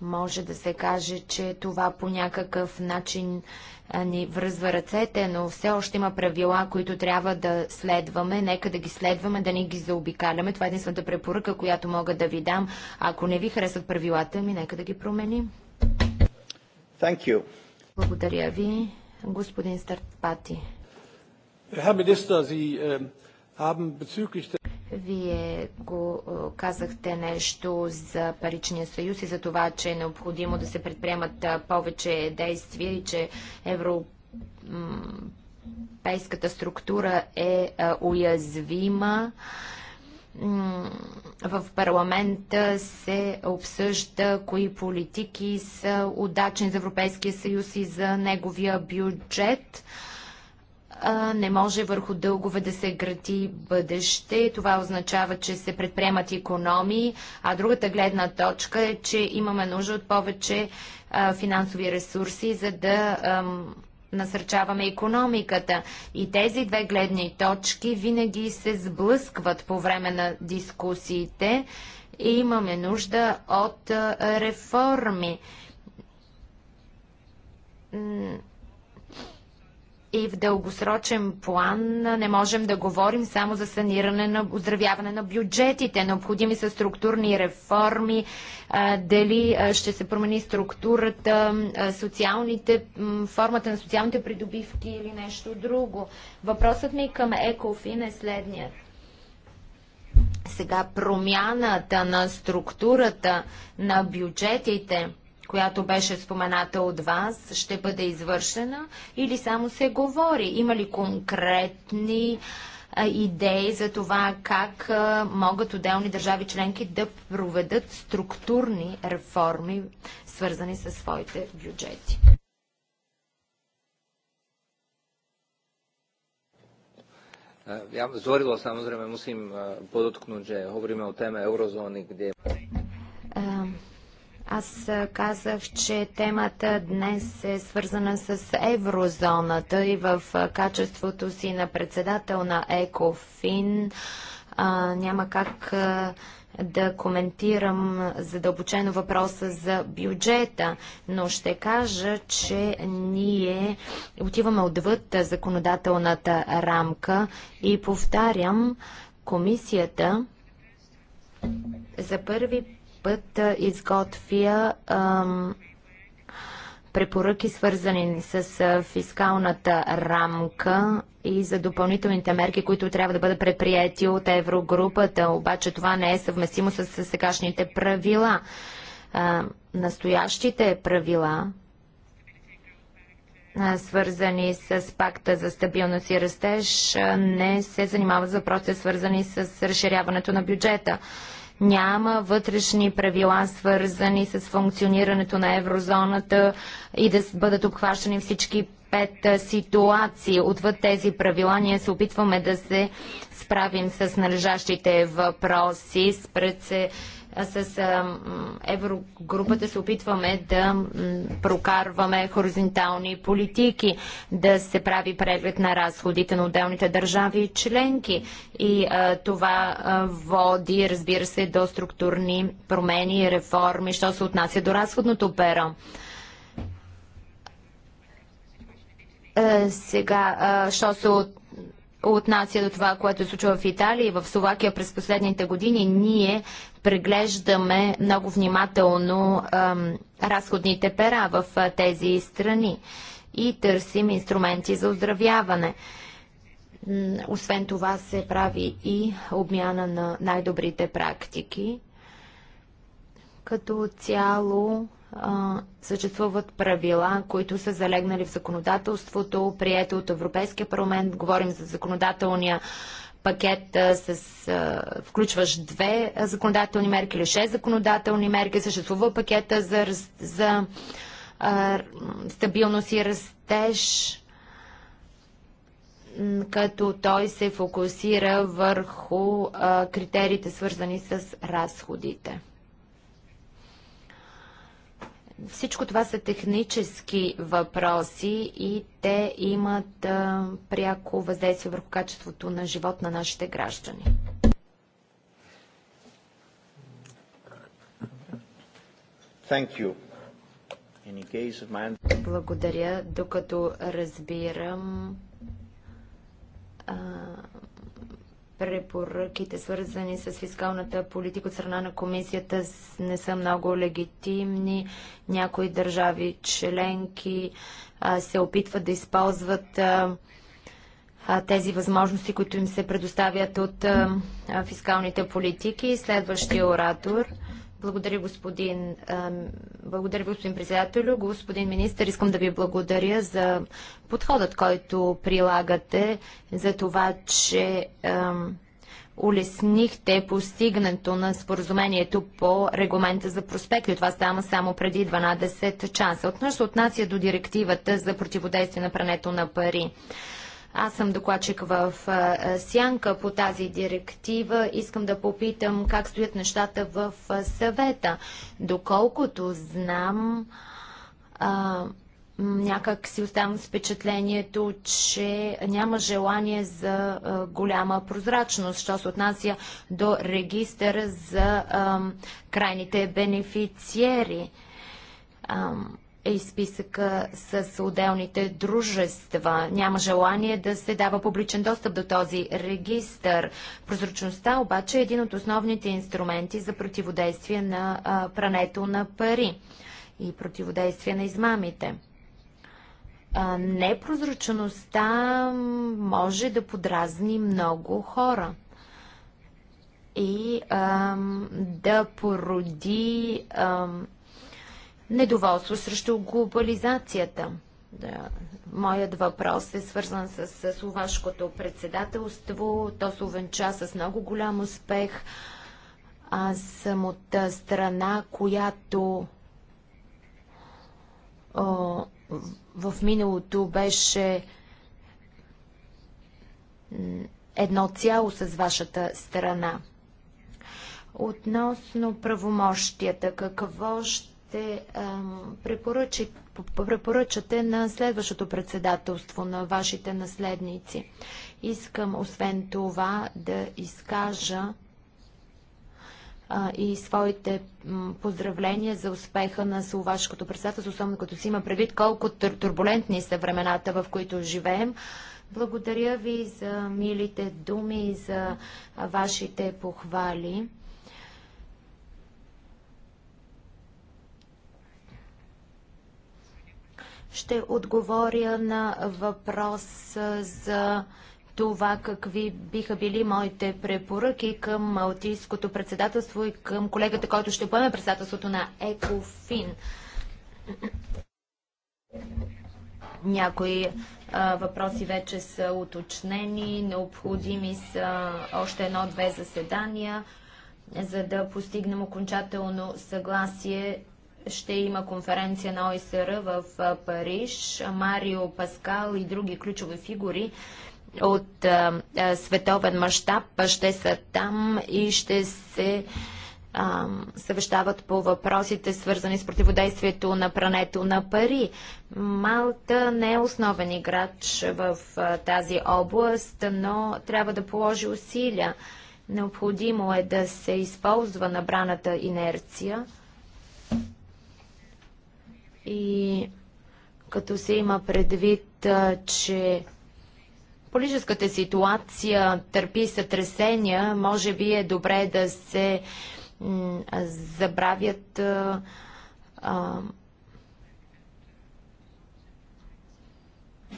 Може да се каже, че това по някакъв начин ни връзва ръцете, но все още има правила, които трябва да следваме. Нека да ги следваме, да не ги заобикаляме. Това е единствената препоръка, която мога да ви дам. Ако не ви харесват правилата ми, нека да ги променим. Благодаря ви. Господин Стартпати. Ähm, Вие го э, казахте нещо за паричния съюз и за това, че е необходимо да се предприемат повече действия и че европейската структура е уязвима в парламента се обсъжда кои политики са удачни за Европейския съюз и за неговия бюджет. Не може върху дългове да се гради бъдеще. Това означава, че се предприемат економии. А другата гледна точка е, че имаме нужда от повече финансови ресурси, за да насърчаваме економиката. И тези две гледни точки винаги се сблъскват по време на дискусиите и имаме нужда от реформи и в дългосрочен план не можем да говорим само за саниране на оздравяване на бюджетите. Необходими са структурни реформи, дали ще се промени структурата, социалните, формата на социалните придобивки или нещо друго. Въпросът ми към Екофин е следният. Сега промяната на структурата на бюджетите – която беше спомената от вас, ще бъде извършена или само се говори? Има ли конкретни идеи за това как могат отделни държави членки да проведат структурни реформи, свързани със своите бюджети? Ja zorilo samozrejme musím podotknúť, že hovoríme o téme eurozóny, kde... Um аз казах, че темата днес е свързана с еврозоната и в качеството си на председател на ЕКОФИН а, няма как да коментирам задълбочено въпроса за бюджета, но ще кажа, че ние отиваме отвъд законодателната рамка и повтарям, комисията за първи път изготвя препоръки, свързани с фискалната рамка и за допълнителните мерки, които трябва да бъдат предприяти от еврогрупата. Обаче това не е съвместимо с сегашните правила. настоящите правила, свързани с пакта за стабилност и растеж, не се занимават с въпроси, свързани с разширяването на бюджета. Няма вътрешни правила, свързани с функционирането на еврозоната и да бъдат обхващани всички пет ситуации. Отвъд тези правила ние се опитваме да се справим с належащите въпроси. Спред се с Еврогрупата се опитваме да прокарваме хоризонтални политики, да се прави преглед на разходите на отделните държави и членки. И а, това а, води, разбира се, до структурни промени и реформи, що се отнася до разходното перо. Е, сега, що се от отнася до това, което се случва в Италия и в Словакия през последните години, ние преглеждаме много внимателно ам, разходните пера в а, тези страни и търсим инструменти за оздравяване. Освен това се прави и обмяна на най-добрите практики. Като цяло съществуват правила, които са залегнали в законодателството, прието от Европейския парламент. Говорим за законодателния пакет с а, включващ две законодателни мерки или шест законодателни мерки. Съществува пакета за, за а, стабилност и растеж като той се фокусира върху а, критериите свързани с разходите. Всичко това са технически въпроси и те имат а, пряко въздействие върху качеството на живот на нашите граждани. Thank you. My... Благодаря, докато разбирам. А препоръките, свързани с фискалната политика от страна на комисията, не са много легитимни. Някои държави членки а, се опитват да използват а, тези възможности, които им се предоставят от а, фискалните политики. Следващия оратор. Благодаря, господин, благодаря, господин председател. Господин министр, искам да ви благодаря за подходът, който прилагате, за това, че улеснихте постигнато на споразумението по регламента за проспекти. Това става само преди 12 часа. Относно отнася до директивата за противодействие на прането на пари. Аз съм докладчик в Сянка по тази директива. Искам да попитам как стоят нещата в съвета. Доколкото знам, а, някак си оставам с впечатлението, че няма желание за а, голяма прозрачност, що се отнася до регистър за а, крайните бенефициери. Е и списъка с отделните дружества. Няма желание да се дава публичен достъп до този регистър. Прозрачността обаче е един от основните инструменти за противодействие на прането на пари и противодействие на измамите. непрозрачността може да подразни много хора и ам, да породи ам, недоволство срещу глобализацията. Да. Моят въпрос е свързан с словашкото председателство. То се увенча с много голям успех. Аз съм от страна, която о, в миналото беше едно цяло с вашата страна. Относно правомощията, какво ще ще препоръчате на следващото председателство на вашите наследници. Искам освен това да изкажа и своите поздравления за успеха на словашкото председателство, особено като си има предвид колко турбулентни са времената, в които живеем. Благодаря ви за милите думи и за вашите похвали. Ще отговоря на въпрос за това какви биха били моите препоръки към Малтийското председателство и към колегата, който ще поеме председателството на ЕКОФИН. Някои а, въпроси вече са уточнени, необходими са още едно-две заседания, за да постигнем окончателно съгласие ще има конференция на ОСР в Париж. Марио Паскал и други ключови фигури от световен мащаб ще са там и ще се съвещават по въпросите, свързани с противодействието на прането на пари. Малта не е основен играч в тази област, но трябва да положи усилия. Необходимо е да се използва набраната инерция и като се има предвид, че политическата ситуация търпи сътресения, може би е добре да се забравят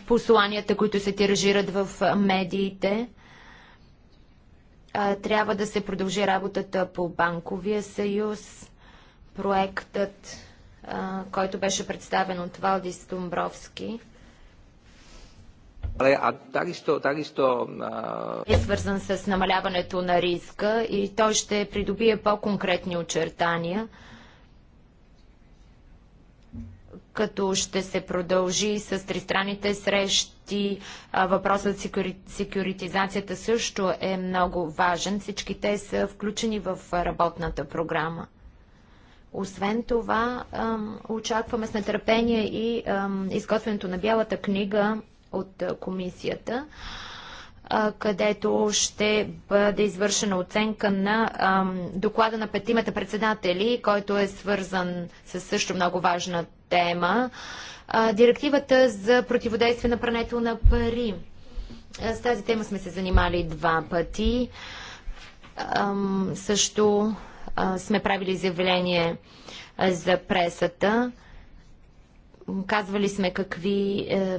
посланията, които се тиражират в медиите. трябва да се продължи работата по банковия съюз, проектът който беше представен от Валдис Домбровски. Е свързан с намаляването на риска и той ще придобие по-конкретни очертания като ще се продължи с тристранните срещи. Въпросът за секюритизацията също е много важен. Всички те са включени в работната програма. Освен това, очакваме с нетърпение и изготвянето на Бялата книга от комисията, където ще бъде извършена оценка на доклада на петимата председатели, който е свързан с също много важна тема. Директивата за противодействие на прането на пари. С тази тема сме се занимали два пъти. Също сме правили изявление за пресата. Казвали сме какви е,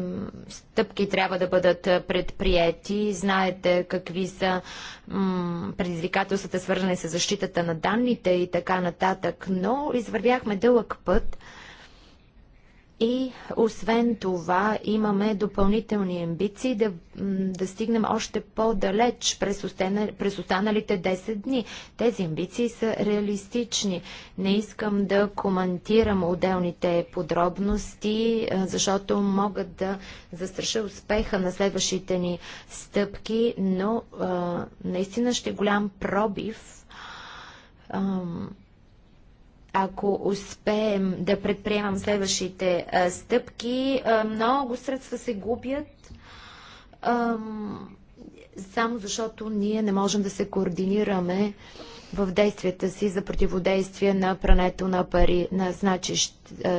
стъпки трябва да бъдат предприяти. Знаете какви са м, предизвикателствата, свързани с защитата на данните и така нататък. Но извървяхме дълъг път. И освен това имаме допълнителни амбиции да, да стигнем още по-далеч през, остана, през останалите 10 дни. Тези амбиции са реалистични. Не искам да коментирам отделните подробности, защото могат да застраша успеха на следващите ни стъпки, но а, наистина ще голям пробив. А, ако успеем да предприемам следващите а, стъпки, а, много средства се губят а, само защото ние не можем да се координираме в действията си за противодействие на прането на пари. На, значи,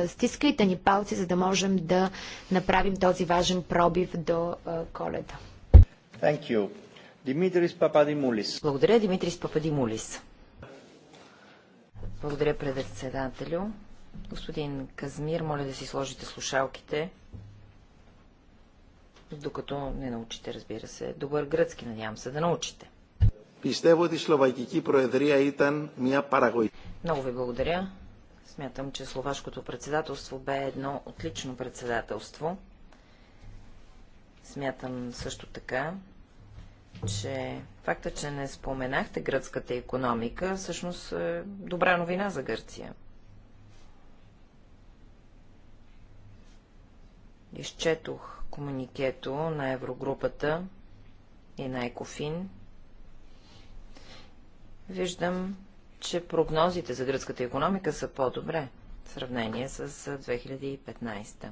стискайте ни палци, за да можем да направим този важен пробив до а, коледа. Thank you. Димитрис Пападимулис. Благодаря, Димитрис Пападимулис. Благодаря, председателю. Господин Казмир, моля да си сложите слушалките, докато не научите, разбира се. Добър гръцки, надявам се, да научите. Пистево, ότι словакики проедрия и ήταν мия парагой. Много ви благодаря. Смятам, че словашкото председателство бе едно отлично председателство. Смятам също така, че факта, че не споменахте гръцката економика, всъщност е добра новина за Гърция. Изчетох комуникето на Еврогрупата и на Екофин. Виждам, че прогнозите за гръцката економика са по-добре в сравнение с 2015.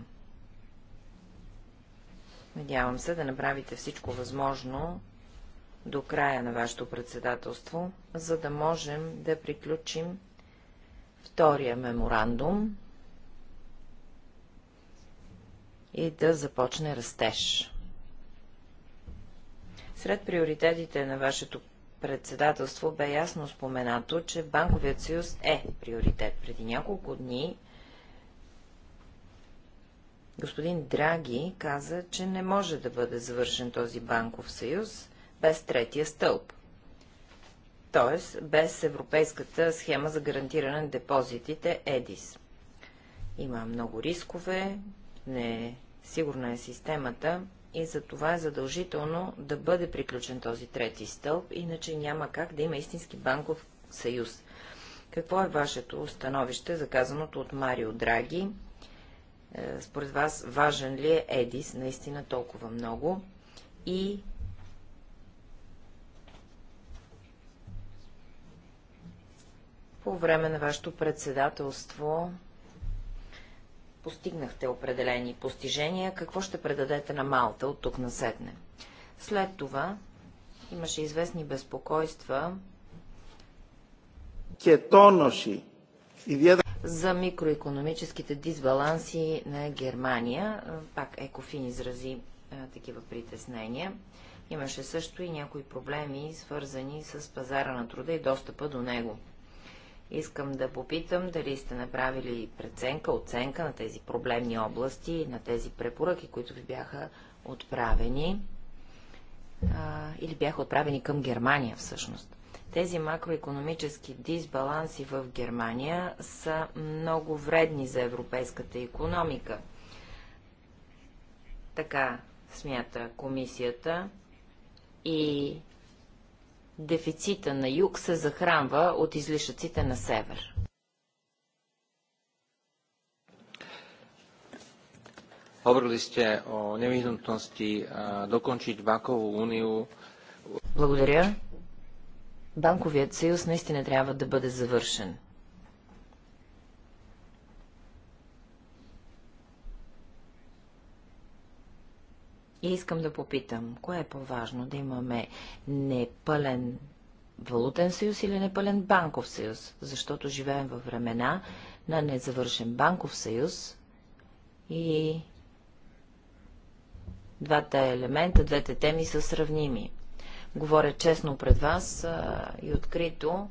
Надявам се да направите всичко възможно до края на вашето председателство, за да можем да приключим втория меморандум и да започне растеж. Сред приоритетите на вашето председателство бе ясно споменато, че Банковият съюз е приоритет. Преди няколко дни господин Драги каза, че не може да бъде завършен този банков съюз, без третия стълб, т.е. без Европейската схема за гарантиране на депозитите ЕДИС. Има много рискове, не е сигурна е системата и за това е задължително да бъде приключен този трети стълб, иначе няма как да има истински банков съюз. Какво е вашето становище заказаното от Марио Драги? Е, според вас важен ли е ЕДИС наистина толкова много и по време на вашето председателство постигнахте определени постижения. Какво ще предадете на Малта от тук на седне. След това имаше известни безпокойства За микроекономическите дисбаланси на Германия. Пак Екофин изрази а, такива притеснения. Имаше също и някои проблеми, свързани с пазара на труда и достъпа до него. Искам да попитам дали сте направили преценка, оценка на тези проблемни области на тези препоръки, които ви бяха отправени а, или бяха отправени към Германия всъщност. Тези макроекономически дисбаланси в Германия са много вредни за европейската економика. Така смята комисията и дефицита на юг се захранва от излишъците на север. Hovorili ste o nevyhnutnosti dokončiť банкову унию. Благодаря. Банковият съюз наистина трябва да бъде завършен. И искам да попитам, кое е по-важно, да имаме непълен валутен съюз или непълен банков съюз, защото живеем във времена на незавършен банков съюз и двата елемента, двете теми са сравними. Говоря честно пред вас а, и открито.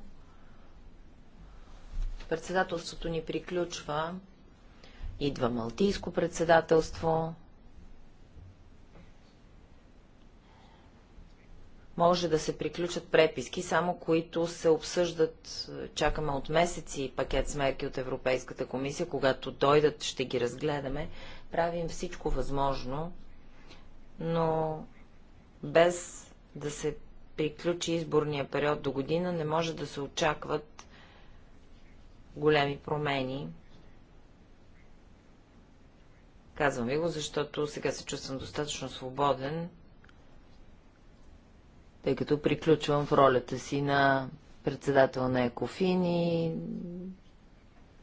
Председателството ни приключва. Идва Малтийско председателство, може да се приключат преписки, само които се обсъждат, чакаме от месеци пакет с мерки от Европейската комисия, когато дойдат ще ги разгледаме, правим всичко възможно, но без да се приключи изборния период до година, не може да се очакват големи промени. Казвам ви го, защото сега се чувствам достатъчно свободен, тъй като приключвам в ролята си на председател на Екофин и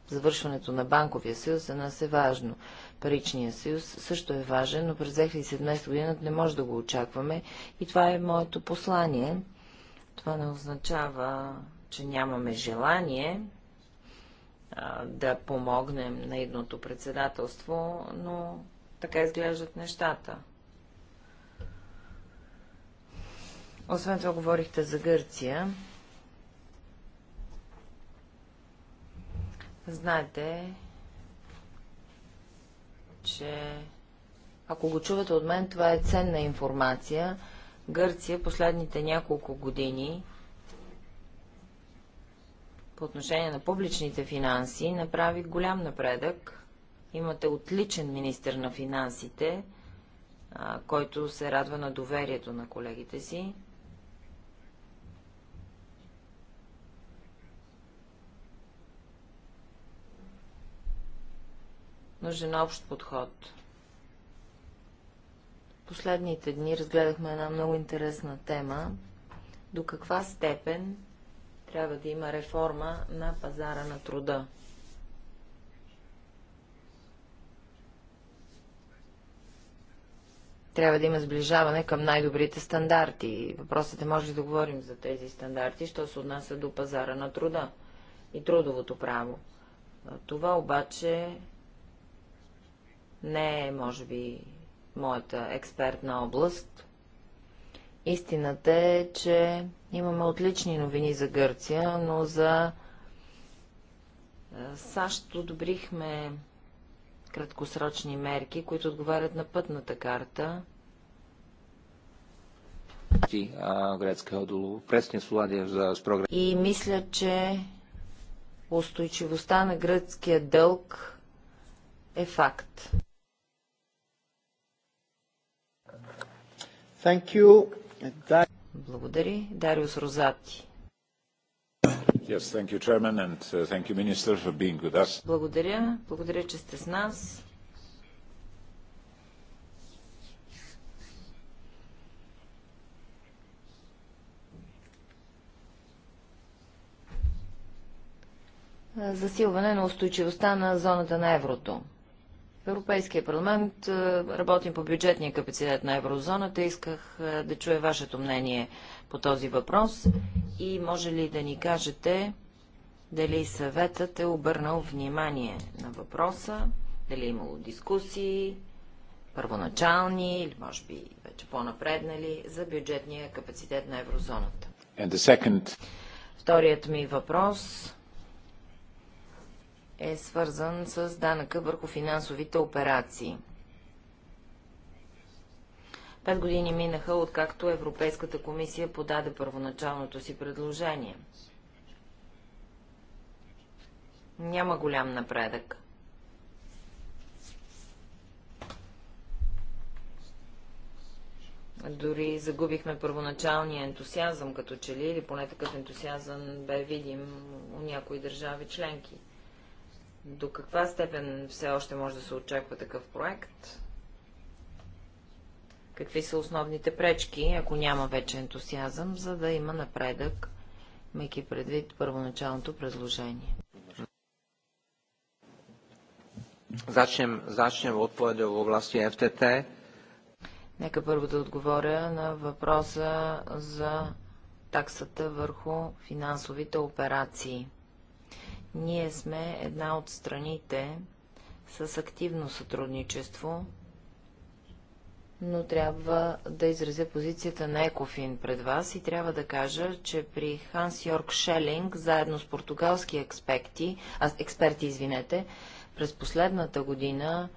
завършването на банковия съюз за нас е важно. Паричният съюз също е важен, но през 2017 година не може да го очакваме и това е моето послание. Това не означава, че нямаме желание а, да помогнем на едното председателство, но така изглеждат нещата. Освен това говорихте за Гърция. Знаете, че ако го чувате от мен, това е ценна информация. Гърция последните няколко години по отношение на публичните финанси направи голям напредък. Имате отличен министр на финансите, който се радва на доверието на колегите си. Нужен общ подход. Последните дни разгледахме една много интересна тема. До каква степен трябва да има реформа на пазара на труда? трябва да има сближаване към най-добрите стандарти. Въпросът е, може да говорим за тези стандарти, що се отнася до пазара на труда и трудовото право. Това обаче не е, може би, моята експертна област. Истината е, че имаме отлични новини за Гърция, но за е, САЩ одобрихме краткосрочни мерки, които отговарят на пътната карта. И мисля, че устойчивостта на гръцкия дълг е факт. Thank you. That... Дариус Розати. Yes, thank you, Chairman, and uh, thank you, Minister, for being with us. Благодаря. Благодаря, че сте с нас. Засилване на устойчивостта на зоната на еврото. В Европейския парламент е, работим по бюджетния капацитет на еврозоната. Исках е, да чуя вашето мнение по този въпрос и може ли да ни кажете дали съветът е обърнал внимание на въпроса, дали е имало дискусии, първоначални или може би вече по-напреднали за бюджетния капацитет на еврозоната. Second... Вторият ми въпрос е свързан с данъка върху финансовите операции. Пет години минаха, откакто Европейската комисия подаде първоначалното си предложение. Няма голям напредък. Дори загубихме първоначалния ентусиазъм като че ли, или поне такъв ентусиазъм бе видим у някои държави членки. До каква степен все още може да се очаква такъв проект? Какви са основните пречки, ако няма вече ентусиазъм, за да има напредък, мейки предвид първоначалното предложение? Зачнем, зачнем поеда в области ФТТ. Нека първо да отговоря на въпроса за таксата върху финансовите операции. Ние сме една от страните с активно сътрудничество, но трябва да изразя позицията на Екофин пред вас и трябва да кажа, че при Ханс Йорк Шелинг, заедно с португалски експерти, а, експерти, извинете, през последната година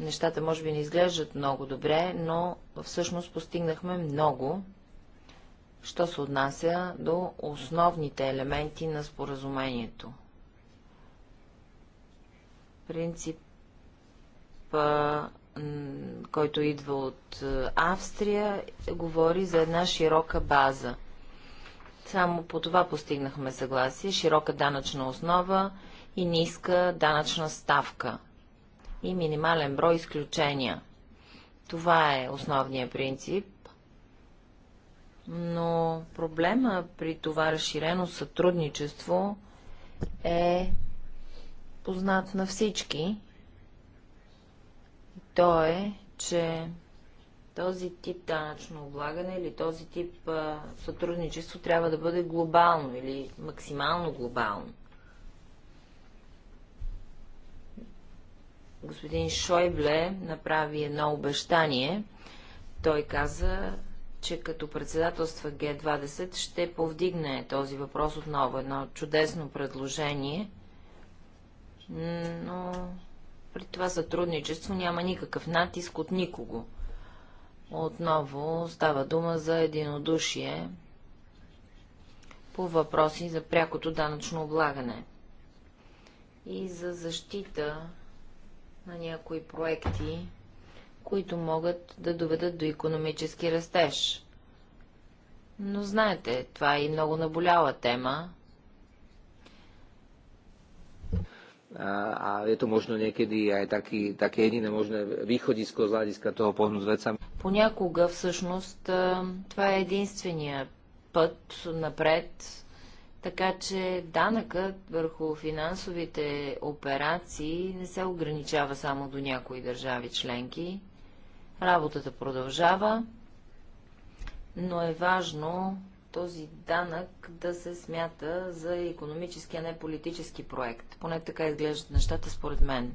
нещата може би не изглеждат много добре, но всъщност постигнахме много, що се отнася до основните елементи на споразумението принцип, който идва от е, Австрия, говори за една широка база. Само по това постигнахме съгласие. Широка данъчна основа и ниска данъчна ставка. И минимален брой изключения. Това е основният принцип. Но проблема при това разширено сътрудничество е познат на всички. То е, че този тип данъчно облагане или този тип а, сътрудничество трябва да бъде глобално или максимално глобално. Господин Шойбле направи едно обещание. Той каза, че като председателства Г-20 ще повдигне този въпрос отново. Едно чудесно предложение – но при това сътрудничество няма никакъв натиск от никого. Отново става дума за единодушие по въпроси за прякото данъчно облагане и за защита на някои проекти, които могат да доведат до економически растеж. Но знаете, това е и много наболяла тема, a je to možno niekedy aj taký, také jediné možné východisko z hľadiska toho pohnúť vecami. Понякога всъщност това е единствения път напред, така че данъкът върху финансовите операции не се ограничава само до някои държави членки. Работата продължава, но е важно този данък да се смята за економически, а не политически проект. Поне така изглеждат нещата според мен.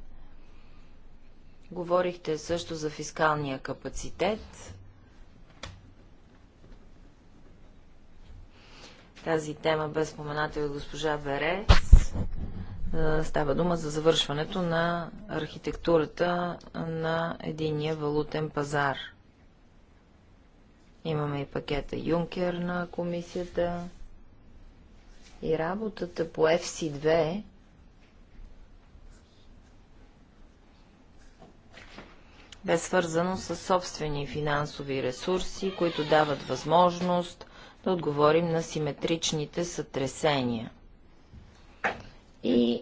Говорихте също за фискалния капацитет. Тази тема бе спомената и госпожа Верес. Е, става дума за завършването на архитектурата на единия валутен пазар – Имаме и пакета Юнкер на комисията. И работата по FC2 бе свързано с собствени финансови ресурси, които дават възможност да отговорим на симетричните сътресения. И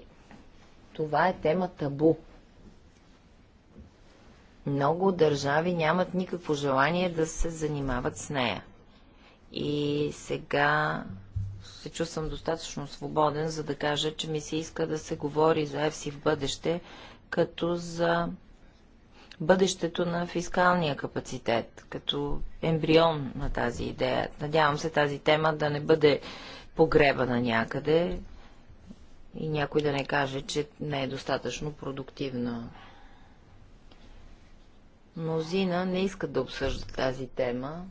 това е тема табу много държави нямат никакво желание да се занимават с нея. И сега се чувствам достатъчно свободен, за да кажа, че ми се иска да се говори за ЕФСИ в бъдеще, като за бъдещето на фискалния капацитет, като ембрион на тази идея. Надявам се тази тема да не бъде погребана някъде и някой да не каже, че не е достатъчно продуктивна Мнозина не искат да обсъждат тази тема.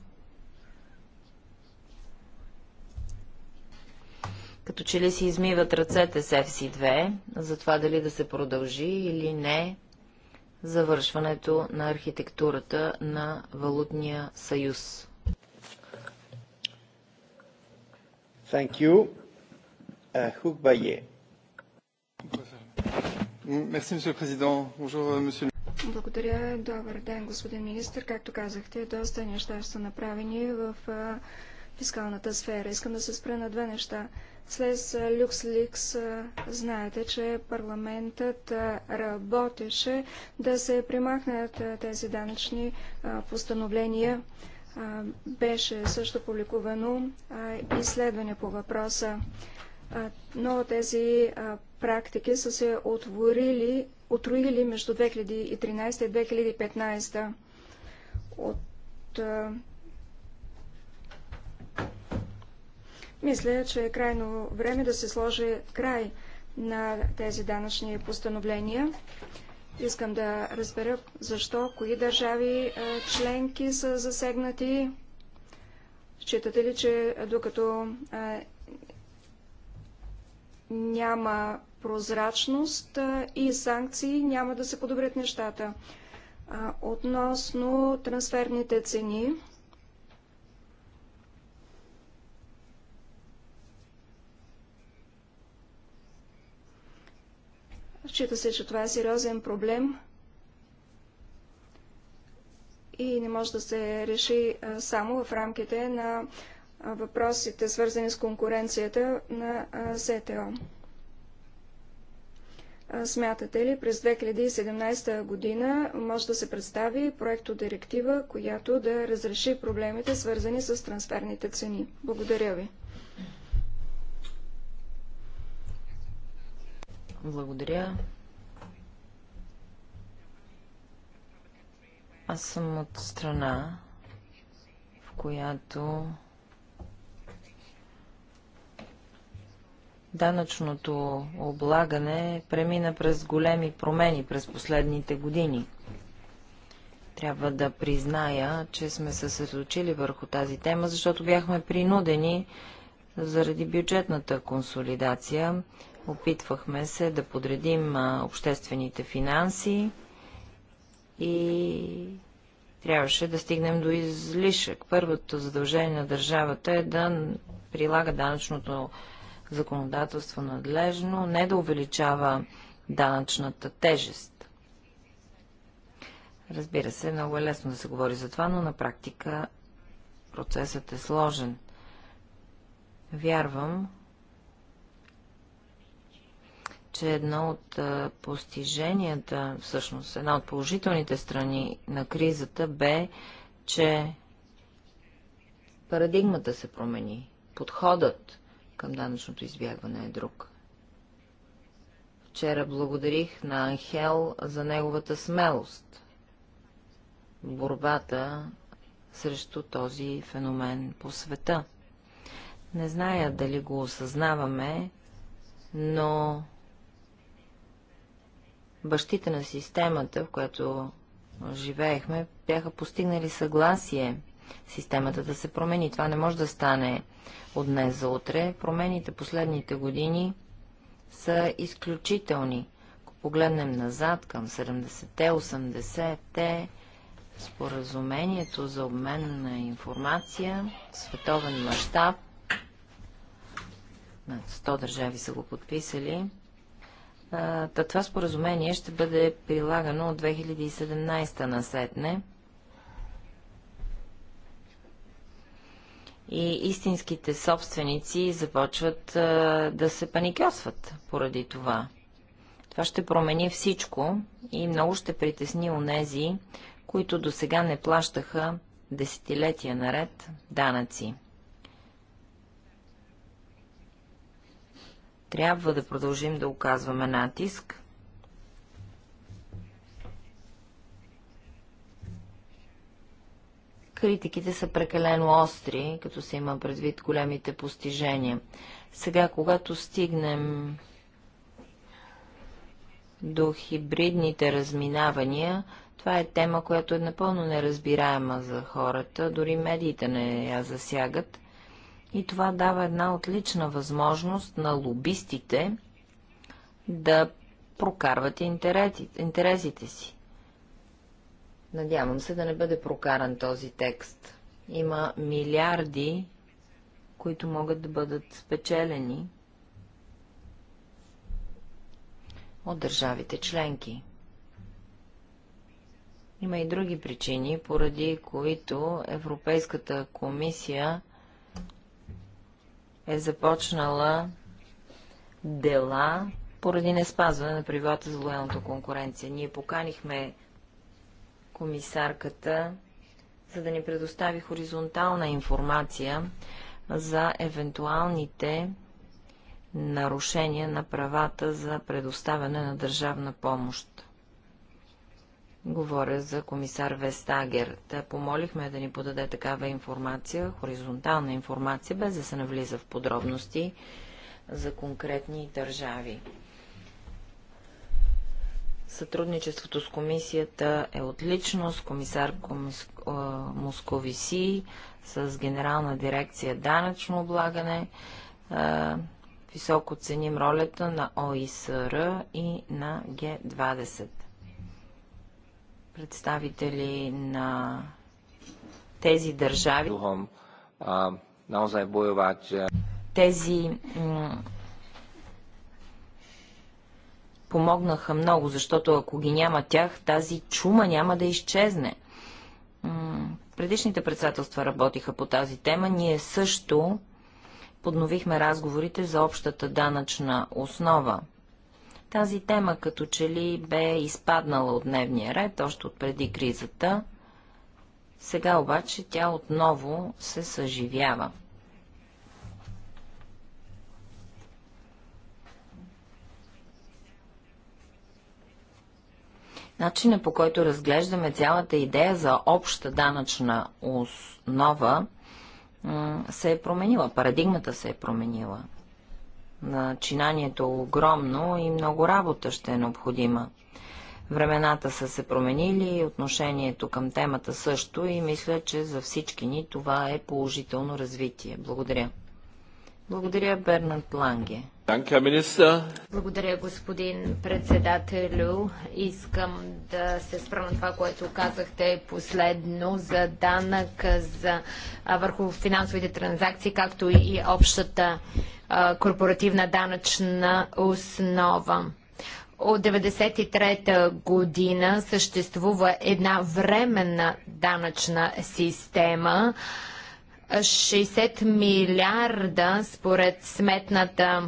Като че ли си измиват ръцете с FC2 за това дали да се продължи или не завършването на архитектурата на Валутния съюз. Thank you. Uh, Merci, Monsieur le Président. Bonjour, euh, Monsieur благодаря. Добър ден, господин министр. Както казахте, доста неща са направени в фискалната сфера. Искам да се спра на две неща. След Люкс-Ликс знаете, че парламентът работеше да се примахнат тези данъчни постановления. Беше също публикувано изследване по въпроса. Но тези практики са се отворили отруили между 2013 и 2015. От, мисля, че е крайно време да се сложи край на тези данъчни постановления. Искам да разбера защо, кои държави членки са засегнати. Считате ли, че докато няма прозрачност и санкции, няма да се подобрят нещата. Относно трансферните цени, Счита се, че това е сериозен проблем и не може да се реши само в рамките на въпросите, свързани с конкуренцията на СТО. Смятате ли през 2017 година може да се представи проекто директива, която да разреши проблемите, свързани с трансферните цени? Благодаря ви. Благодаря. Аз съм от страна, в която данъчното облагане премина през големи промени през последните години. Трябва да призная, че сме се съсредоточили върху тази тема, защото бяхме принудени заради бюджетната консолидация. Опитвахме се да подредим обществените финанси и трябваше да стигнем до излишък. Първото задължение на държавата е да прилага данъчното облагане законодателство надлежно, не да увеличава данъчната тежест. Разбира се, много е лесно да се говори за това, но на практика процесът е сложен. Вярвам, че едно от постиженията, всъщност една от положителните страни на кризата бе, че парадигмата се промени, подходът към данъчното избягване е друг. Вчера благодарих на Анхел за неговата смелост борбата срещу този феномен по света. Не зная дали го осъзнаваме, но бащите на системата, в която живеехме, бяха постигнали съгласие системата да се промени. Това не може да стане от днес за утре. Промените последните години са изключителни. Ако погледнем назад към 70-те, 80-те, споразумението за обмен на информация световен мащаб, над 100 държави са го подписали, Та това споразумение ще бъде прилагано от 2017 сетне. и истинските собственици започват да се паникьосват поради това. Това ще промени всичко и много ще притесни онези, които до сега не плащаха десетилетия наред данъци. Трябва да продължим да оказваме натиск критиките са прекалено остри, като се има предвид големите постижения. Сега, когато стигнем до хибридните разминавания, това е тема, която е напълно неразбираема за хората, дори медиите не я засягат. И това дава една отлична възможност на лобистите да прокарват интересите си. Надявам се да не бъде прокаран този текст. Има милиарди, които могат да бъдат спечелени от държавите членки. Има и други причини, поради които Европейската комисия е започнала дела поради неспазване на правилата за лоялната конкуренция. Ние поканихме комисарката, за да ни предостави хоризонтална информация за евентуалните нарушения на правата за предоставяне на държавна помощ. Говоря за комисар Вестагер. Та помолихме да ни подаде такава информация, хоризонтална информация, без да се навлиза в подробности за конкретни държави. Сътрудничеството с комисията е отлично, с комисар Московиси, с генерална дирекция данъчно облагане. Високо ценим ролята на ОИСР и на Г20. Представители на тези държави. Тези помогнаха много, защото ако ги няма тях, тази чума няма да изчезне. Предишните председателства работиха по тази тема. Ние също подновихме разговорите за общата данъчна основа. Тази тема като че ли бе изпаднала от дневния ред, още от преди кризата. Сега обаче тя отново се съживява. Начина по който разглеждаме цялата идея за обща данъчна основа се е променила, парадигмата се е променила. Начинанието е огромно и много работа ще е необходима. Времената са се променили, отношението към темата също и мисля, че за всички ни това е положително развитие. Благодаря. Благодаря, Бернард Ланге. Благодаря, господин председателю. Искам да се спра на това, което казахте последно за данък за, върху финансовите транзакции, както и общата а, корпоративна данъчна основа. От 1993 година съществува една временна данъчна система, 60 милиарда според сметната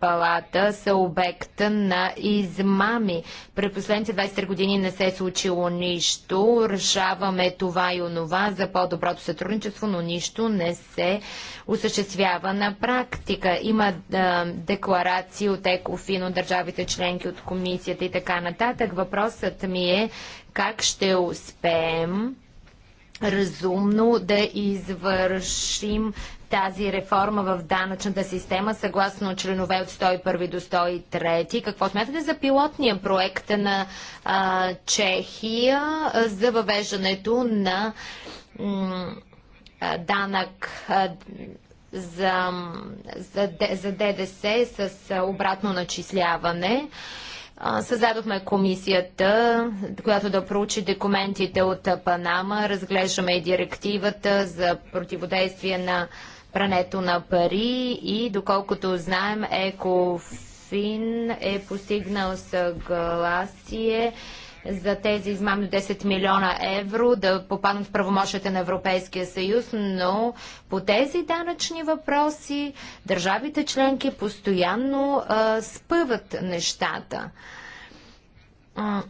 палата са обект на измами. През последните 23 години не се е случило нищо. Решаваме това и онова за по-доброто сътрудничество, но нищо не се осъществява на практика. Има а, декларации от ЕКОФИН, от държавите членки, от комисията и така нататък. Въпросът ми е как ще успеем разумно да извършим тази реформа в данъчната система, съгласно членове от 101 до 103. Какво смятате за пилотния проект на а, Чехия за въвеждането на а, данък а, за, за, за ДДС с обратно начисляване? А, Създадохме комисията, която да проучи документите от Панама. Разглеждаме и директивата за противодействие на прането на пари и доколкото знаем, Екофин е постигнал съгласие за тези измамни 10 милиона евро да попаднат в правомощите на Европейския съюз, но по тези данъчни въпроси държавите членки постоянно а, спъват нещата.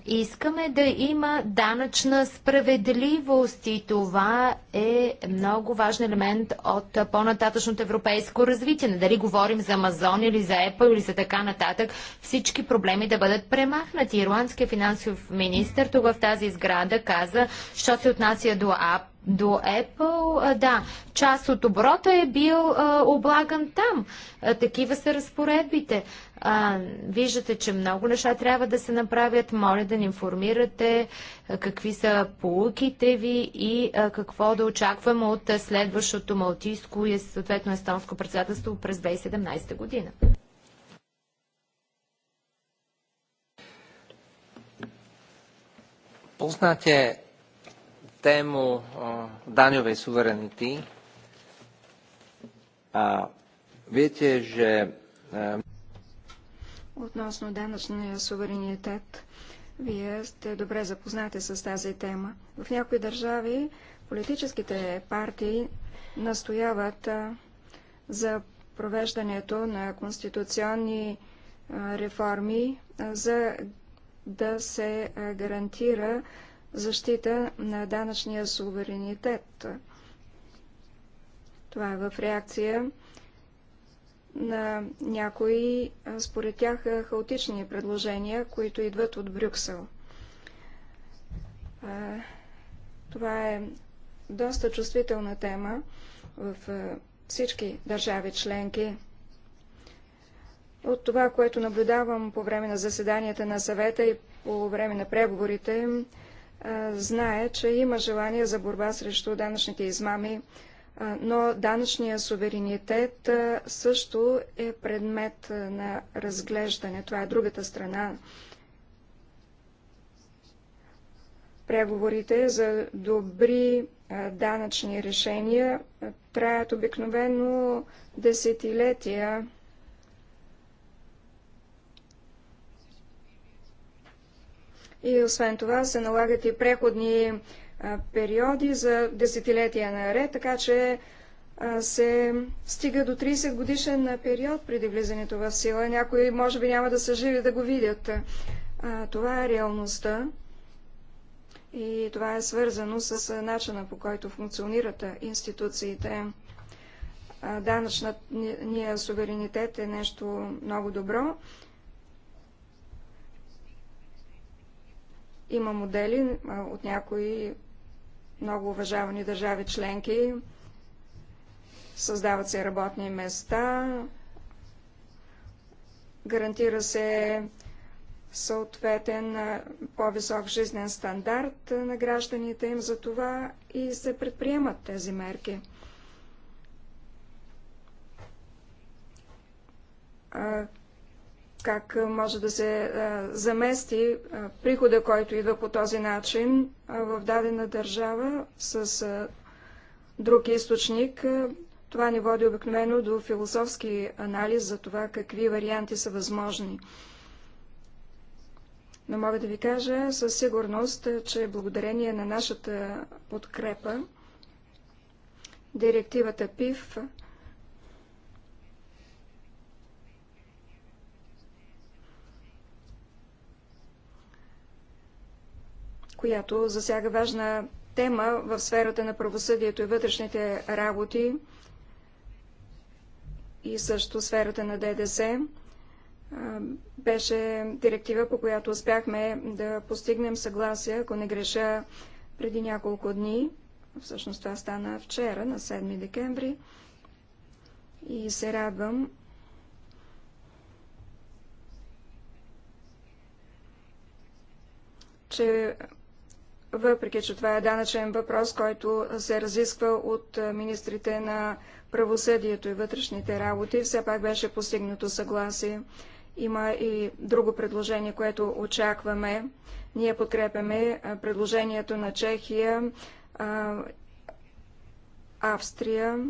Искаме да има данъчна справедливост и това е много важен елемент от по-нататъчното европейско развитие. Не дали говорим за Амазон или за Apple или за така нататък, всички проблеми да бъдат премахнати. Ирландският финансов министр тук в тази сграда каза, що се отнася до АП, до Apple, да, част от оборота е бил а, облаган там. А, такива са разпоредбите. А, виждате, че много неща трябва да се направят. Моля да ни информирате какви са полуките ви и а, какво да очакваме от следващото малтийско и съответно естонско председателство през 2017 година. Poznat je temu daňovej suverenity a viete, že Относно данъчния суверенитет, вие сте добре запознати с тази тема. В някои държави политическите партии настояват за провеждането на конституционни реформи, за да се гарантира защита на данъчния суверенитет. Това е в реакция на някои, според тях, хаотични предложения, които идват от Брюксел. Това е доста чувствителна тема в всички държави членки. От това, което наблюдавам по време на заседанията на съвета и по време на преговорите, знае, че има желание за борба срещу данъчните измами, но данъчният суверенитет също е предмет на разглеждане. Това е другата страна. Преговорите за добри данъчни решения траят обикновено десетилетия. И освен това се налагат и преходни периоди за десетилетия наред, така че се стига до 30 годишен период преди влизането в сила. Някои може би няма да са живи да го видят. Това е реалността и това е свързано с начина по който функционират институциите. Данъчният ния суверенитет е нещо много добро. Има модели от някои много уважавани държави членки. Създават се работни места, гарантира се съответен по-висок жизнен стандарт на гражданите им за това и се предприемат тези мерки как може да се замести прихода, който идва по този начин в дадена държава с друг източник. Това ни води обикновено до философски анализ за това какви варианти са възможни. Но мога да ви кажа със сигурност, че благодарение на нашата подкрепа, директивата ПИФ която засяга важна тема в сферата на правосъдието и вътрешните работи и също сферата на ДДС. Беше директива, по която успяхме да постигнем съгласие, ако не греша, преди няколко дни. Всъщност това стана вчера, на 7 декември. И се радвам, че въпреки че това е данъчен въпрос, който се разисква от министрите на правосъдието и вътрешните работи, все пак беше постигнато съгласие. Има и друго предложение, което очакваме. Ние подкрепяме предложението на Чехия, Австрия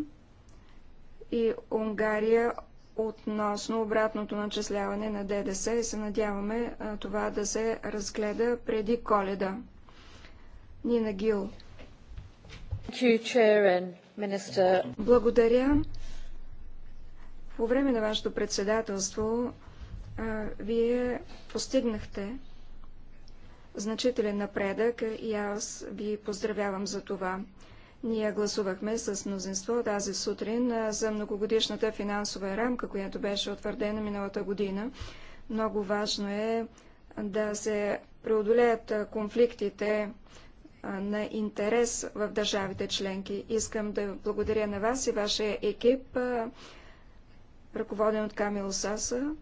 и Унгария относно обратното начисляване на ДДС и се надяваме това да се разгледа преди коледа. Нина Гил. Благодаря. По време на вашето председателство вие постигнахте значителен напредък и аз ви поздравявам за това. Ние гласувахме с мнозинство тази сутрин за многогодишната финансова рамка, която беше утвърдена миналата година. Много важно е да се преодолеят конфликтите на интерес в държавите членки. Искам да благодаря на вас и вашия екип, ръководен от Камил Саса,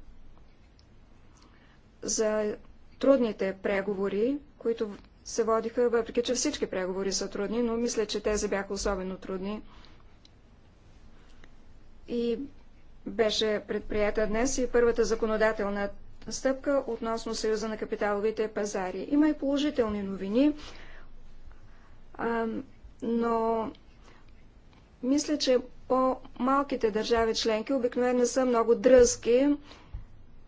за трудните преговори, които се водиха, въпреки че всички преговори са трудни, но мисля, че тези бяха особено трудни. И беше предприята днес и първата законодателна стъпка относно Съюза на капиталовите пазари. Има и положителни новини но мисля, че по-малките държави членки обикновено са много дръзки.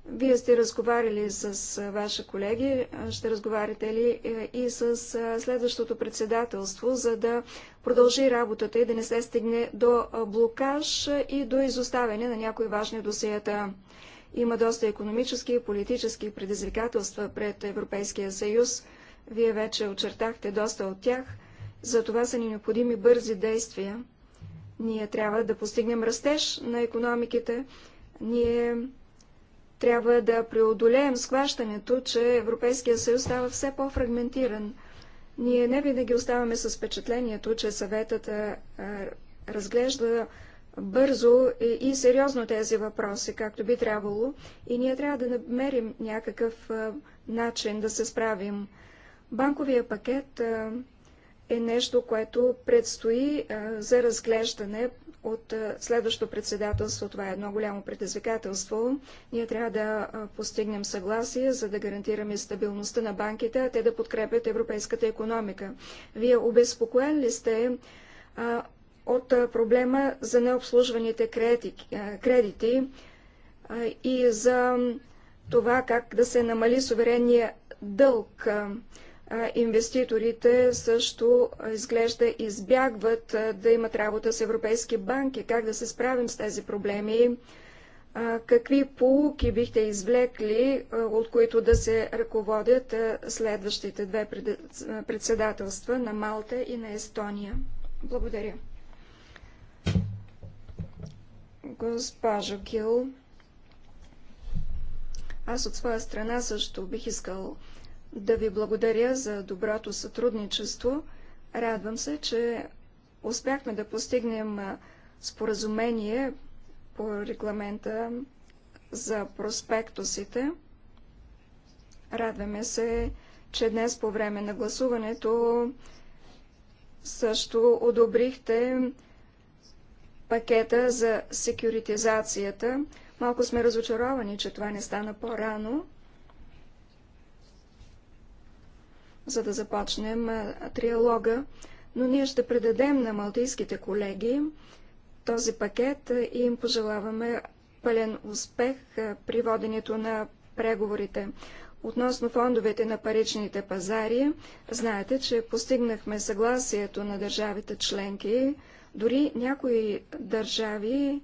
Вие сте разговаряли с ваши колеги, ще разговаряте ли е, и с следващото председателство, за да продължи работата и да не се стигне до блокаж и до изоставяне на някои важни досията. Има доста економически и политически предизвикателства пред Европейския съюз. Вие вече очертахте доста от тях. За това са ни необходими бързи действия. Ние трябва да постигнем растеж на економиките. Ние трябва да преодолеем схващането, че Европейския съюз става все по-фрагментиран. Ние не винаги оставаме с впечатлението, че съветът а, разглежда бързо и, сериозно тези въпроси, както би трябвало, и ние трябва да намерим някакъв начин да се справим. Банковия пакет а, е нещо, което предстои за разглеждане от следващото председателство. Това е едно голямо предизвикателство. Ние трябва да постигнем съгласие, за да гарантираме стабилността на банките, а те да подкрепят европейската економика. Вие обезпокоен ли сте от проблема за необслужваните кредити, и за това как да се намали суверенния дълг? инвеститорите също изглежда избягват да имат работа с европейски банки. Как да се справим с тези проблеми? Какви полуки бихте извлекли, от които да се ръководят следващите две председателства на Малта и на Естония? Благодаря. Госпожо Кил, аз от своя страна също бих искал да ви благодаря за доброто сътрудничество. Радвам се, че успяхме да постигнем споразумение по регламента за проспектусите. Радваме се, че днес по време на гласуването също одобрихте пакета за секюритизацията. Малко сме разочаровани, че това не стана по-рано, за да започнем триалога, но ние ще предадем на малтийските колеги този пакет и им пожелаваме пълен успех при воденето на преговорите. Относно фондовете на паричните пазари, знаете, че постигнахме съгласието на държавите членки. Дори някои държави,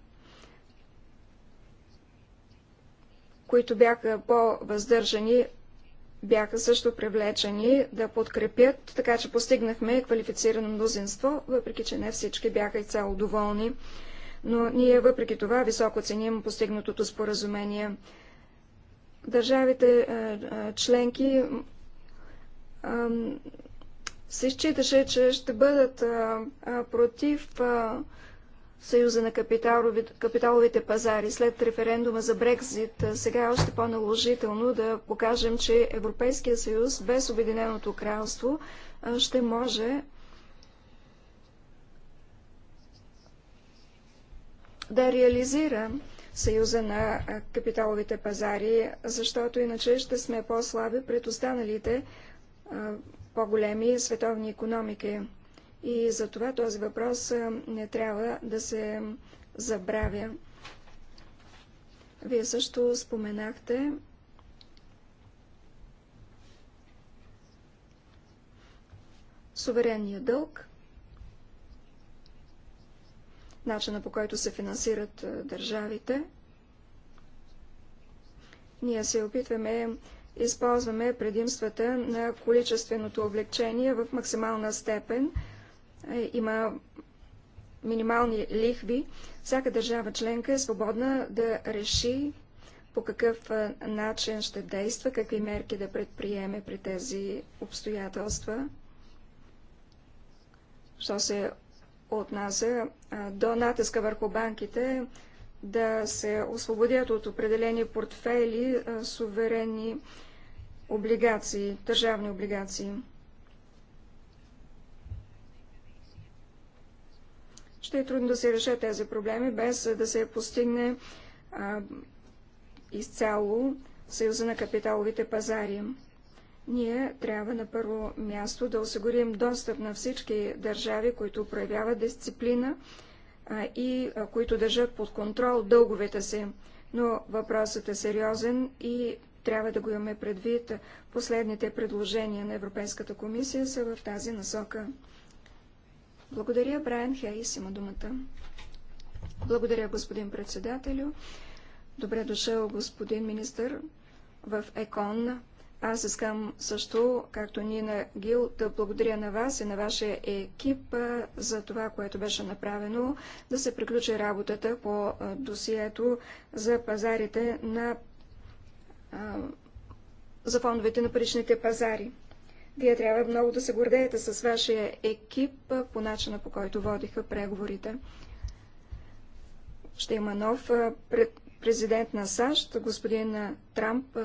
които бяха по-въздържани, бяха също привлечени да подкрепят, така че постигнахме квалифицирано мнозинство, въпреки че не всички бяха и цяло доволни. Но ние въпреки това високо ценим постигнатото споразумение. Държавите е, е, членки се считаше, че ще бъдат е, против Съюза на капиталовите пазари след референдума за Брекзит, сега е още по-наложително да покажем, че Европейския съюз без Обединеното кралство ще може да реализира Съюза на капиталовите пазари, защото иначе ще сме по-слаби пред останалите по-големи световни економики и за това този въпрос не трябва да се забравя. Вие също споменахте суверенния дълг, начина по който се финансират държавите. Ние се опитваме използваме предимствата на количественото облегчение в максимална степен, е, има минимални лихви, всяка държава членка е свободна да реши по какъв начин ще действа, какви мерки да предприеме при тези обстоятелства. Що се отнася до натиска върху банките да се освободят от определени портфели суверени облигации, държавни облигации. ще е трудно да се решат тези проблеми, без да се постигне а, изцяло Съюза на капиталовите пазари. Ние трябва на първо място да осигурим достъп на всички държави, които проявяват дисциплина а, и а, които държат под контрол дълговете си. Но въпросът е сериозен и трябва да го имаме предвид. Последните предложения на Европейската комисия са в тази насока. Благодаря, Брайан Хейс има думата. Благодаря, господин председателю. Добре дошъл, господин министър, в ЕКОН. Аз искам също, както Нина на ГИЛ, да благодаря на вас и на вашия екип за това, което беше направено, да се приключи работата по досието за пазарите на за фондовете на паричните пазари. Вие трябва много да се гордеете с вашия екип по начина по който водиха преговорите. Ще има нов президент на САЩ, господин Трамп.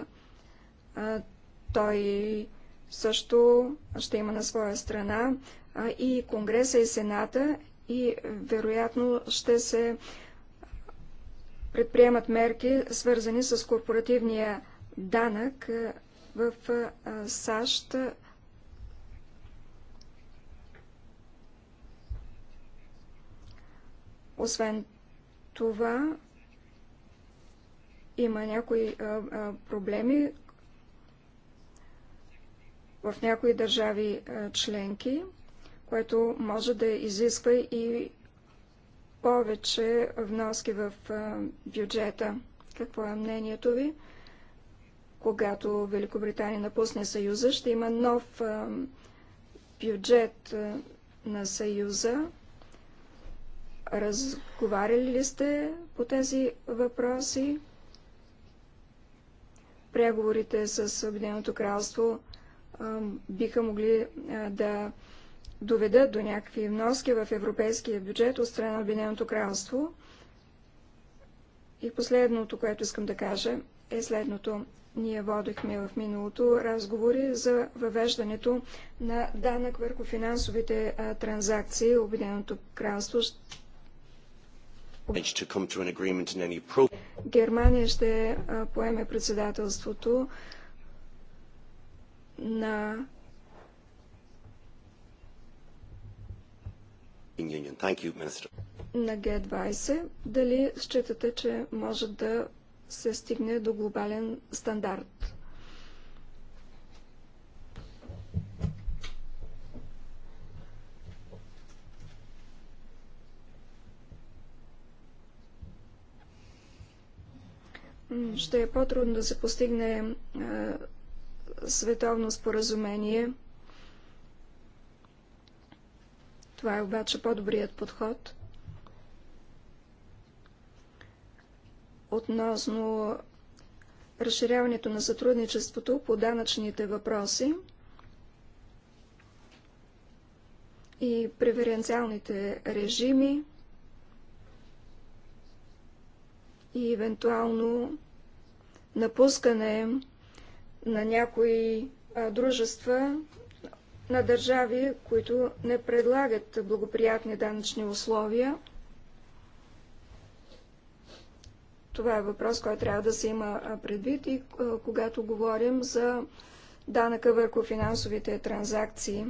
Той също ще има на своя страна и Конгреса и Сената и вероятно ще се предприемат мерки, свързани с корпоративния данък в САЩ Освен това, има някои а, а, проблеми в някои държави а, членки, което може да изисква и повече вноски в а, бюджета. Какво е мнението ви? Когато Великобритания напусне Съюза, ще има нов а, бюджет а, на Съюза. Разговаряли ли сте по тези въпроси? Преговорите с Обединеното кралство биха могли да доведат до някакви вноски в европейския бюджет от страна на Обединеното кралство. И последното, което искам да кажа, е следното. Ние водихме в миналото разговори за въвеждането на данък върху финансовите транзакции. Обединеното кралство Германия ще поеме председателството на на Г-20. Дали считате, че може да се стигне до глобален стандарт? ще е по-трудно да се постигне световно споразумение. Това е обаче по-добрият подход. Относно разширяването на сътрудничеството по данъчните въпроси и преференциалните режими и евентуално напускане на някои дружества на държави, които не предлагат благоприятни данъчни условия. Това е въпрос, който трябва да се има предвид и когато говорим за данъка върху финансовите транзакции.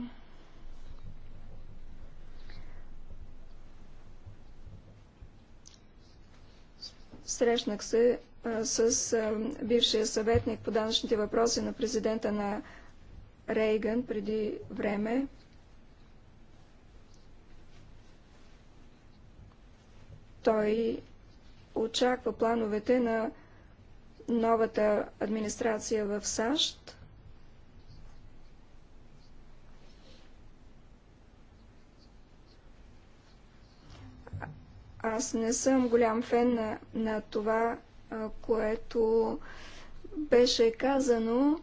Срещнах се с бившия съветник по данъчните въпроси на президента на Рейган преди време. Той очаква плановете на новата администрация в САЩ. Аз не съм голям фен на, на това което беше казано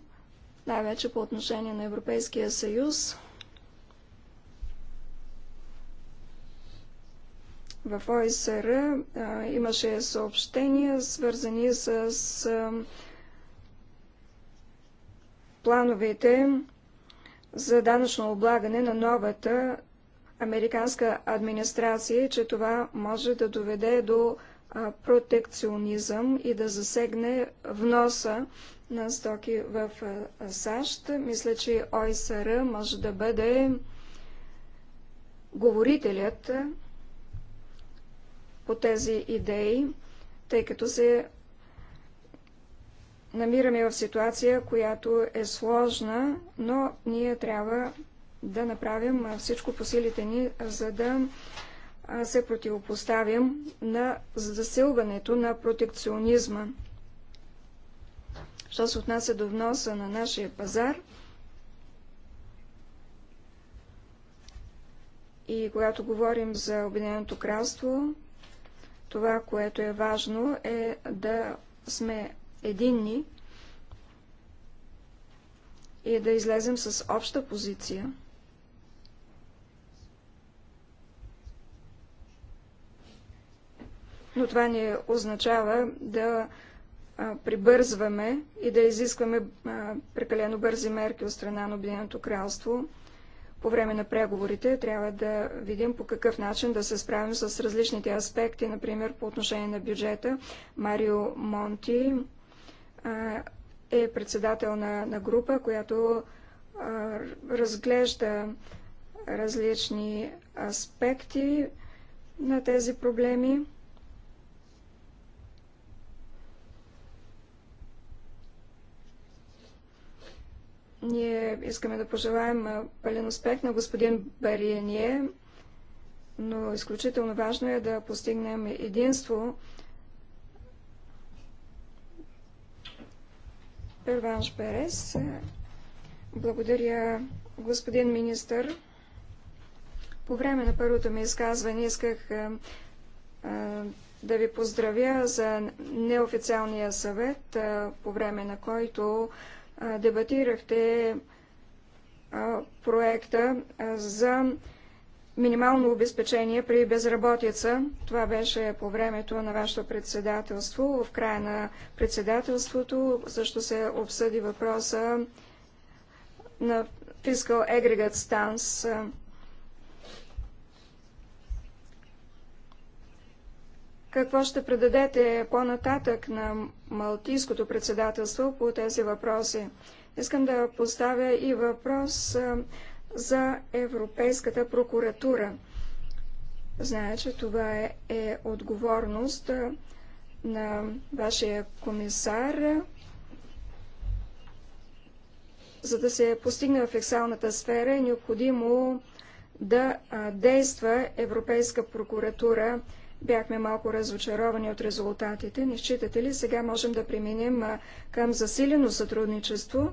най-вече по отношение на Европейския съюз. В ОСР имаше съобщения, свързани с а, плановете за данъчно облагане на новата американска администрация, че това може да доведе до протекционизъм и да засегне вноса на стоки в САЩ. Мисля, че ОИСР може да бъде говорителят по тези идеи, тъй като се намираме в ситуация, която е сложна, но ние трябва да направим всичко по силите ни, за да се противопоставям на засилването на протекционизма. Що се отнася до вноса на нашия пазар, и когато говорим за Обединеното кралство, това, което е важно, е да сме единни и да излезем с обща позиция. но това не означава да прибързваме и да изискваме прекалено бързи мерки от страна на Обединеното кралство. По време на преговорите трябва да видим по какъв начин да се справим с различните аспекти, например по отношение на бюджета. Марио Монти е председател на, на група, която разглежда различни аспекти на тези проблеми. Ние искаме да пожелаем пълен успех на господин Бариение, но изключително важно е да постигнем единство. Перванш Перес. Благодаря, господин министър. По време на първото ми изказване исках да ви поздравя за неофициалния съвет, по време на който дебатирахте проекта за минимално обезпечение при безработица. Това беше по времето на вашето председателство. В края на председателството също се обсъди въпроса на Fiscal Aggregate Stance. Какво ще предадете по-нататък на Малтийското председателство по тези въпроси? Искам да поставя и въпрос за Европейската прокуратура. Знае, че това е, е отговорност на вашия комисар, за да се постигне в ексалната сфера, е необходимо да действа Европейска прокуратура Бяхме малко разочаровани от резултатите. Не считате ли, сега можем да преминем към засилено сътрудничество?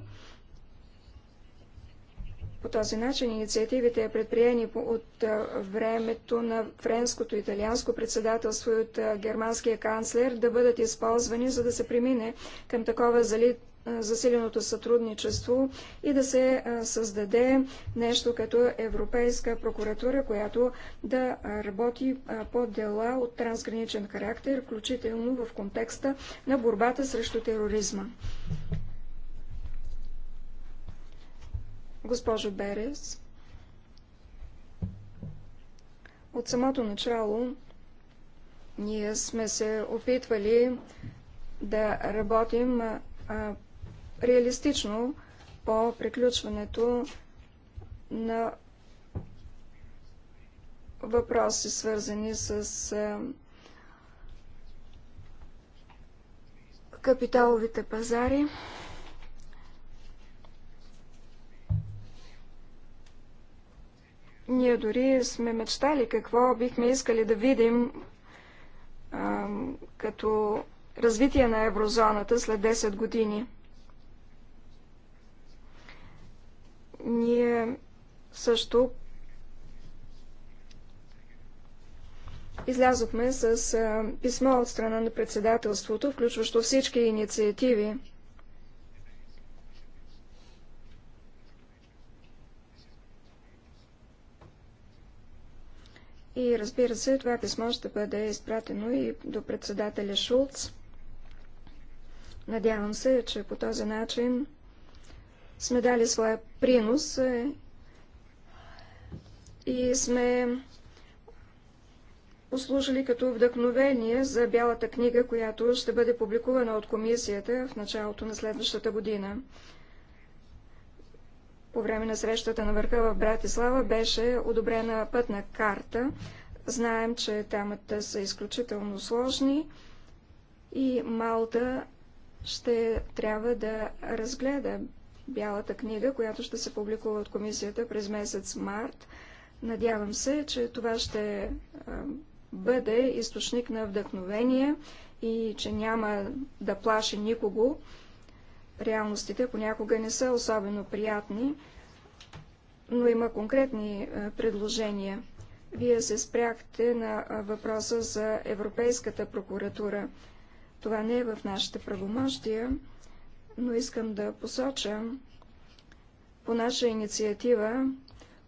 По този начин инициативите, предприени от времето на френското и италианско председателство и от германския канцлер, да бъдат използвани, за да се премине към такова залит засиленото сътрудничество и да се създаде нещо като Европейска прокуратура, която да работи по дела от трансграничен характер, включително в контекста на борбата срещу тероризма. Госпожо Берес, от самото начало ние сме се опитвали да работим реалистично по приключването на въпроси, свързани с е, капиталовите пазари. Ние дори сме мечтали какво бихме искали да видим а, като развитие на еврозоната след 10 години. Ние също излязохме с писмо от страна на председателството, включващо всички инициативи. И разбира се, това писмо ще бъде изпратено и до председателя Шулц. Надявам се, че по този начин сме дали своя принос е, и сме послужили като вдъхновение за бялата книга, която ще бъде публикувана от комисията в началото на следващата година. По време на срещата на върха в Братислава беше одобрена пътна карта. Знаем, че темата са изключително сложни и Малта ще трябва да разгледа бялата книга, която ще се публикува от комисията през месец март. Надявам се, че това ще бъде източник на вдъхновение и че няма да плаши никого. Реалностите понякога не са особено приятни, но има конкретни предложения. Вие се спряхте на въпроса за Европейската прокуратура. Това не е в нашите правомощия но искам да посоча по наша инициатива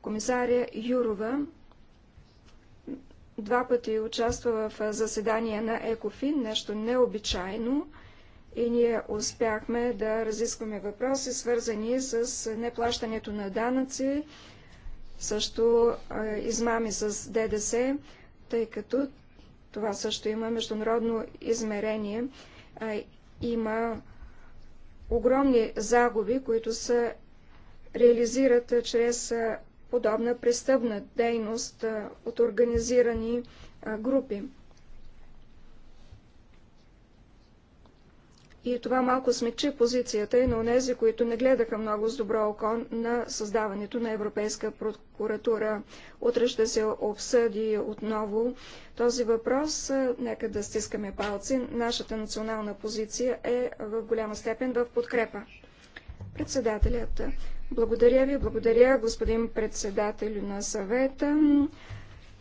комисаря Юрова два пъти участва в заседание на ЕКОФИН, нещо необичайно и ние успяхме да разискваме въпроси, свързани с неплащането на данъци, също измами с ДДС, тъй като това също има международно измерение. Има огромни загуби, които се реализират чрез подобна престъпна дейност от организирани групи. И това малко смекчи позицията и на онези, които не гледаха много с добро око на създаването на Европейска прокуратура. Утре ще се обсъди отново този въпрос. Нека да стискаме палци. Нашата национална позиция е в голяма степен в подкрепа. Председателят. Благодаря ви, благодаря господин председател на съвета.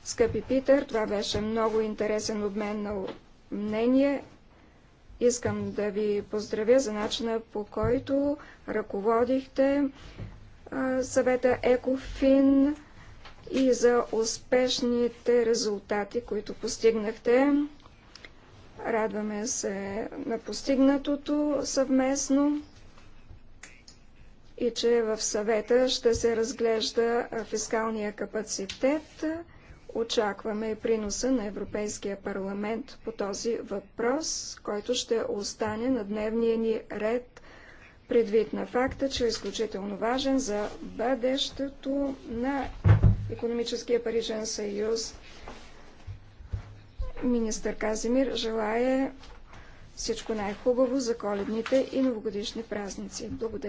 Скъпи Питър, това беше много интересен обмен на мнение. Искам да ви поздравя за начина по който ръководихте съвета ЕКОФИН и за успешните резултати, които постигнахте. Радваме се на постигнатото съвместно и че в съвета ще се разглежда фискалния капацитет Очакваме приноса на Европейския парламент по този въпрос, който ще остане на дневния ни ред, предвид на факта, че е изключително важен за бъдещето на Економическия парижен съюз. Министър Казимир желая всичко най-хубаво за коледните и новогодишни празници. Благодаря.